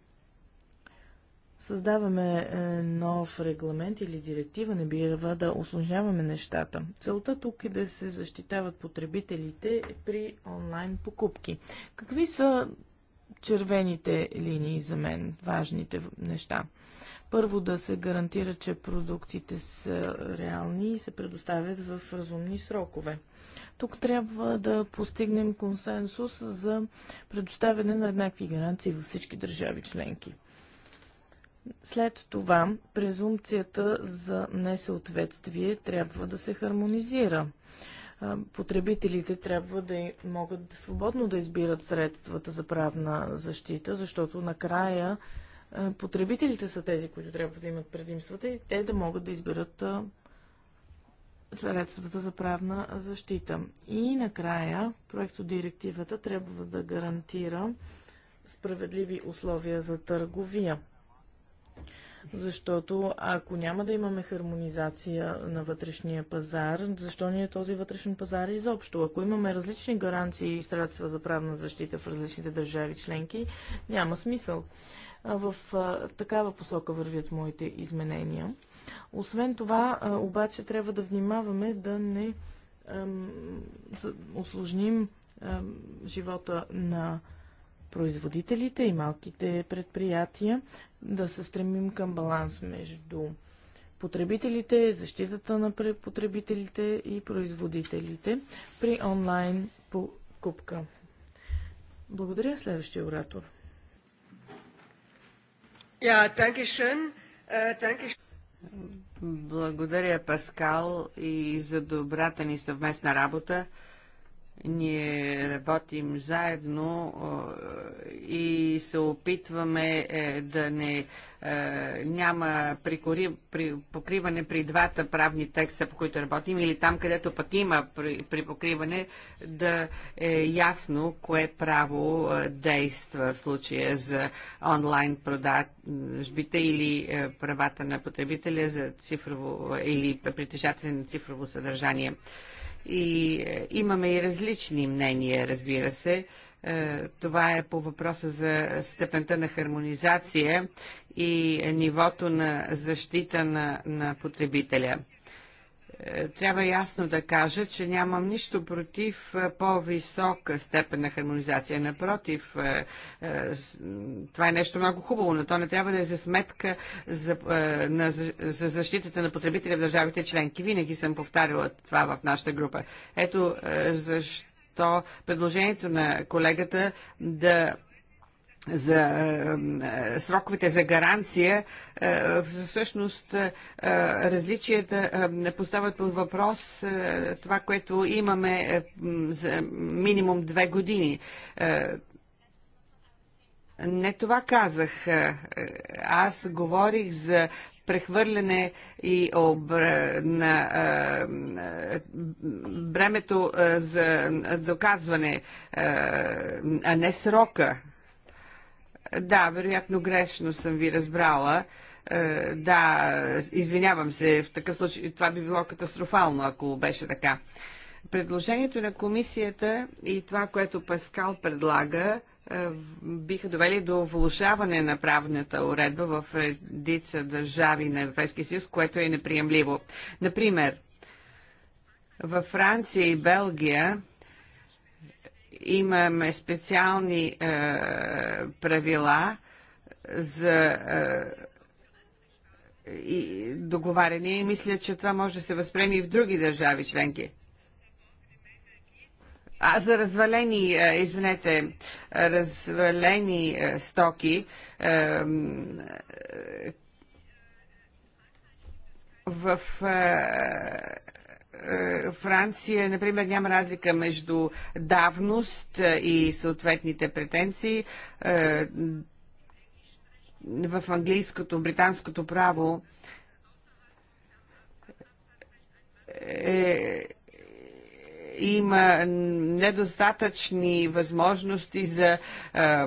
създаваме е, нов регламент или директива, не бива да осложняваме нещата. Целта тук е да се защитават потребителите при онлайн покупки. Какви са червените линии за мен, важните неща? Първо да се гарантира, че продуктите са реални и се предоставят в разумни срокове. Тук трябва да постигнем консенсус за предоставяне на еднакви гаранции във всички държави членки. След това презумпцията за несъответствие трябва да се хармонизира. Потребителите трябва да могат свободно да избират средствата за правна защита, защото накрая потребителите са тези, които трябва да имат предимствата и те да могат да изберат средствата за правна защита. И накрая директивата трябва да гарантира справедливи условия за търговия. Защото ако няма да имаме хармонизация на вътрешния пазар, защо ни е този вътрешен пазар изобщо? Ако имаме различни гаранции и средства за правна защита в различните държави членки, няма смисъл. В такава посока вървят моите изменения. Освен това, обаче, трябва да внимаваме да не ам, осложним ам, живота на производителите и малките предприятия, да се стремим към баланс между потребителите, защитата на потребителите и производителите при онлайн покупка. Благодаря. Следващия оратор. Ja, danke schön. Äh, danke Благодаря, Паскал, и за добрата ни съвместна работа. Ние работим заедно и се опитваме е, да не е, няма прикори, при, покриване при двата правни текста, по които работим, или там, където пък има при, при покриване, да е ясно кое право е, действа в случая за онлайн продажбите или правата на потребителя за цифрово или притежателя на цифрово съдържание и е, имаме и различни мнения, разбира се. Е, това е по въпроса за степента на хармонизация и е, нивото на защита на, на потребителя. Е, трябва ясно да кажа, че нямам нищо против е, по-висока степен на хармонизация. Напротив, е, това е нещо много хубаво, но то не трябва да е за сметка за, на, за защитата на потребителя в държавите членки. Винаги съм повтаряла това в нашата група. Ето защо предложението на колегата да за е, е, сроковете за гаранция, е, всъщност различията поставят под въпрос това, което имаме за минимум две години. Не това казах. Аз говорих за прехвърляне и обр... на времето бремето за доказване, а не срока. Да, вероятно грешно съм ви разбрала. Е, да, извинявам се, в такъв случай това би било катастрофално, ако беше така. Предложението на комисията и това, което Паскал предлага, е, биха довели до влушаване на правната уредба в редица държави на Европейския съюз, което е неприемливо. Например, във Франция и Белгия имаме специални е, правила за е, и договаряне и мисля, че това може да се възприеме и в други държави членки. А за развалени, е, извинете, развалени е, стоки, е, в е, Франция, например, няма разлика между давност е, и съответните претенции. Е, в английското, британското право е, има недостатъчни възможности за е, е,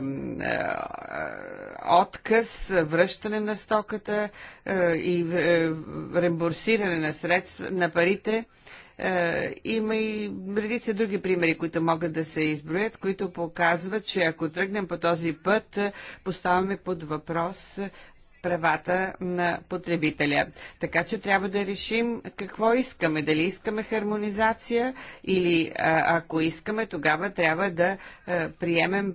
отказ, връщане на стоката е, и е, реимбурсиране на средства, на парите. Е, има и редица други примери, които могат да се изброят, които показват, че ако тръгнем по този път, е, поставяме под въпрос е, правата на потребителя. Така че трябва да решим какво искаме. Дали искаме хармонизация или ако искаме, тогава трябва да приемем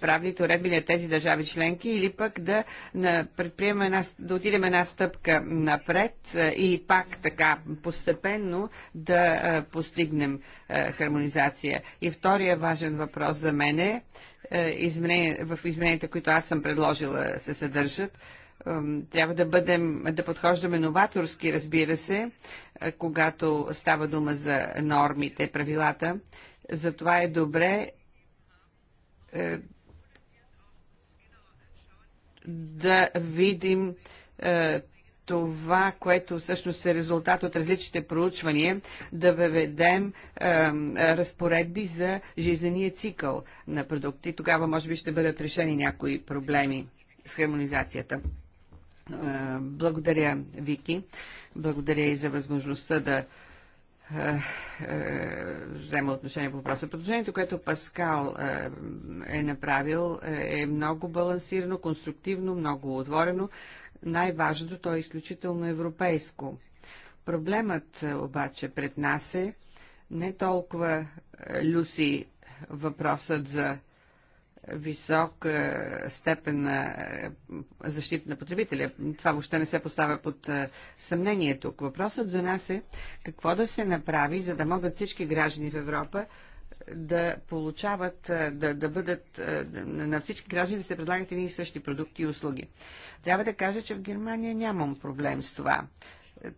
правните уредби на тези държави членки или пък да предприемем една, да отидем една стъпка напред и пак така постепенно да постигнем хармонизация. И втория важен въпрос за мен е в измененията, които аз съм предложила, се съдържат трябва да, бъдем, да подхождаме новаторски, разбира се, когато става дума за нормите, правилата. Затова е добре е, да видим е, това, което всъщност е резултат от различните проучвания, да въведем е, разпоредби за жизнения цикъл на продукти. Тогава, може би, ще бъдат решени някои проблеми с хармонизацията. Е, благодаря, Вики. Благодаря и за възможността да е, е, взема отношение по въпроса. Предложението, което Паскал е направил, е много балансирано, конструктивно, много отворено. Най-важното, то е изключително европейско. Проблемът обаче пред нас е не толкова, Люси, въпросът за висока е, степен на е, защита на потребителя. Това въобще не се поставя под е, съмнение тук. Въпросът за нас е какво да се направи, за да могат всички граждани в Европа да получават, да, да бъдат, на всички граждани да се предлагат едни и същи продукти и услуги. Трябва да кажа, че в Германия нямам проблем с това.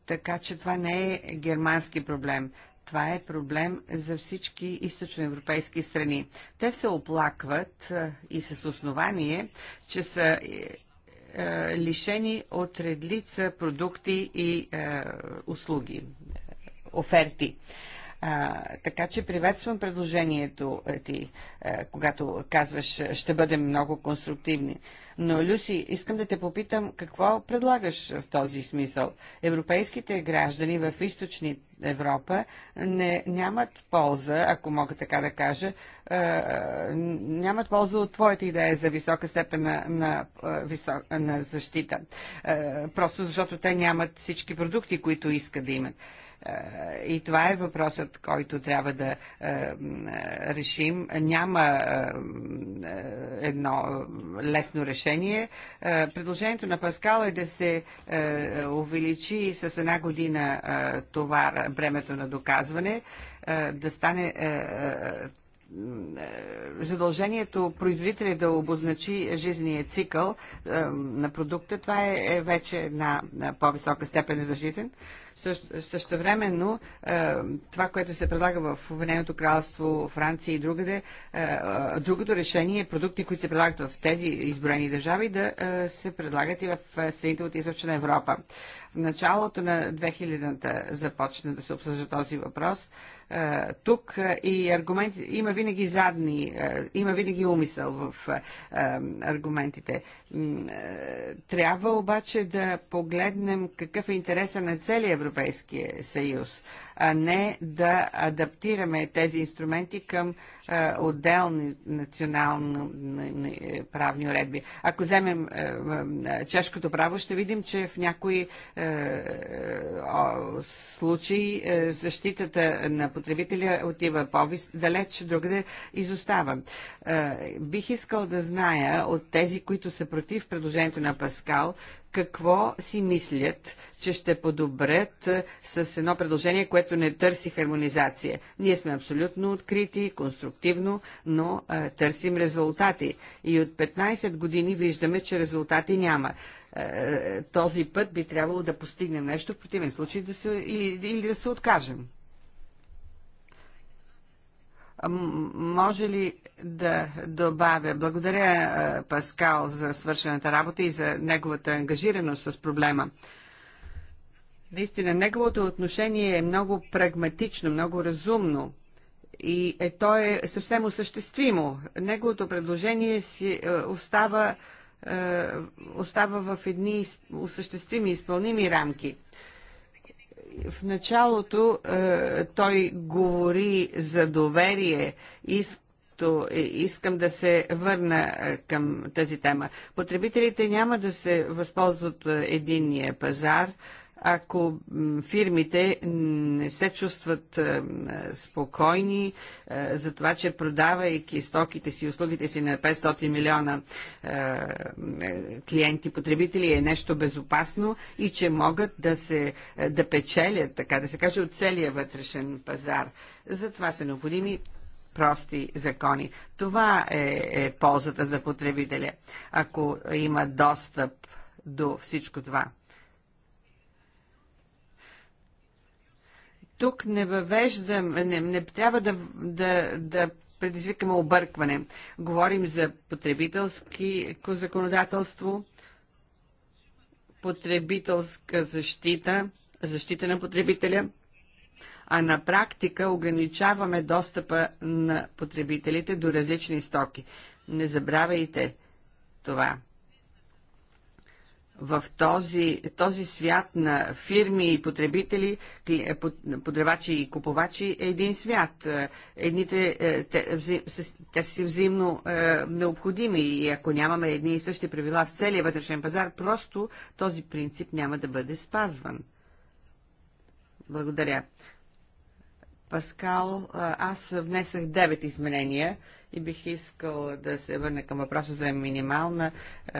Така че това не е германски проблем. Това е проблем за всички източноевропейски страни. Те се оплакват е, и с основание, че са е, е, лишени от редлица продукти и услуги, оферти. А, така че приветствам предложението е, ти, а, е, когато казваш, е, ще бъдем много конструктивни. Но, Люси, искам да те попитам, какво предлагаш в този смисъл? Европейските граждани в източни Европа не, нямат полза, ако мога така да кажа, а, нямат полза от твоята идея за висока степен на, на, на защита. А, просто защото те нямат всички продукти, които искат да имат. Е, и това е въпросът, който трябва да е, решим. Няма е, едно лесно решение. Предложението на Паскал е да се увеличи с една година товар, бремето на доказване, да стане задължението производителя да обозначи жизнения цикъл на продукта, това е, е вече една е, по-висока степен защитен. Също, същевременно е, това, което се предлага в Обединеното кралство, Франция и другаде, другото решение е продукти, които се предлагат в тези изброени държави, да се предлагат и в страните от Източна Европа. В началото на 2000-та започна да се обсъжда този въпрос – тук и аргументи, има винаги задни, има винаги умисъл в аргументите. Трябва обаче да погледнем какъв е интереса на целия Европейския съюз а не да адаптираме тези инструменти към отделни национални е, правни уредби. Ако вземем е, е, чешкото право, ще видим, че в някои случаи защитата на потребителя отива по-далеч, другаде изостава. Бих искал да зная от тези, които са против предложението на Паскал, какво си мислят, че ще подобрят е, с едно предложение, което не търси хармонизация. Ние сме абсолютно открити, конструктивно, но е, търсим резултати. И от 15 години виждаме, че резултати няма. Е, е, този път би трябвало да постигнем нещо, в противен случай да се, или, или да се откажем. Може ли да добавя, благодаря е, Паскал за свършената работа и за неговата ангажираност с проблема. Наистина, неговото отношение е много прагматично, много разумно и е, то е съвсем осъществимо. Неговото предложение си е, остава, е, остава в едни осъществими, изпълними рамки в началото е, той говори за доверие. и то, е, искам да се върна е, към тази тема. Потребителите няма да се възползват е, единния пазар. Е, ако фирмите не се чувстват спокойни е, за това, че продавайки стоките си, услугите си на 500 милиона е, е, клиенти, потребители е нещо безопасно и че могат да се да печелят, така да се каже, от целия вътрешен пазар. За това са необходими прости закони. Това е, е ползата за потребителя, ако има достъп до всичко това. Тук не въвеждам, не, не трябва да, да, да предизвикаме объркване. Говорим за потребителски законодателство, потребителска защита, защита на потребителя, а на практика ограничаваме достъпа на потребителите до различни стоки. Не забравяйте това в този, този свят на фирми и потребители, е, подревачи и купувачи е един свят. Е, едните, е, те, те са си взаимно е, необходими и ако нямаме едни и същи правила в целия вътрешен пазар, просто този принцип няма да бъде спазван. Благодаря. Паскал, аз внесах 9 изменения и бих искал да се върна към въпроса за минимална,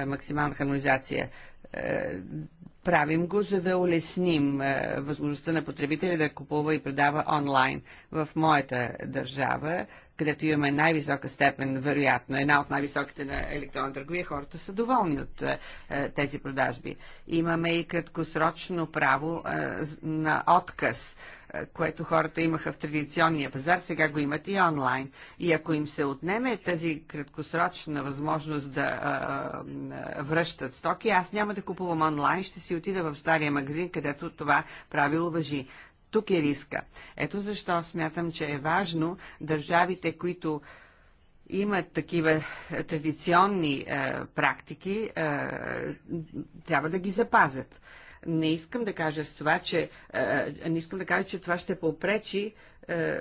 максимална хармонизация. Е, правим го, за да улесним е, възможността на потребителя да купува и продава онлайн. В моята държава, където имаме най-висока степен, вероятно, една от най-високите на електронна търговия, хората са доволни от е, тези продажби. Имаме и краткосрочно право на отказ е, което хората имаха в традиционния пазар, сега го имат и онлайн. И ако им се отнеме тази краткосрочна възможност да а, а, връщат стоки, аз няма да купувам онлайн, ще си отида в стария магазин, където това правило въжи. Тук е риска. Ето защо смятам, че е важно държавите, които имат такива е, традиционни е, практики, е, трябва да ги запазят. Не искам да кажа с това, че е, е, не искам да кажа, че това ще попречи е,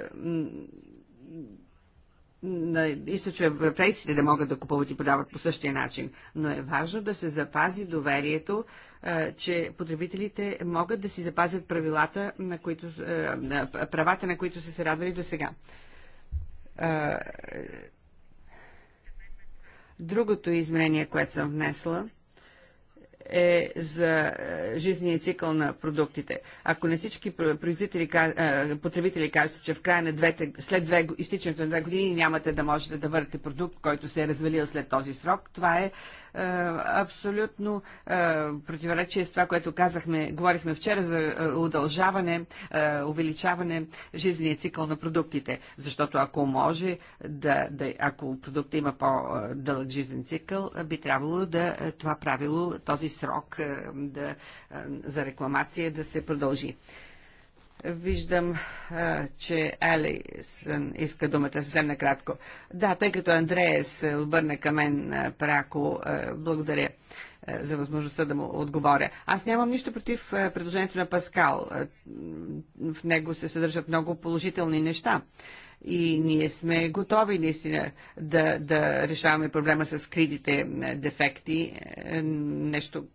на източноевропейците да могат да купуват и продават по същия начин. Но е важно да се запази доверието, че потребителите могат да си запазят правилата, на които, правата, на които са се радвали до сега. Другото изменение, което съм внесла – е за е, жизнения цикъл на продуктите. Ако не всички е, потребители кажете, че в края на двете, след две, изтичането на две години нямате да можете да върнете продукт, който се е развалил след този срок, това е е, абсолютно е, противоречие с това, което казахме, говорихме вчера за е, удължаване, увеличаване жизнения цикъл на продуктите. Защото ако може, да, да, ако продукта има по-дълъг жизнен цикъл, би трябвало да това правило, този срок да, за рекламация да се продължи. Виждам, че Алисън иска думата съвсем накратко. Да, тъй като Андрея се обърна към мен пряко, благодаря за възможността да му отговоря. Аз нямам нищо против предложението на Паскал. В него се съдържат много положителни неща и ние сме готови наистина да, да решаваме проблема с критите дефекти, нещо,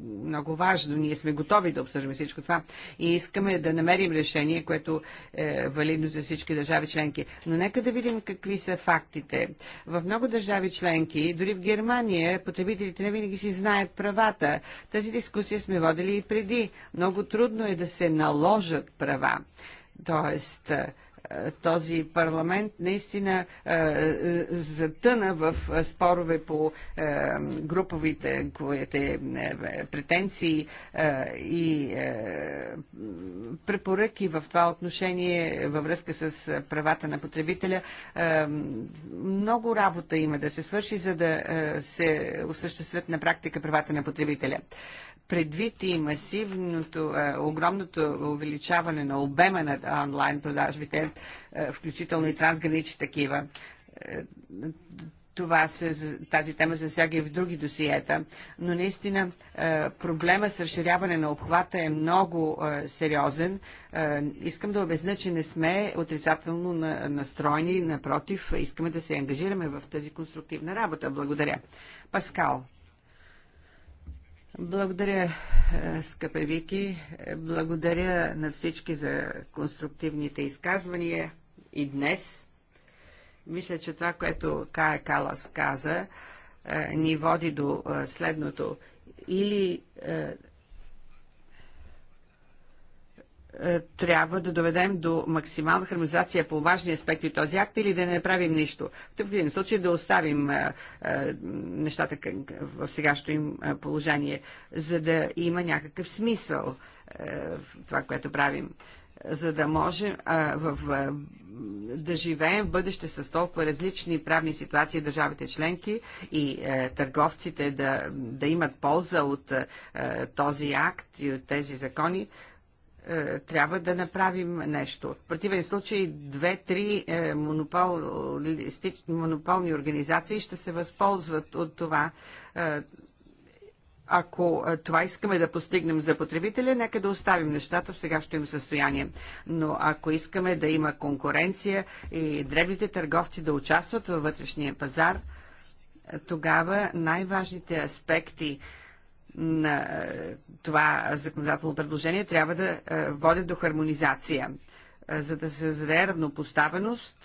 много важно. Ние сме готови да обсъждаме всичко това и искаме да намерим решение, което е валидно за всички държави членки. Но нека да видим какви са фактите. В много държави членки, дори в Германия, потребителите не винаги си знаят правата. Тази дискусия сме водили и преди. Много трудно е да се наложат права. Тоест, този парламент наистина е, е, затъна в спорове по е, груповите претенции и препоръки в това отношение във връзка с правата на потребителя. Много работа има да се свърши, за да се осъществят на практика правата на потребителя предвид и масивното, е, огромното увеличаване на обема на онлайн продажбите, е, включително и трансгранични такива, е, това се, тази тема засяга и в други досиета, но наистина проблема с разширяване на обхвата е много сериозен. Искам да обясня, че не сме отрицателно настроени, напротив, искаме да се ангажираме в тази конструктивна работа. Благодаря. Паскал. Благодаря, е, скъпа Вики. Е, благодаря на всички за конструктивните изказвания и днес. Мисля, че това, което Кая Калас каза, е, ни води до следното. Или Е, трябва да доведем до максимална хармонизация по важни аспекти този акт или да не направим нищо. В този случай да оставим е, е, нещата в сегашното им положение, за да има някакъв смисъл в това, което правим за да можем в, да живеем в бъдеще с толкова различни правни ситуации в държавите членки и е, търговците да, да имат полза от е, този акт и от тези закони, е, трябва да направим нещо. В противен случай две-три е, монополни организации ще се възползват от това. Е, ако това искаме да постигнем за потребителя, нека да оставим нещата в сегашното им състояние. Но ако искаме да има конкуренция и дребните търговци да участват във вътрешния пазар, тогава най-важните аспекти – на е, това законодателно предложение трябва да е, води до хармонизация е, за да се създаде равнопоставеност,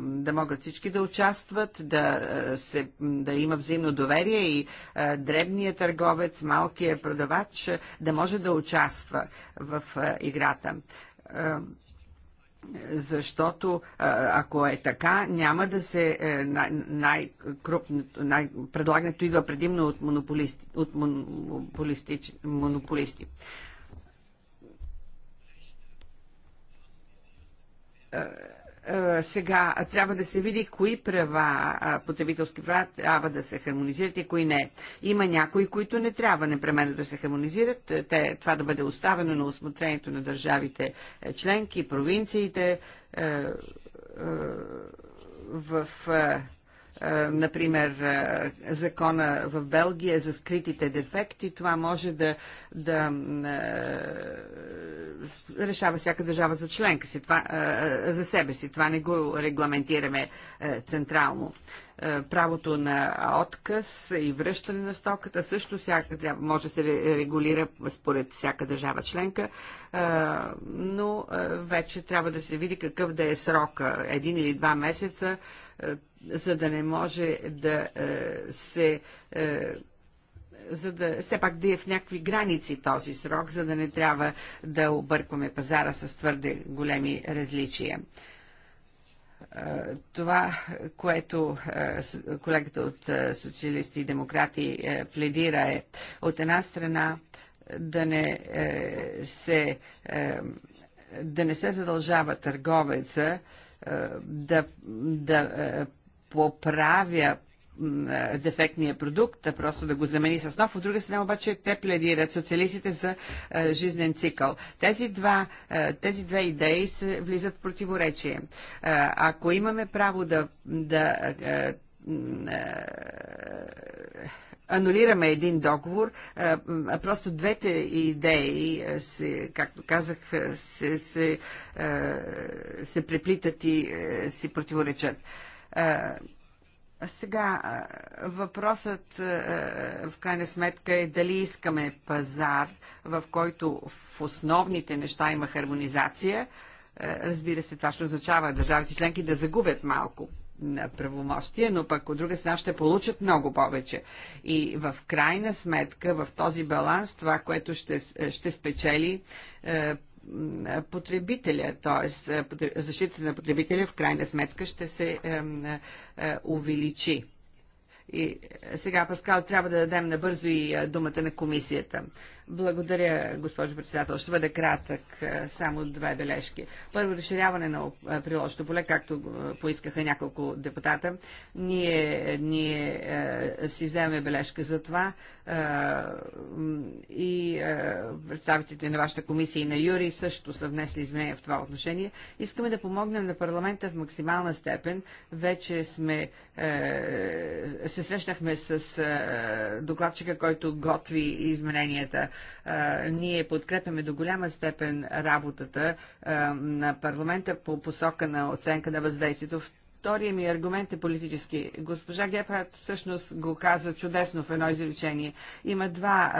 да могат всички да участват, да, се, да има взаимно доверие и дребният търговец, малкият продавач да може да участва в играта защото ако е така, няма да се е, най-крупното, най- предлагането идва предимно от монополисти. От монополисти, монополисти. Е, е, сега трябва да се види кои права, потребителски права трябва да се хармонизират и кои не. Има някои, които не трябва непременно да се хармонизират. Е, те, това да бъде оставено на осмотрението на държавите е, членки, провинциите в е, например, е, закона в Белгия за скритите дефекти. Това може да, да е, решава всяка държава за членка си, това, за себе си. Това не го регламентираме централно правото на отказ и връщане на стоката също всяка, може да се регулира според всяка държава членка, но вече трябва да се види какъв да е срока, един или два месеца за да не може да е, се е, за да все пак да е в някакви граници този срок, за да не трябва да объркваме пазара с твърде големи различия. Е, това, което колегата от социалисти и демократи пледира е от една страна да не се, да не се задължава търговеца да, да поправя е, дефектния продукт, а просто да го замени с нов. От друга страна обаче те пледират социалистите за е, жизнен цикъл. Тези, два, е, тези две идеи се влизат в противоречие. ако имаме право да, да анулираме един договор, а просто двете идеи, се, както казах, се, се, се преплитат и се противоречат. Сега въпросът в крайна сметка е дали искаме пазар, в който в основните неща има хармонизация. Разбира се, това ще означава държавите членки да загубят малко на правомощия, но пък от друга страна ще получат много повече. И в крайна сметка, в този баланс, това, което ще, ще спечели е, потребителя, т.е. защита на потребителя в крайна сметка ще се е, е, увеличи. И сега, Паскал, трябва да дадем набързо и е, думата на комисията. Благодаря, госпожо председател. Ще бъде кратък, само две бележки. Първо, разширяване на приложното поле, както поискаха няколко депутата. Ние, ние си вземем бележка за това и представителите на вашата комисия и на Юри също са внесли изменения в това отношение. Искаме да помогнем на парламента в максимална степен. Вече сме, се срещнахме с докладчика, който готви измененията ние подкрепяме до голяма степен работата на парламента по посока на оценка на въздействието. Втория ми аргумент е политически. Госпожа Гепхард всъщност го каза чудесно в едно изречение. Има два,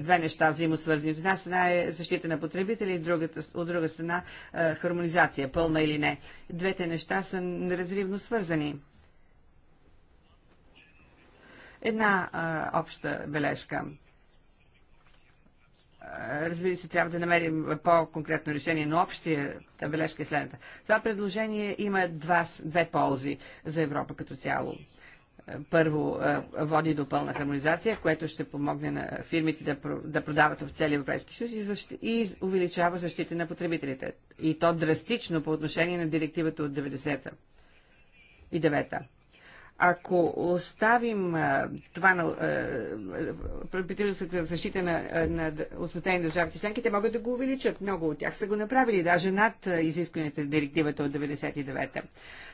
две неща взаимосвързани. От една страна е защита на потребители, и другата, от друга страна хармонизация, пълна или не. Двете неща са неразривно свързани. Една обща бележка. Разбира се, трябва да намерим по-конкретно решение, но общия бележка е следната. Това предложение има два, две ползи за Европа като цяло първо води до пълна хармонизация, което ще помогне на фирмите да, да продават в целия Европейски съюз и, и увеличава защита на потребителите. И то драстично по отношение на директивата от 90-та и 9-та. Ако оставим а, това на потребителската защита на, на осветени държавите членки, те могат да го увеличат. Много от тях са го направили, даже над изискването на директивата от 99-та.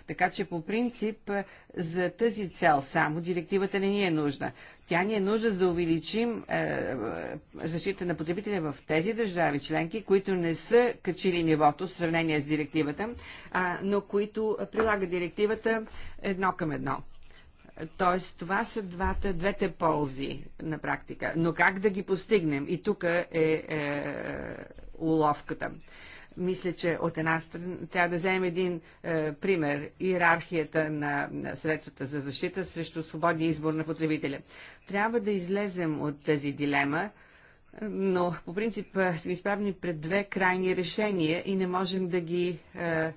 Така че по принцип за тази цел само директивата не ни е нужна. Тя ни е нужда за да увеличим е, защита на потребителя в тези държави членки, които не са качили нивото в сравнение с директивата, а, но които прилагат директивата едно към едно. Тоест, това са двата, двете ползи на практика. Но как да ги постигнем? И тук е, е уловката. Мисля, че от една страна трябва да вземем един е, пример иерархията на, на средствата за защита срещу свободния избор на потребителя. Трябва да излезем от тази дилема, но по принцип е, сме изправени пред две крайни решения и не можем да ги е,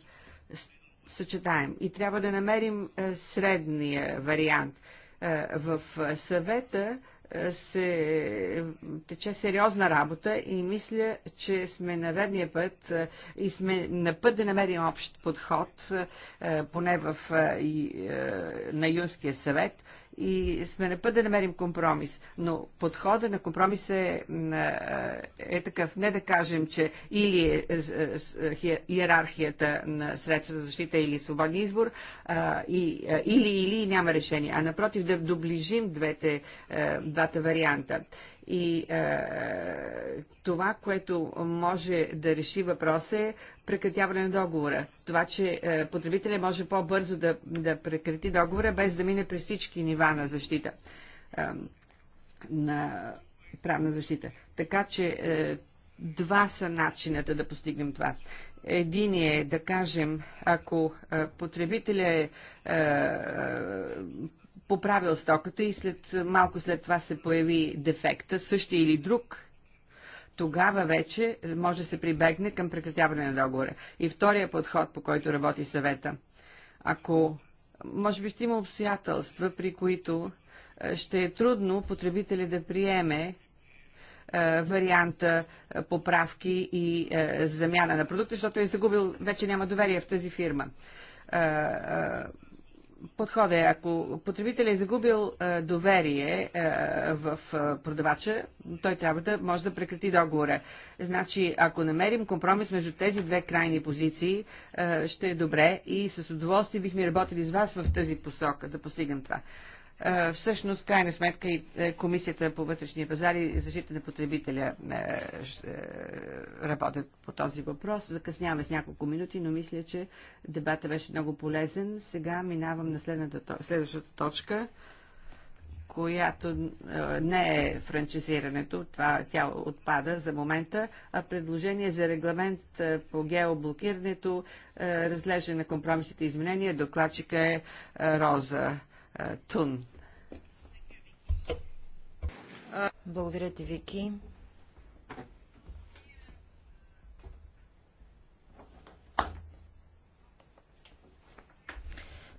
съчетаем и трябва да намерим е, средния вариант. Е, в съвета е, се тече сериозна работа и мисля, че сме на верния път и сме на път да намерим общ подход, поне в, на Юнския съвет, и сме на път да намерим компромис. Но подхода на компромис е, е, е такъв. Не да кажем, че или е, е, е, е иерархията на средства за защита или свободния избор, а, и, а, или, или няма решение. А напротив, да доближим двете, е, двата варианта. И е, това, което може да реши въпроса е прекратяване на договора. Това, че е, потребителя може по-бързо да, да прекрати договора, без да мине през всички нива на защита, е, на правна защита. Така че е, два са начината да постигнем това. Един е, да кажем, ако е, потребителя е, е, поправил стоката и след, малко след това се появи дефекта, същия или друг, тогава вече може да се прибегне към прекратяване на договора. И втория подход, по който работи съвета. Ако може би ще има обстоятелства, при които е, ще е трудно потребителя да приеме е, варианта е, поправки и замяна на продукта, защото е загубил, вече няма доверие в тази фирма подхода е, ако потребителят е загубил е, доверие е, в е, продавача, той трябва да може да прекрати договора. Значи, ако намерим компромис между тези две крайни позиции, е, ще е добре и с удоволствие бихме работили с вас в тази посока да постигнем това всъщност, крайна сметка, и е, Комисията по вътрешния пазар и защита на потребителя е, е, работят по този въпрос. Закъсняваме с няколко минути, но мисля, че дебата беше много полезен. Сега минавам на следващата точка, която не е франчизирането, това тя отпада за момента, а предложение за регламент по геоблокирането, разглеждане на компромисите и изменения, докладчика е Роза. Тун. Благодаря ти, Вики.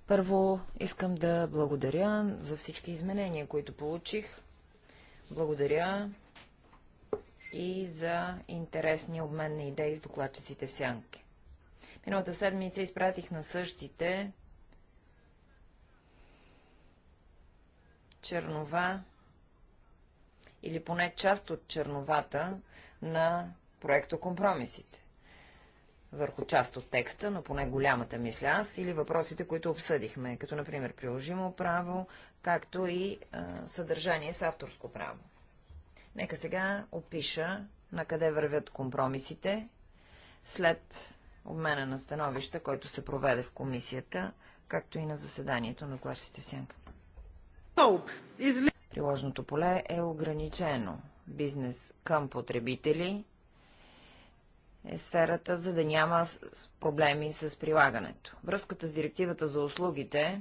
Първо искам да благодаря за всички изменения, които получих. Благодаря и за интересния обмен на идеи с докладчиците в Сянки. Миналата седмица изпратих на същите чернова или поне част от черновата на проекто компромисите. Върху част от текста, но поне голямата мисля аз, или въпросите, които обсъдихме, като например приложимо право, както и а, съдържание с авторско право. Нека сега опиша на къде вървят компромисите след обмена на становища, който се проведе в комисията, както и на заседанието на класите Сянка. Приложното поле е ограничено. Бизнес към потребители е сферата, за да няма проблеми с прилагането. Връзката с директивата за услугите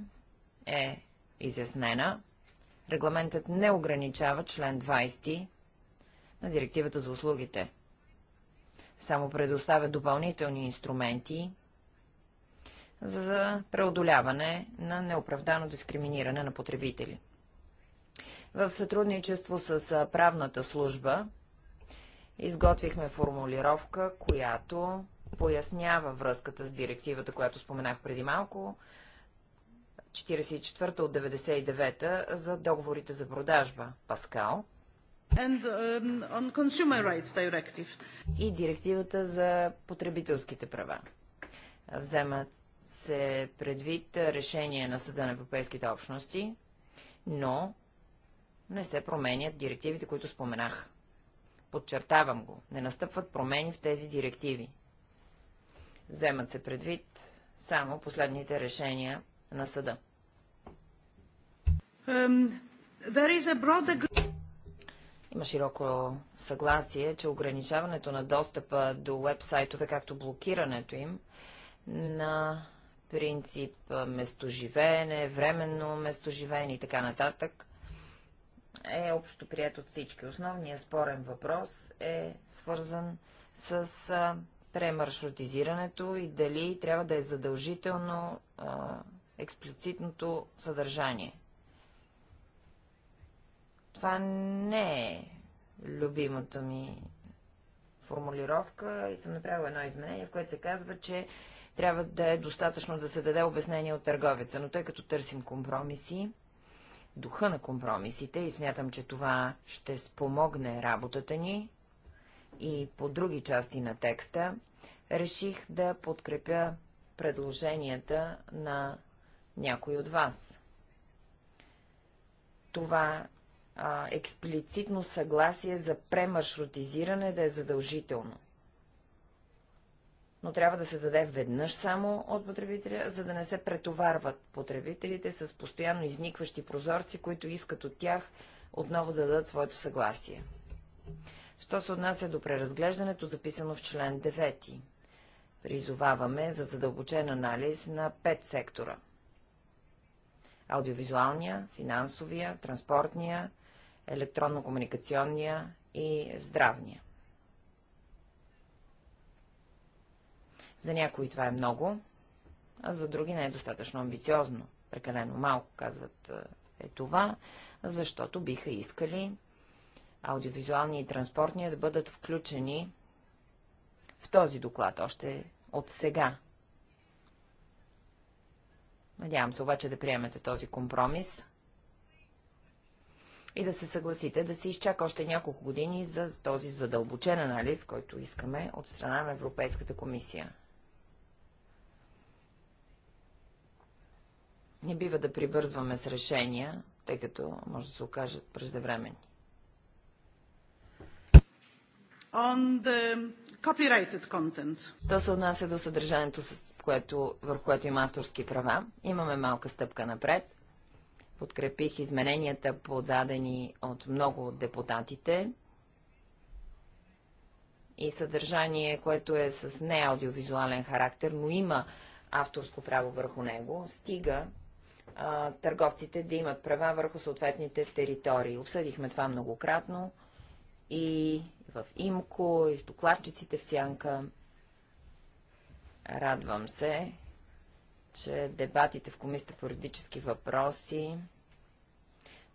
е изяснена. Регламентът не ограничава член 20 на директивата за услугите. Само предоставя допълнителни инструменти за преодоляване на неоправдано дискриминиране на потребители. В сътрудничество с правната служба изготвихме формулировка, която пояснява връзката с директивата, която споменах преди малко, 44 та от 99 за договорите за продажба, Паскал, And, um, и директивата за потребителските права. Вземат се предвид решение на Съда на Европейските общности, но не се променят директивите, които споменах. Подчертавам го, не настъпват промени в тези директиви. Вземат се предвид само последните решения на съда. Има широко съгласие, че ограничаването на достъпа до веб-сайтове, както блокирането им, на принцип местоживеене, временно местоживеене и така нататък, е общо прият от всички. Основният спорен въпрос е свързан с премаршрутизирането и дали трябва да е задължително а, експлицитното съдържание. Това не е любимата ми формулировка и съм направила едно изменение, в което се казва, че трябва да е достатъчно да се даде обяснение от търговеца. Но тъй като търсим компромиси, духа на компромисите и смятам, че това ще спомогне работата ни и по други части на текста, реших да подкрепя предложенията на някой от вас. Това а, експлицитно съгласие за премаршрутизиране да е задължително но трябва да се даде веднъж само от потребителя, за да не се претоварват потребителите с постоянно изникващи прозорци, които искат от тях отново да дадат своето съгласие. Що се отнася до преразглеждането, записано в член 9? Призоваваме за задълбочен анализ на пет сектора. Аудиовизуалния, финансовия, транспортния, електронно-комуникационния и здравния. За някои това е много, а за други не е достатъчно амбициозно. Прекалено малко, казват, е, е това, защото биха искали аудиовизуални и транспортния да бъдат включени в този доклад още от сега. Надявам се обаче да приемете този компромис и да се съгласите да се изчака още няколко години за този задълбочен анализ, който искаме от страна на Европейската комисия. Не бива да прибързваме с решения, тъй като може да се окажат преждевременни. On the copyrighted content. То се отнася до съдържанието, с което, върху което има авторски права. Имаме малка стъпка напред. Подкрепих измененията, подадени от много от депутатите и съдържание, което е с неаудиовизуален характер, но има авторско право върху него, стига търговците да имат права върху съответните територии. Обсъдихме това многократно и в Имко, и в докладчиците в Сянка. Радвам се, че дебатите в Комисията по юридически въпроси,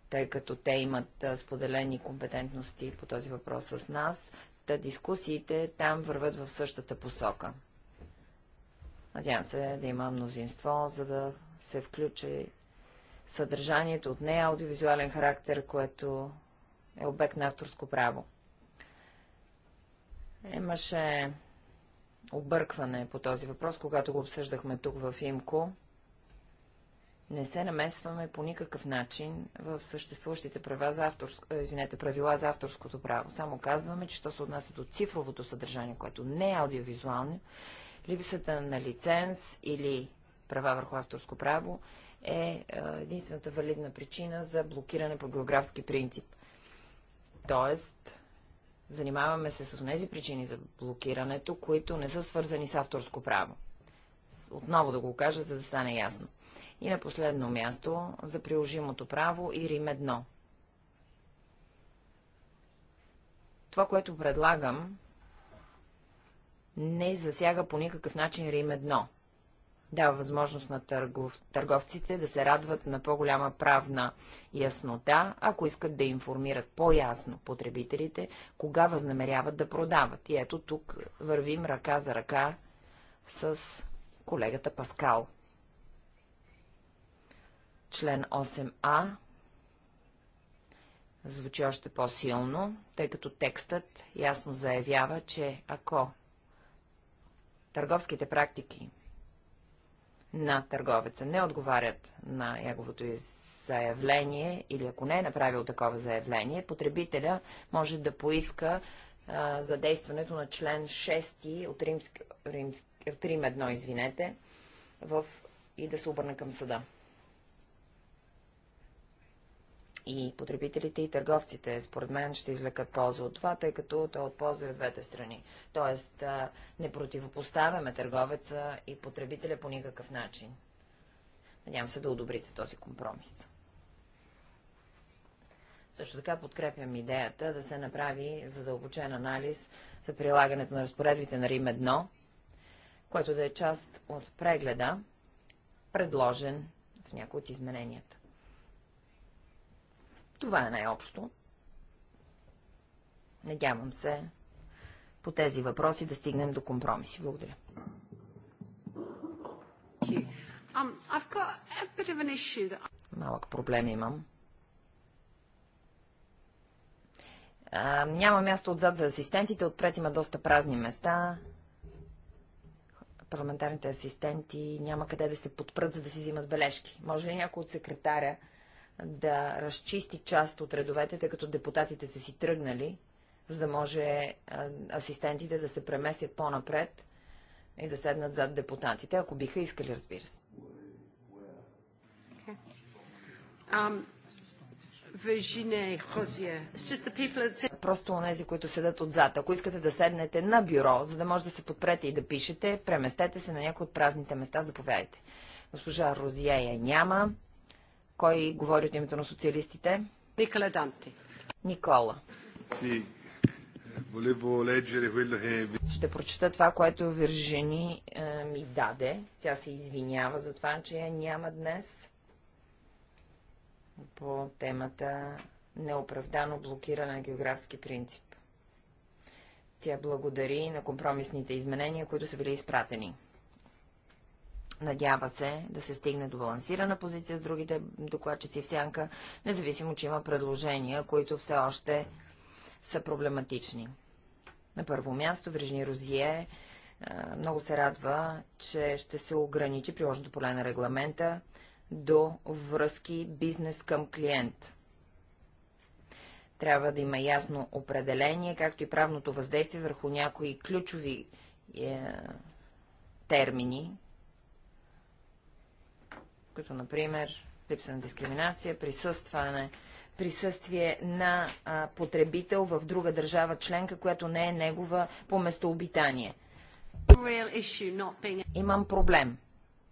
тъй като те имат споделени компетентности по този въпрос с нас, та дискусиите там върват в същата посока. Надявам се да има мнозинство, за да се включи съдържанието от нея аудиовизуален характер, което е обект на авторско право. Имаше объркване по този въпрос, когато го обсъждахме тук в ИМКО. Не се намесваме по никакъв начин в съществуващите права за авторско, е, извинете, правила за авторското право. Само казваме, че що се отнася до цифровото съдържание, което не е аудиовизуално, Липсата на лиценз или права върху авторско право е, е единствената валидна причина за блокиране по географски принцип. Тоест, занимаваме се с тези причини за блокирането, които не са свързани с авторско право. Отново да го кажа, за да стане ясно. И на последно място за приложимото право и Рим 1. Това, което предлагам, не засяга по никакъв начин Рим едно. Дава възможност на търгов, търговците да се радват на по-голяма правна яснота, ако искат да информират по-ясно потребителите, кога възнамеряват да продават. И ето тук вървим ръка за ръка с колегата Паскал. Член 8а звучи още по-силно, тъй като текстът ясно заявява, че ако търговските практики на търговеца не отговарят на неговото заявление или ако не е направил такова заявление, потребителя може да поиска а, задействането на член 6 от, от Рим 1, извинете, в, и да се обърне към съда и потребителите, и търговците, според мен, ще излекат полза от това, тъй като то е от полза и от двете страни. Тоест, не противопоставяме търговеца и потребителя по никакъв начин. Надявам се да одобрите този компромис. Също така подкрепям идеята да се направи задълбочен анализ за прилагането на разпоредбите на Рим 1, което да е част от прегледа, предложен в някои от измененията. Това е най-общо. Надявам се по тези въпроси да стигнем до компромиси. Благодаря. Um, Малък проблем имам. А, няма място отзад за асистентите, отпред има доста празни места. Парламентарните асистенти няма къде да се подпрат, за да си взимат бележки. Може ли някой от секретаря да разчисти част от редовете, тъй като депутатите са си тръгнали, за да може асистентите да се преместят по-напред и да седнат зад депутатите, ако биха искали, разбира се. Um, Просто онези, които седат отзад. Ако искате да седнете на бюро, за да може да се подпрете и да пишете, преместете се на някои от празните места, заповядайте. Госпожа Розия я няма. Кой говори от името на социалистите? Никола Данти. Никола. Ще прочета това, което Виржини е, ми даде. Тя се извинява за това, че я няма днес по темата неоправдано блокиране на географски принцип. Тя благодари на компромисните изменения, които са били изпратени. Надява се да се стигне до балансирана позиция с другите докладчици в сянка, независимо, че има предложения, които все още са проблематични. На първо място Виржини Розие много се радва, че ще се ограничи приложното поле на регламента до връзки бизнес към клиент. Трябва да има ясно определение, както и правното въздействие върху някои ключови е, термини, като например липса на дискриминация, присъстване, присъствие на а, потребител в друга държава членка, която не е негова по местообитание. Имам проблем.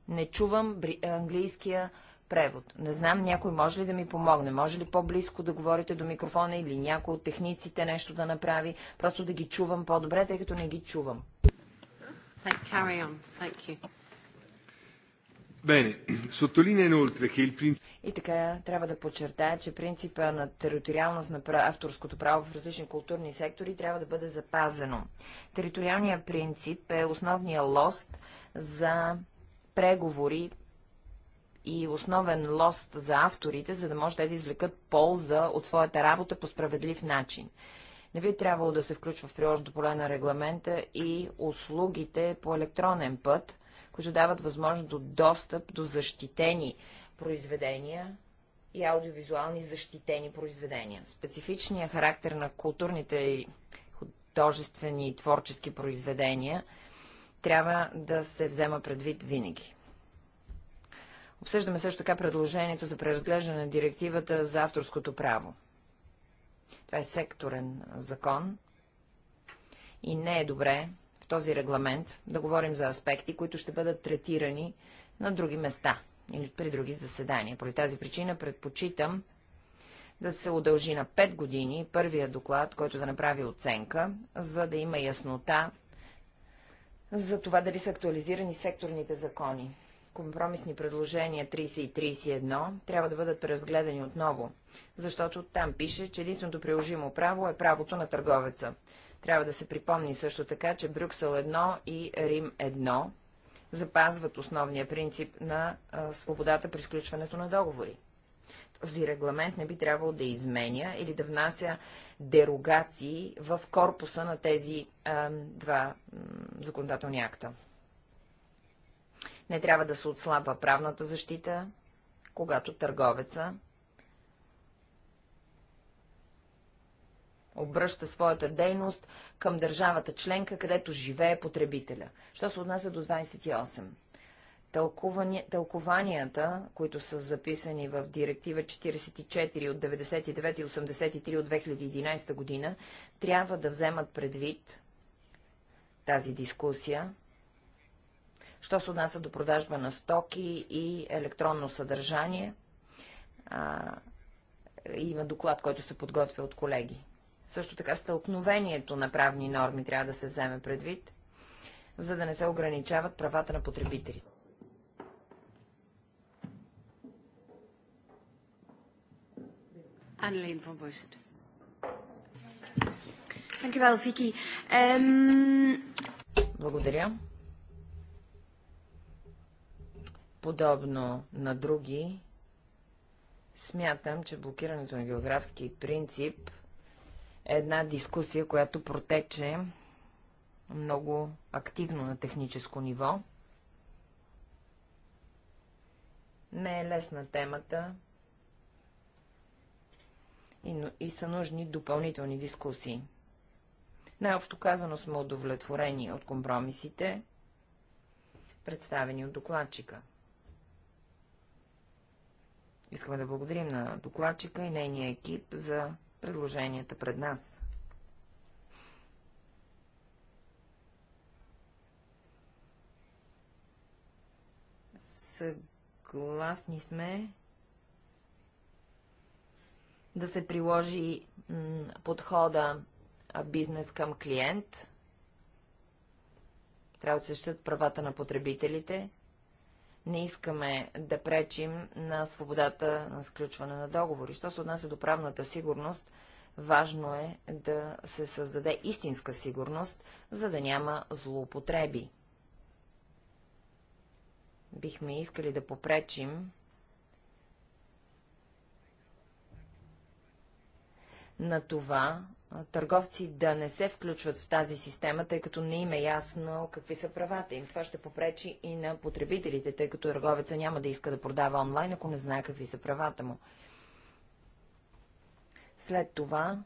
Не чувам бри... английския превод. Не знам, някой може ли да ми помогне? Може ли по-близко да говорите до микрофона или някой от техниците нещо да направи? Просто да ги чувам по-добре, тъй като не ги чувам. Thank, carry on. Thank you il И така трябва да подчертая, че принципа на териториалност на авторското право в различни културни сектори трябва да бъде запазено. Териториалният принцип е основния лост за преговори и основен лост за авторите, за да може те да извлекат полза от своята работа по справедлив начин. Не би трябвало да се включва в приложното поле на регламента и услугите по електронен път – които дават възможност до достъп до защитени произведения и аудиовизуални защитени произведения. Специфичният характер на културните и художествени и творчески произведения трябва да се взема предвид винаги. Обсъждаме също така предложението за преразглеждане на директивата за авторското право. Това е секторен закон и не е добре този регламент да говорим за аспекти, които ще бъдат третирани на други места или при други заседания. По тази причина предпочитам да се удължи на 5 години първия доклад, който да направи оценка, за да има яснота за това дали са актуализирани секторните закони. Компромисни предложения 30 и 31 трябва да бъдат преразгледани отново, защото там пише, че единственото приложимо право е правото на търговеца. Трябва да се припомни също така, че Брюксел 1 и Рим 1 запазват основния принцип на свободата при сключването на договори. Този регламент не би трябвало да изменя или да внася дерогации в корпуса на тези а, два м, законодателни акта. Не трябва да се отслабва правната защита, когато търговеца обръща своята дейност към държавата членка, където живее потребителя. Що се отнася до 28? Тълкувани... Тълкованията, които са записани в Директива 44 от 99 и 83 от 2011 година, трябва да вземат предвид тази дискусия, що се отнася до продажба на стоки и електронно съдържание. А, има доклад, който се подготвя от колеги. Също така стълкновението на правни норми трябва да се вземе предвид, за да не се ограничават правата на потребителите. Anleen van Бойсет. Dank Vicky. Um... Благодаря. Подобно на други, смятам, че блокирането на географски принцип една дискусия, която протече много активно на техническо ниво. Не е лесна темата и, и са нужни допълнителни дискусии. Най-общо казано сме удовлетворени от компромисите, представени от докладчика. Искаме да благодарим на докладчика и нейния екип за предложенията пред нас. Съгласни сме да се приложи подхода бизнес към клиент. Трябва да се правата на потребителите, не искаме да пречим на свободата на сключване на договори. Що се отнася до правната сигурност, важно е да се създаде истинска сигурност, за да няма злоупотреби. Бихме искали да попречим на това търговци да не се включват в тази система, тъй като не им е ясно какви са правата им. Това ще попречи и на потребителите, тъй като търговеца няма да иска да продава онлайн, ако не знае какви са правата му. След това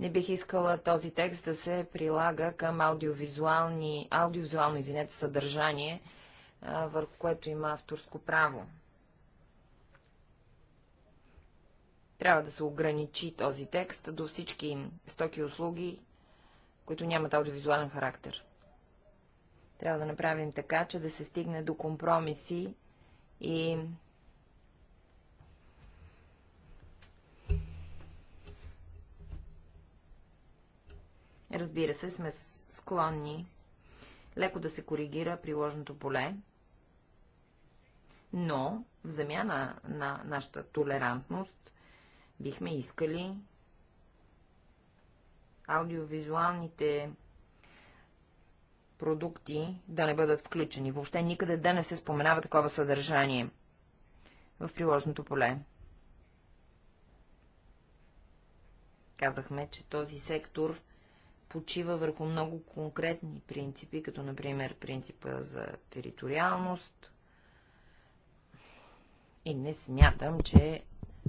Не бих искала този текст да се прилага към аудиовизуални, аудиовизуално извинете, съдържание, върху което има авторско право. Трябва да се ограничи този текст до всички стоки и услуги, които нямат аудиовизуален характер. Трябва да направим така, че да се стигне до компромиси и Разбира се, сме склонни леко да се коригира приложното поле, но в замяна на нашата толерантност бихме искали аудиовизуалните продукти да не бъдат включени. Въобще никъде да не се споменава такова съдържание в приложното поле. Казахме, че този сектор почива върху много конкретни принципи, като например принципа за териториалност. И не смятам, че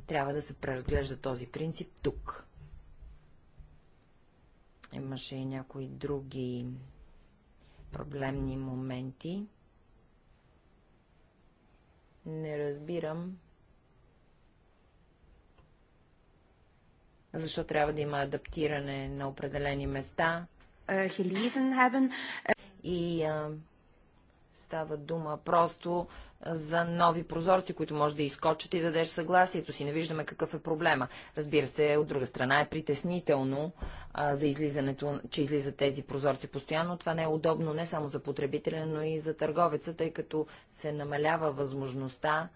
трябва да се преразглежда този принцип тук. Имаше и някои други проблемни моменти. Не разбирам защо трябва да има адаптиране на определени места. Е, и става дума просто за нови прозорци, които може да изкочат и дадеш съгласието си. Не виждаме какъв е проблема. Разбира се, от друга страна е притеснително а, за излизането, че излизат тези прозорци постоянно. Това не е удобно не само за потребителя, но и за търговеца, тъй като се намалява възможността,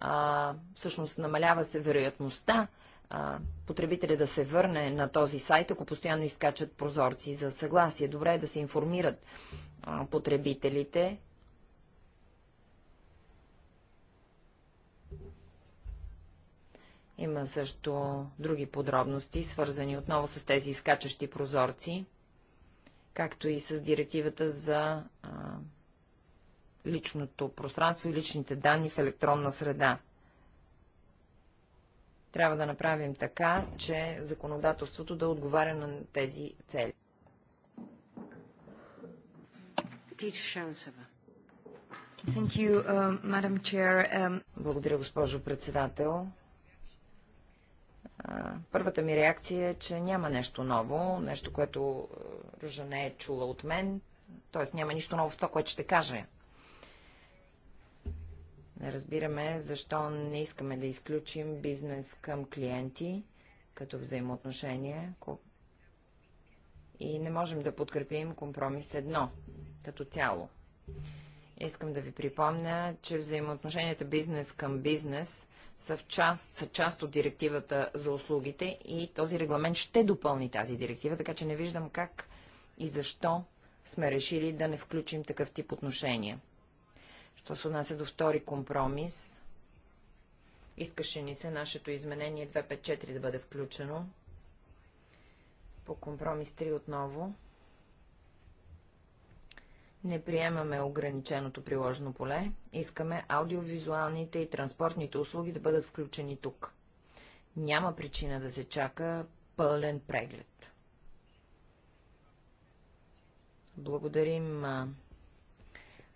а, всъщност намалява се вероятността а, потребителя да се върне на този сайт, ако постоянно изкачат прозорци за съгласие. Добре е да се информират а, потребителите. Има също други подробности, свързани отново с тези изкачащи прозорци, както и с директивата за а, личното пространство и личните данни в електронна среда. Трябва да направим така, че законодателството да отговаря на тези цели. Uh, um, Благодаря, госпожо председател. Първата ми реакция е, че няма нещо ново, нещо, което е, Ружа не е чула от мен, т.е. няма нищо ново в това, което ще кажа. Не разбираме защо не искаме да изключим бизнес към клиенти като взаимоотношение и не можем да подкрепим компромис едно като цяло. Искам да ви припомня, че взаимоотношенията бизнес към бизнес са, в част, са част от директивата за услугите и този регламент ще допълни тази директива, така че не виждам как и защо сме решили да не включим такъв тип отношения. Що се отнася до втори компромис, искаше ни се нашето изменение 254 да бъде включено. По компромис 3 отново. Не приемаме ограниченото приложено поле. Искаме аудиовизуалните и транспортните услуги да бъдат включени тук. Няма причина да се чака пълен преглед. Благодарим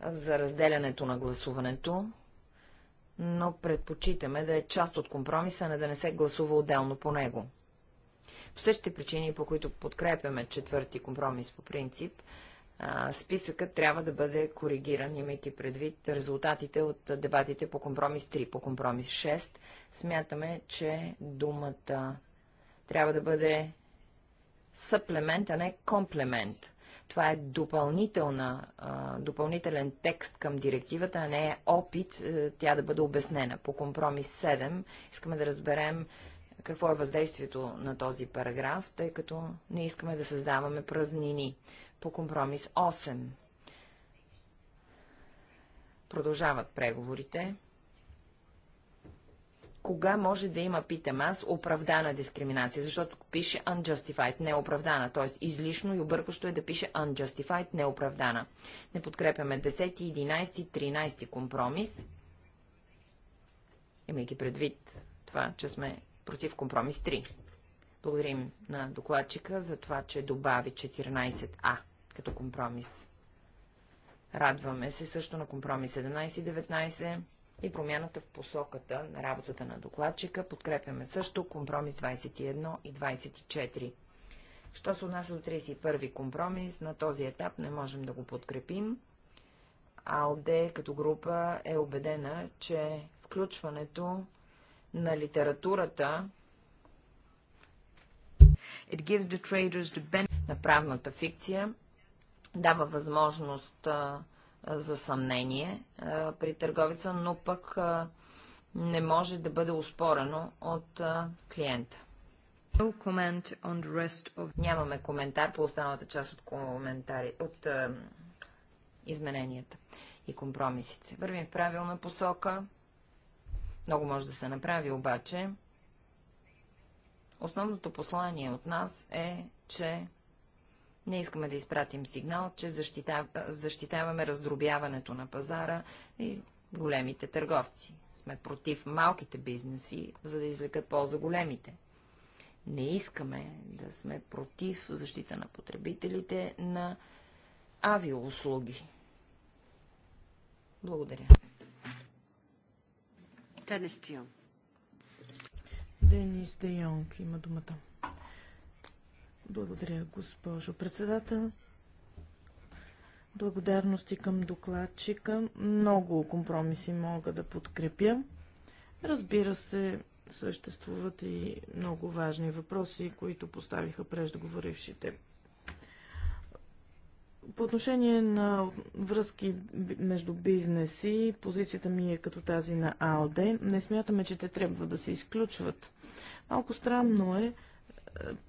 за разделянето на гласуването, но предпочитаме да е част от компромиса, не да не се гласува отделно по него. По същите причини, по които подкрепяме четвърти компромис по принцип, списъкът трябва да бъде коригиран, имайки предвид резултатите от дебатите по компромис 3. По компромис 6 смятаме, че думата трябва да бъде съплемент, а не комплемент. Това е допълнителна, допълнителен текст към директивата, а не е опит е, тя да бъде обяснена. По компромис 7 искаме да разберем какво е въздействието на този параграф, тъй като не искаме да създаваме празнини. По компромис 8 продължават преговорите кога може да има, питам аз, оправдана дискриминация, защото пише unjustified, неоправдана, т.е. излишно и объркващо е да пише unjustified, неоправдана. Не подкрепяме 10, 11, 13 компромис, имайки предвид това, че сме против компромис 3. Благодарим на докладчика за това, че добави 14А като компромис. Радваме се също на компромис 17 и 19 и промяната в посоката на работата на докладчика. Подкрепяме също компромис 21 и 24. Що се отнася до 31 компромис, на този етап не можем да го подкрепим. АЛДЕ като група е убедена, че включването на литературата It gives the traders the на правната фикция дава възможност а, за съмнение при търговица, но пък не може да бъде успорено от клиента. Нямаме коментар по останалата част от, коментари, от измененията и компромисите. Вървим в правилна посока. Много може да се направи, обаче основното послание от нас е, че не искаме да изпратим сигнал, че защитав... защитаваме раздробяването на пазара и големите търговци. Сме против малките бизнеси, за да извлекат полза големите. Не искаме да сме против защита на потребителите на авиоуслуги. Благодаря. Денис Де Йонг има думата. Благодаря, госпожо председател. Благодарности към докладчика. Много компромиси мога да подкрепя. Разбира се, съществуват и много важни въпроси, които поставиха преждеговорившите. По отношение на връзки между бизнеси, позицията ми е като тази на АЛДЕ. Не смятаме, че те трябва да се изключват. Малко странно е,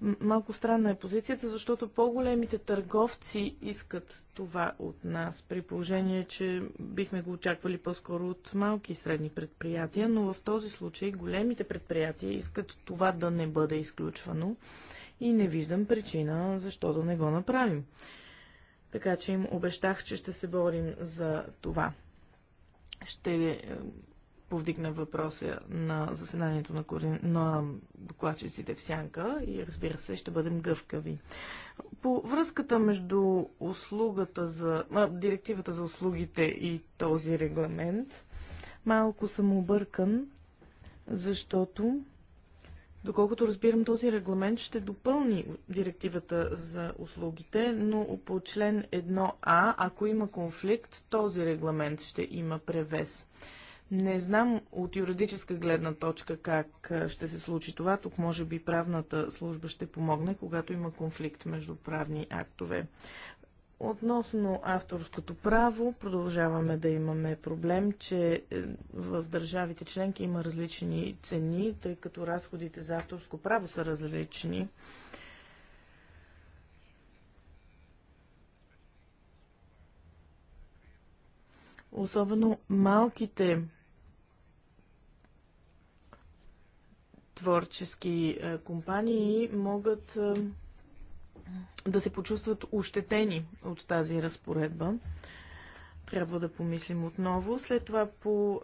малко странна е позицията, защото по-големите търговци искат това от нас, при положение, че бихме го очаквали по-скоро от малки и средни предприятия, но в този случай големите предприятия искат това да не бъде изключвано и не виждам причина защо да не го направим. Така че им обещах, че ще се борим за това. Ще повдигна въпроса на заседанието на, корен... на докладчиците в Сянка и разбира се ще бъдем гъвкави. По връзката между услугата за... А, директивата за услугите и този регламент малко съм объркан, защото Доколкото разбирам, този регламент ще допълни директивата за услугите, но по член 1А, ако има конфликт, този регламент ще има превес. Не знам от юридическа гледна точка как ще се случи това. Тук може би правната служба ще помогне, когато има конфликт между правни актове. Относно авторското право, продължаваме да имаме проблем, че е, в държавите членки има различни цени, тъй като разходите за авторско право са различни. Особено малките творчески е, компании могат е, да се почувстват ощетени от тази разпоредба. Трябва да помислим отново. След това по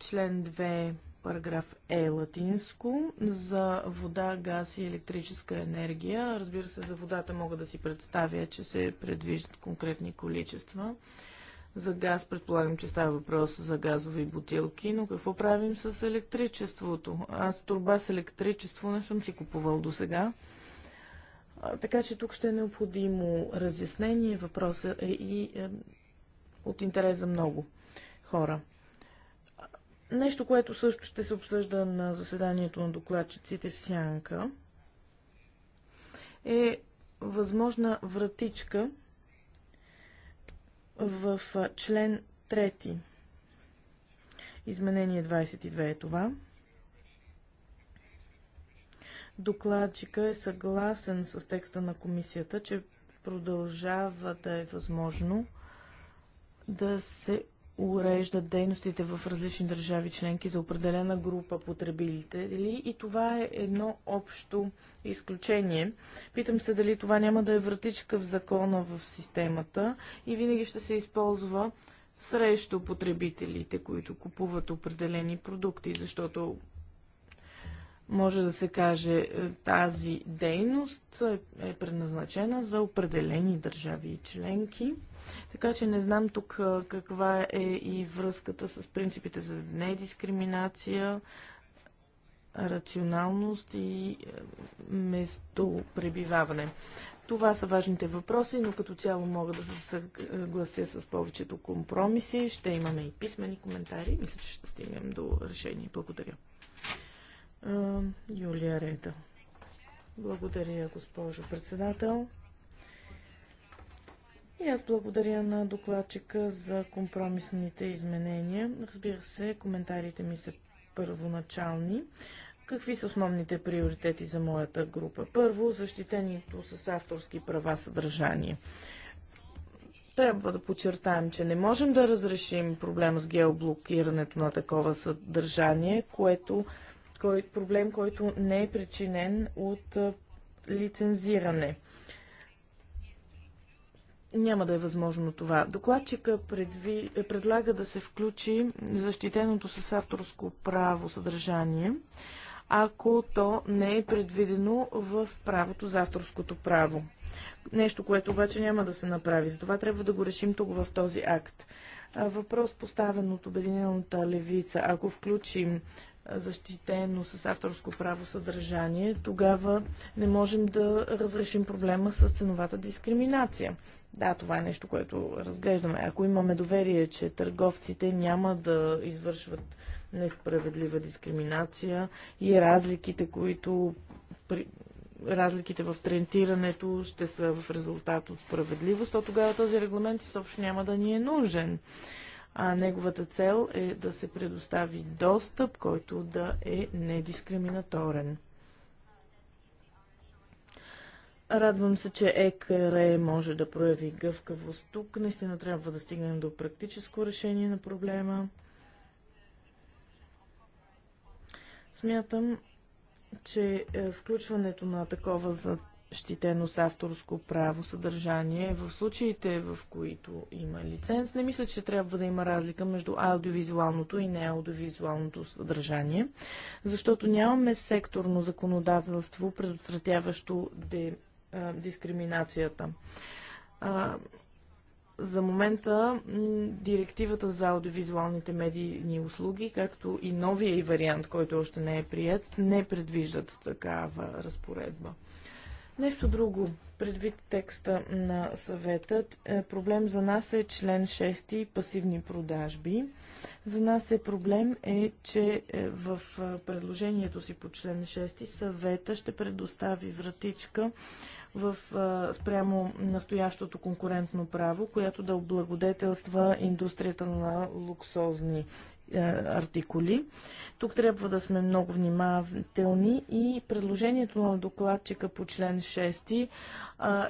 член 2 параграф Е латинско за вода, газ и електрическа енергия. Разбира се, за водата мога да си представя, че се предвиждат конкретни количества. За газ предполагам, че става въпрос за газови бутилки, но какво правим с електричеството? Аз турба с електричество не съм си купувал до сега. Така че тук ще е необходимо разяснение. Въпросът е и е, от интерес за много хора. Нещо, което също ще се обсъжда на заседанието на докладчиците в Сянка, е възможна вратичка в член 3. Изменение 22 е това. Докладчика е съгласен с текста на комисията, че продължава да е възможно да се уреждат дейностите в различни държави членки за определена група потребители и това е едно общо изключение. Питам се дали това няма да е вратичка в закона в системата и винаги ще се използва срещу потребителите, които купуват определени продукти, защото може да се каже, е, тази дейност е, е предназначена за определени държави и членки. Така че не знам тук е, каква е и връзката с принципите за недискриминация, рационалност и местопребиваване. Това са важните въпроси, но като цяло мога да се съглася с повечето компромиси. Ще имаме и писмени коментари. Мисля, че ще стигнем до решение. Благодаря. Юлия Реда. Благодаря, госпожо председател. И аз благодаря на докладчика за компромисните изменения. Разбира се, коментарите ми са първоначални. Какви са основните приоритети за моята група? Първо, защитението с авторски права съдържание. Трябва да подчертаем, че не можем да разрешим проблема с геоблокирането на такова съдържание, което кой, проблем, който не е причинен от лицензиране. Няма да е възможно това. Докладчика предви, предлага да се включи защитеното с авторско право съдържание, ако то не е предвидено в правото за авторското право. Нещо, което обаче няма да се направи. Затова трябва да го решим тук в този акт. Въпрос поставен от Обединената левица. Ако включим защитено с авторско право съдържание, тогава не можем да разрешим проблема с ценовата дискриминация. Да, това е нещо, което разглеждаме. Ако имаме доверие, че търговците няма да извършват несправедлива дискриминация и разликите, които при... разликите в трентирането ще са в резултат от справедливост, то тогава този регламент изобщо няма да ни е нужен а неговата цел е да се предостави достъп, който да е недискриминаторен. Радвам се, че ЕКР може да прояви гъвкавост тук. Наистина трябва да стигнем до практическо решение на проблема. Смятам, че е, включването на такова защитено с авторско право съдържание в случаите, в които има лиценз. Не мисля, че трябва да има разлика между аудиовизуалното и неаудиовизуалното съдържание, защото нямаме секторно законодателство, предотвратяващо де, а, дискриминацията. А, за момента директивата за аудиовизуалните медийни услуги, както и новия и вариант, който още не е прият, не предвиждат такава разпоредба. Нещо друго, предвид текста на съветът, е, проблем за нас е член 6 пасивни продажби. За нас е проблем е, че е, в е, предложението си по член 6 съвета ще предостави вратичка в, спрямо настоящото конкурентно право, която да облагодетелства индустрията на луксозни е, артикули. Тук трябва да сме много внимателни и предложението на докладчика по член 6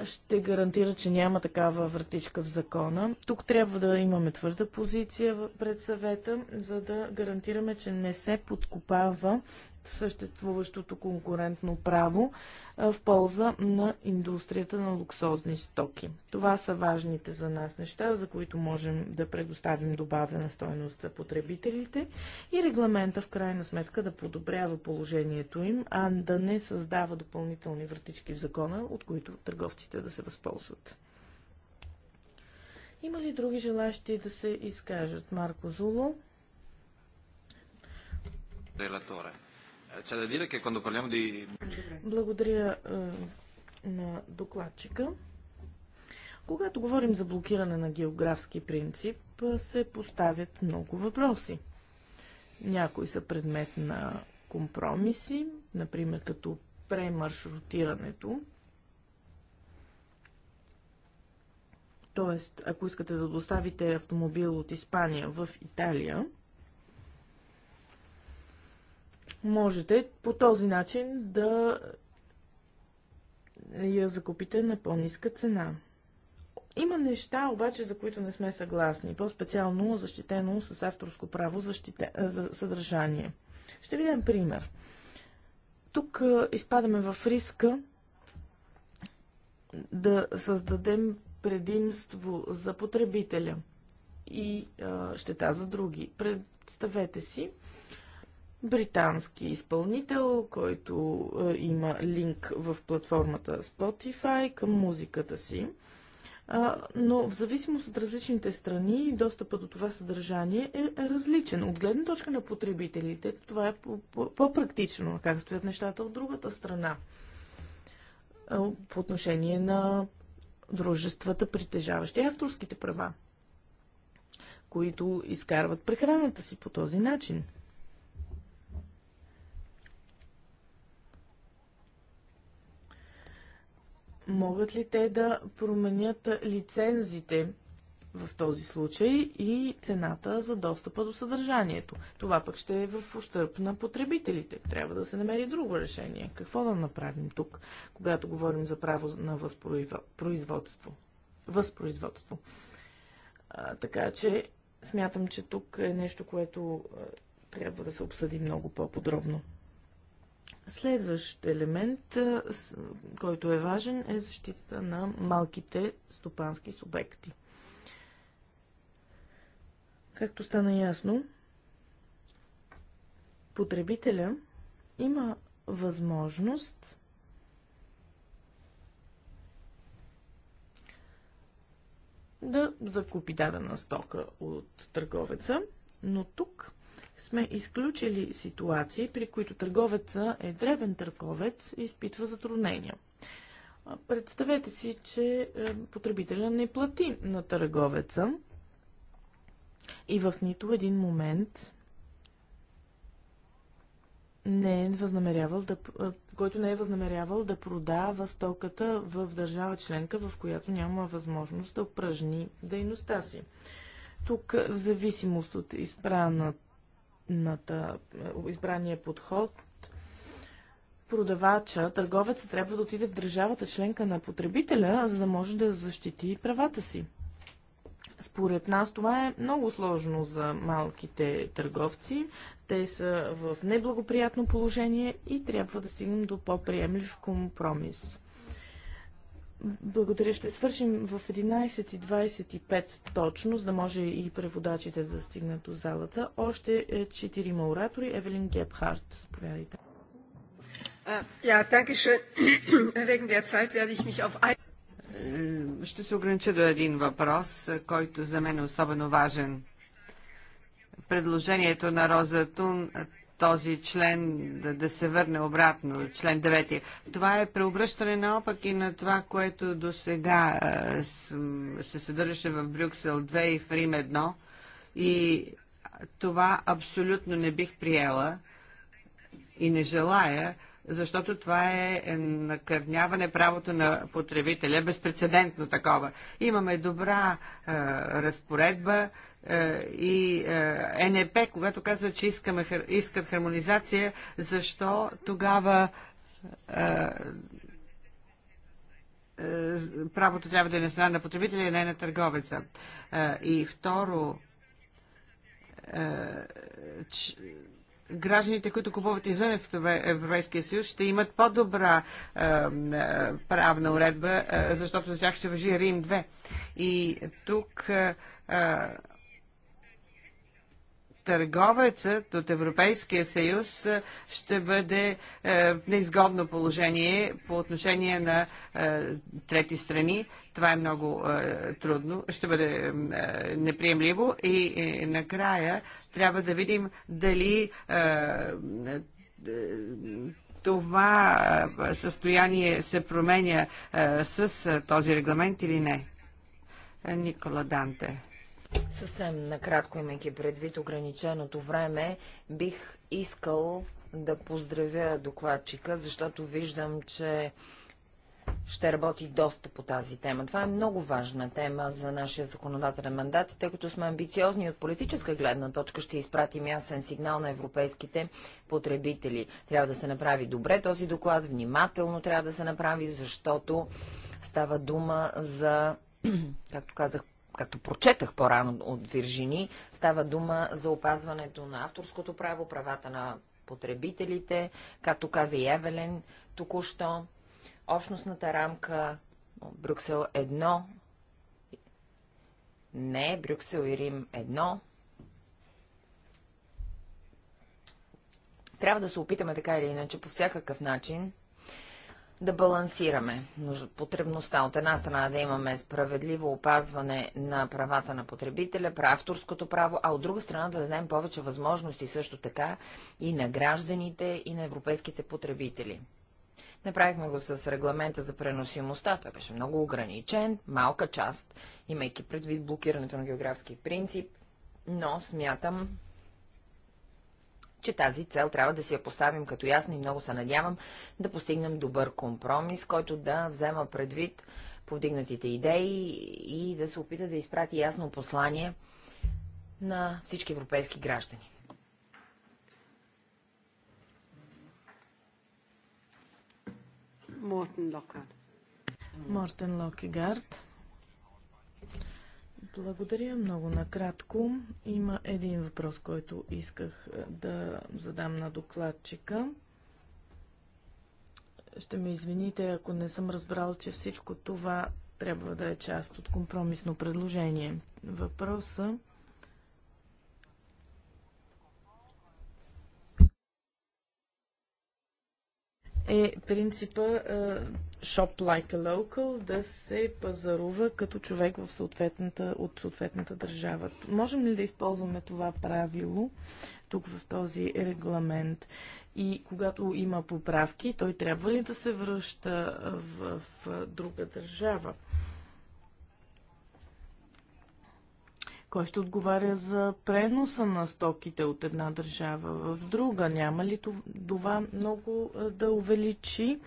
ще гарантира, че няма такава вратичка в закона. Тук трябва да имаме твърда позиция пред съвета, за да гарантираме, че не се подкопава съществуващото конкурентно право в полза на индустрията на луксозни стоки. Това са важните за нас неща, за които можем да предоставим добавена стойност за потребителите и регламента в крайна сметка да подобрява положението им, а да не създава допълнителни вратички в закона, от които търговците да се възползват. Има ли други желащи да се изкажат? Марко Зуло. Релаторе. Благодаря е, на докладчика. Когато говорим за блокиране на географски принцип, е, се поставят много въпроси. Някои са предмет на компромиси, например като премаршрутирането. Тоест, ако искате да доставите автомобил от Испания в Италия, можете по този начин да я закупите на по-ниска цена. Има неща, обаче, за които не сме съгласни, по-специално защитено с авторско право защите... съдържание. Ще ви дам пример. Тук изпадаме в риска да създадем предимство за потребителя и а, щета за други. Представете си, британски изпълнител, който а, е, има линк в платформата Spotify към музиката си. А, но в зависимост от различните страни, достъпът до това съдържание е, е различен. От гледна точка на потребителите, това е по-практично, -по -по как стоят нещата от другата страна. А, по отношение на дружествата, притежаващи авторските права, които изкарват прехраната си по този начин. могат ли те да променят лицензите в този случай и цената за достъпа до съдържанието? Това пък ще е в ущърп на потребителите. Трябва да се намери друго решение. Какво да направим тук, когато говорим за право на възпроизводство? възпроизводство. А, така че смятам, че тук е нещо, което трябва да се обсъди много по-подробно. Следващ елемент, който е важен, е защитата на малките стопански субекти. Както стана ясно, потребителя има възможност да закупи дадена стока от търговеца, но тук сме изключили ситуации, при които търговеца е дребен търговец и изпитва затруднения. Представете си, че е, потребителя не плати на търговеца и в нито един момент не е възнамерявал да, който не е възнамерявал да продава стоката в държава членка, в която няма възможност да упражни дейността си. Тук, в зависимост от избрана, е, избрания подход, продавача, търговецът трябва да отиде в държавата членка на потребителя, за да може да защити правата си. Според нас това е много сложно за малките търговци. Те са в неблагоприятно положение и трябва да стигнем до по-приемлив компромис. Благодаря. Ще свършим в 11.25 точно, за да може и преводачите да стигнат до залата. Още 4ма е, оратори. Евелин Гепхарт. Повядайте. Е, е, ще се огранича до един въпрос, който за мен е особено важен. Предложението на Роза Тун този член да, да се върне обратно, член 9. Това е преобръщане наопак и на това, което до сега се съдържаше в Брюксел 2 и в Рим 1. И това абсолютно не бих приела и не желая, защото това е накърняване правото на потребителя, безпредседентно такова. Имаме добра е, разпоредба, е, и е, НЕП, когато казва, че искаме, искат хармонизация, защо тогава е, правото трябва да е на страна на потребителя и не на търговеца. И второ, гражданите, които купуват извън Европейския съюз, ще имат по-добра правна уредба, защото за тях ще въжи Рим 2. И тук търговецът от Европейския съюз е, ще бъде е, в неизгодно положение по отношение на е, трети страни. Това е много трудно, ще бъде неприемливо и накрая трябва да видим дали това състояние се променя с този регламент или не. Никола Данте. Съвсем накратко, имайки предвид ограниченото време, бих искал да поздравя докладчика, защото виждам, че ще работи доста по тази тема. Това е много важна тема за нашия законодателен мандат и тъй като сме амбициозни от политическа гледна точка, ще изпратим ясен сигнал на европейските потребители. Трябва да се направи добре този доклад, внимателно трябва да се направи, защото става дума за, както казах, като прочетах по-рано от Виржини, става дума за опазването на авторското право, правата на потребителите, както каза и Евелен току-що, общностната рамка Брюксел 1, не Брюксел и Рим 1. Трябва да се опитаме така или иначе по всякакъв начин да балансираме потребността от една страна да имаме справедливо опазване на правата на потребителя, авторското право, а от друга страна да дадем повече възможности също така и на гражданите и на европейските потребители. Направихме го с регламента за преносимостта. Той беше много ограничен, малка част, имайки предвид блокирането на географски принцип, но смятам, че тази цел трябва да си я поставим като ясна и много се надявам да постигнем добър компромис, който да взема предвид повдигнатите идеи и да се опита да изпрати ясно послание на всички европейски граждани. Мортен Локгард. Мортен Локгард. Благодаря много накратко. Има един въпрос, който исках е, да задам на докладчика. Ще ме извините, ако не съм разбрал, че всичко това трябва да е част от компромисно предложение. Въпроса е принципа, е, Shop Like a Local, да се пазарува като човек в съответната, от съответната държава. Можем ли да използваме това правило тук в този регламент? И когато има поправки, той трябва ли да се връща в, в друга държава? Кой ще отговаря за преноса на стоките от една държава в друга? Няма ли това много да увеличи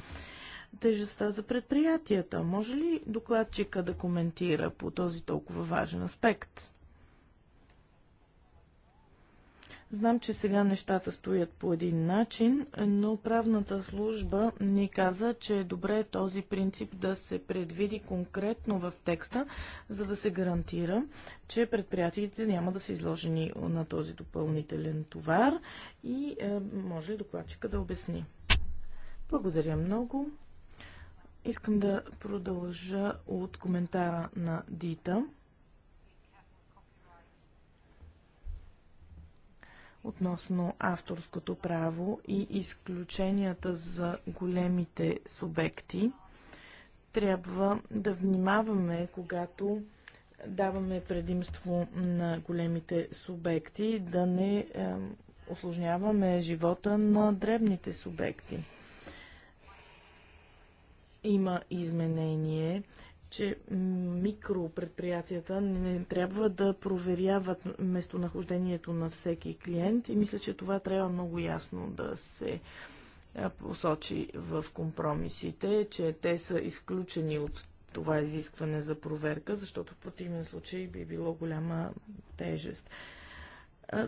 тежестта за предприятията. Може ли докладчика да коментира по този толкова важен аспект? Знам, че сега нещата стоят по един начин, но правната служба ни каза, че е добре този принцип да се предвиди конкретно в текста, за да се гарантира, че предприятията няма да са изложени на този допълнителен товар и е, може ли докладчика да обясни. Благодаря много. Искам да продължа от коментара на Дита. относно авторското право и изключенията за големите субекти. Трябва да внимаваме, когато даваме предимство на големите субекти, да не е, осложняваме живота на дребните субекти има изменение, че микропредприятията не трябва да проверяват местонахождението на всеки клиент и мисля, че това трябва много ясно да се посочи в компромисите, че те са изключени от това изискване за проверка, защото в противен случай би било голяма тежест.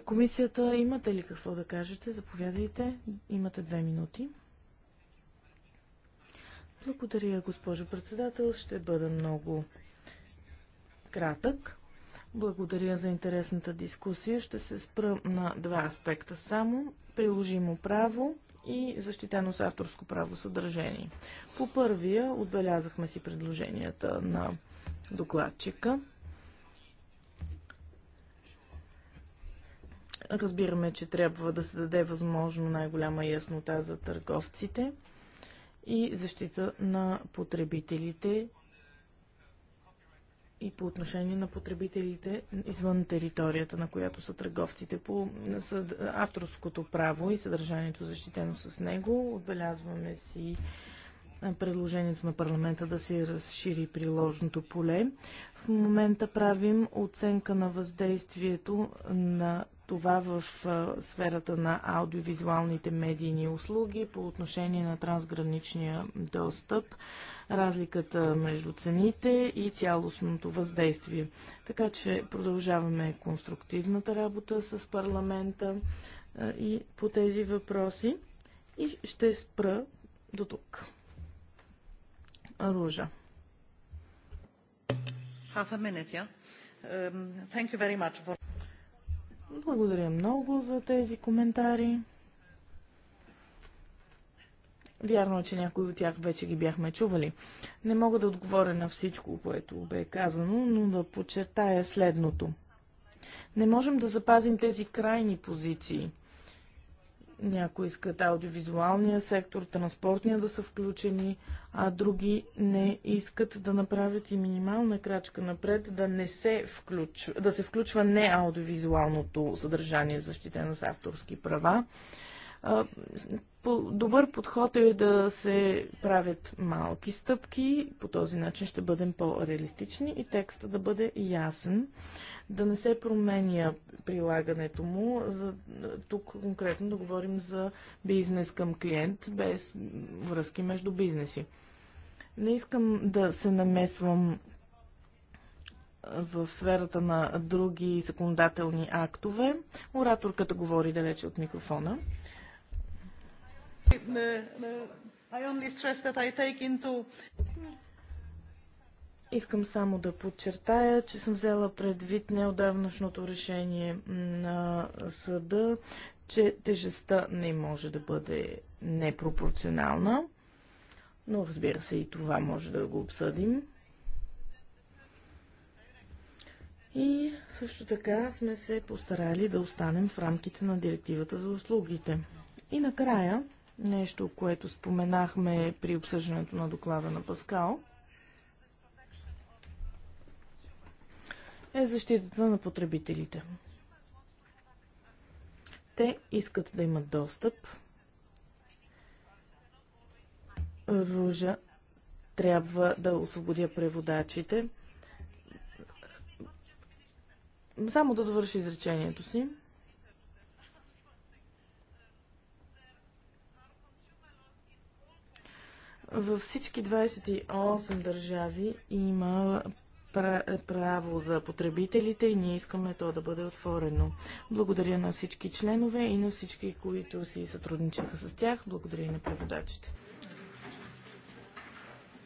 Комисията, имате ли какво да кажете? Заповядайте. Имате две минути. Благодаря, госпожо председател. Ще бъда много кратък. Благодаря за интересната дискусия. Ще се спра на два аспекта само. Приложимо право и защитено с авторско право съдържание. По първия отбелязахме си предложенията на докладчика. Разбираме, че трябва да се даде възможно най-голяма яснота за търговците и защита на потребителите и по отношение на потребителите извън територията, на която са търговците. По авторското право и съдържанието защитено с него отбелязваме си предложението на парламента да се разшири приложното поле. В момента правим оценка на въздействието на това в сферата на аудиовизуалните медийни услуги по отношение на трансграничния достъп, разликата между цените и цялостното въздействие. Така че продължаваме конструктивната работа с парламента и по тези въпроси и ще спра до тук. Ружа. Half a minute, yeah? Um, thank you very much for... Благодаря много за тези коментари. Вярно е, че някои от тях вече ги бяхме чували. Не мога да отговоря на всичко, което бе казано, но да подчертая следното. Не можем да запазим тези крайни позиции. Някои искат аудиовизуалния сектор, транспортния да са включени, а други не искат да направят и минимална крачка напред, да, не се, включва, да се включва не аудиовизуалното съдържание, защитено с авторски права. Добър подход е да се правят малки стъпки, по този начин ще бъдем по-реалистични и текста да бъде ясен, да не се променя прилагането му, за, тук конкретно да говорим за бизнес към клиент, без връзки между бизнеси. Не искам да се намесвам в сферата на други законодателни актове. Ораторката говори далече от микрофона. Искам само да подчертая, че съм взела предвид неодавнашното решение на съда, че тежестта не може да бъде непропорционална, но разбира се и това може да го обсъдим. И също така сме се постарали да останем в рамките на директивата за услугите. И накрая Нещо, което споменахме при обсъждането на доклада на Паскал, е защитата на потребителите. Те искат да имат достъп. Ружа трябва да освободя преводачите. Само да довърши изречението си. Във всички 28 държави има право за потребителите и ние искаме то да бъде отворено. Благодаря на всички членове и на всички, които си сътрудничаха с тях. Благодаря и на преводачите.